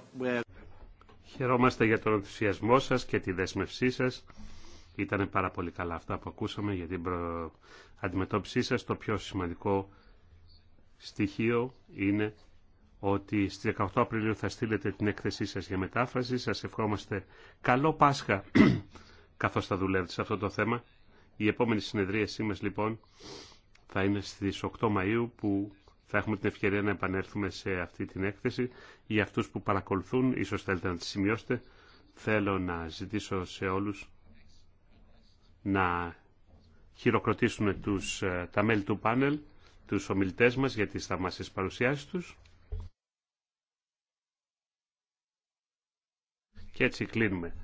Χαιρόμαστε για τον ενθουσιασμό σας και τη δέσμευσή σας. Ήταν πάρα πολύ καλά αυτά που ακούσαμε για την αντιμετώπιση σας. Το πιο σημαντικό στοιχείο είναι ότι στις 18 Απριλίου θα στείλετε την έκθεσή σας για μετάφραση. Σας ευχόμαστε καλό Πάσχα καθώς θα δουλεύετε σε αυτό το θέμα. Η επόμενη συνεδρίασή μας λοιπόν θα είναι στις 8 Μαΐου που θα έχουμε την ευκαιρία να επανέλθουμε σε αυτή την έκθεση. Για αυτούς που παρακολουθούν, ίσως θέλετε να τη σημειώσετε, θέλω να ζητήσω σε όλους να χειροκροτήσουν τους, ε, τα μέλη του πάνελ, τους ομιλητές μας για τις θαυμασίες παρουσιάσεις τους. Και έτσι κλείνουμε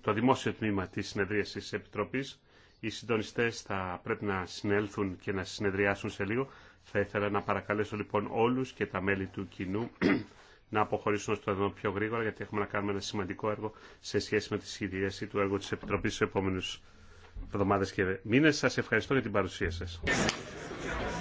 το δημόσιο τμήμα της συνεδρίας της Επιτροπής. Οι συντονιστές θα πρέπει να συνέλθουν και να συνεδριάσουν σε λίγο. Θα ήθελα να παρακαλέσω λοιπόν όλους και τα μέλη του κοινού να αποχωρήσουν στο εδώ πιο γρήγορα γιατί έχουμε να κάνουμε ένα σημαντικό έργο σε σχέση με τη σχεδιασή του έργου της Επιτροπής στους επόμενους εβδομάδες και μήνες. Σας ευχαριστώ για την παρουσία σας.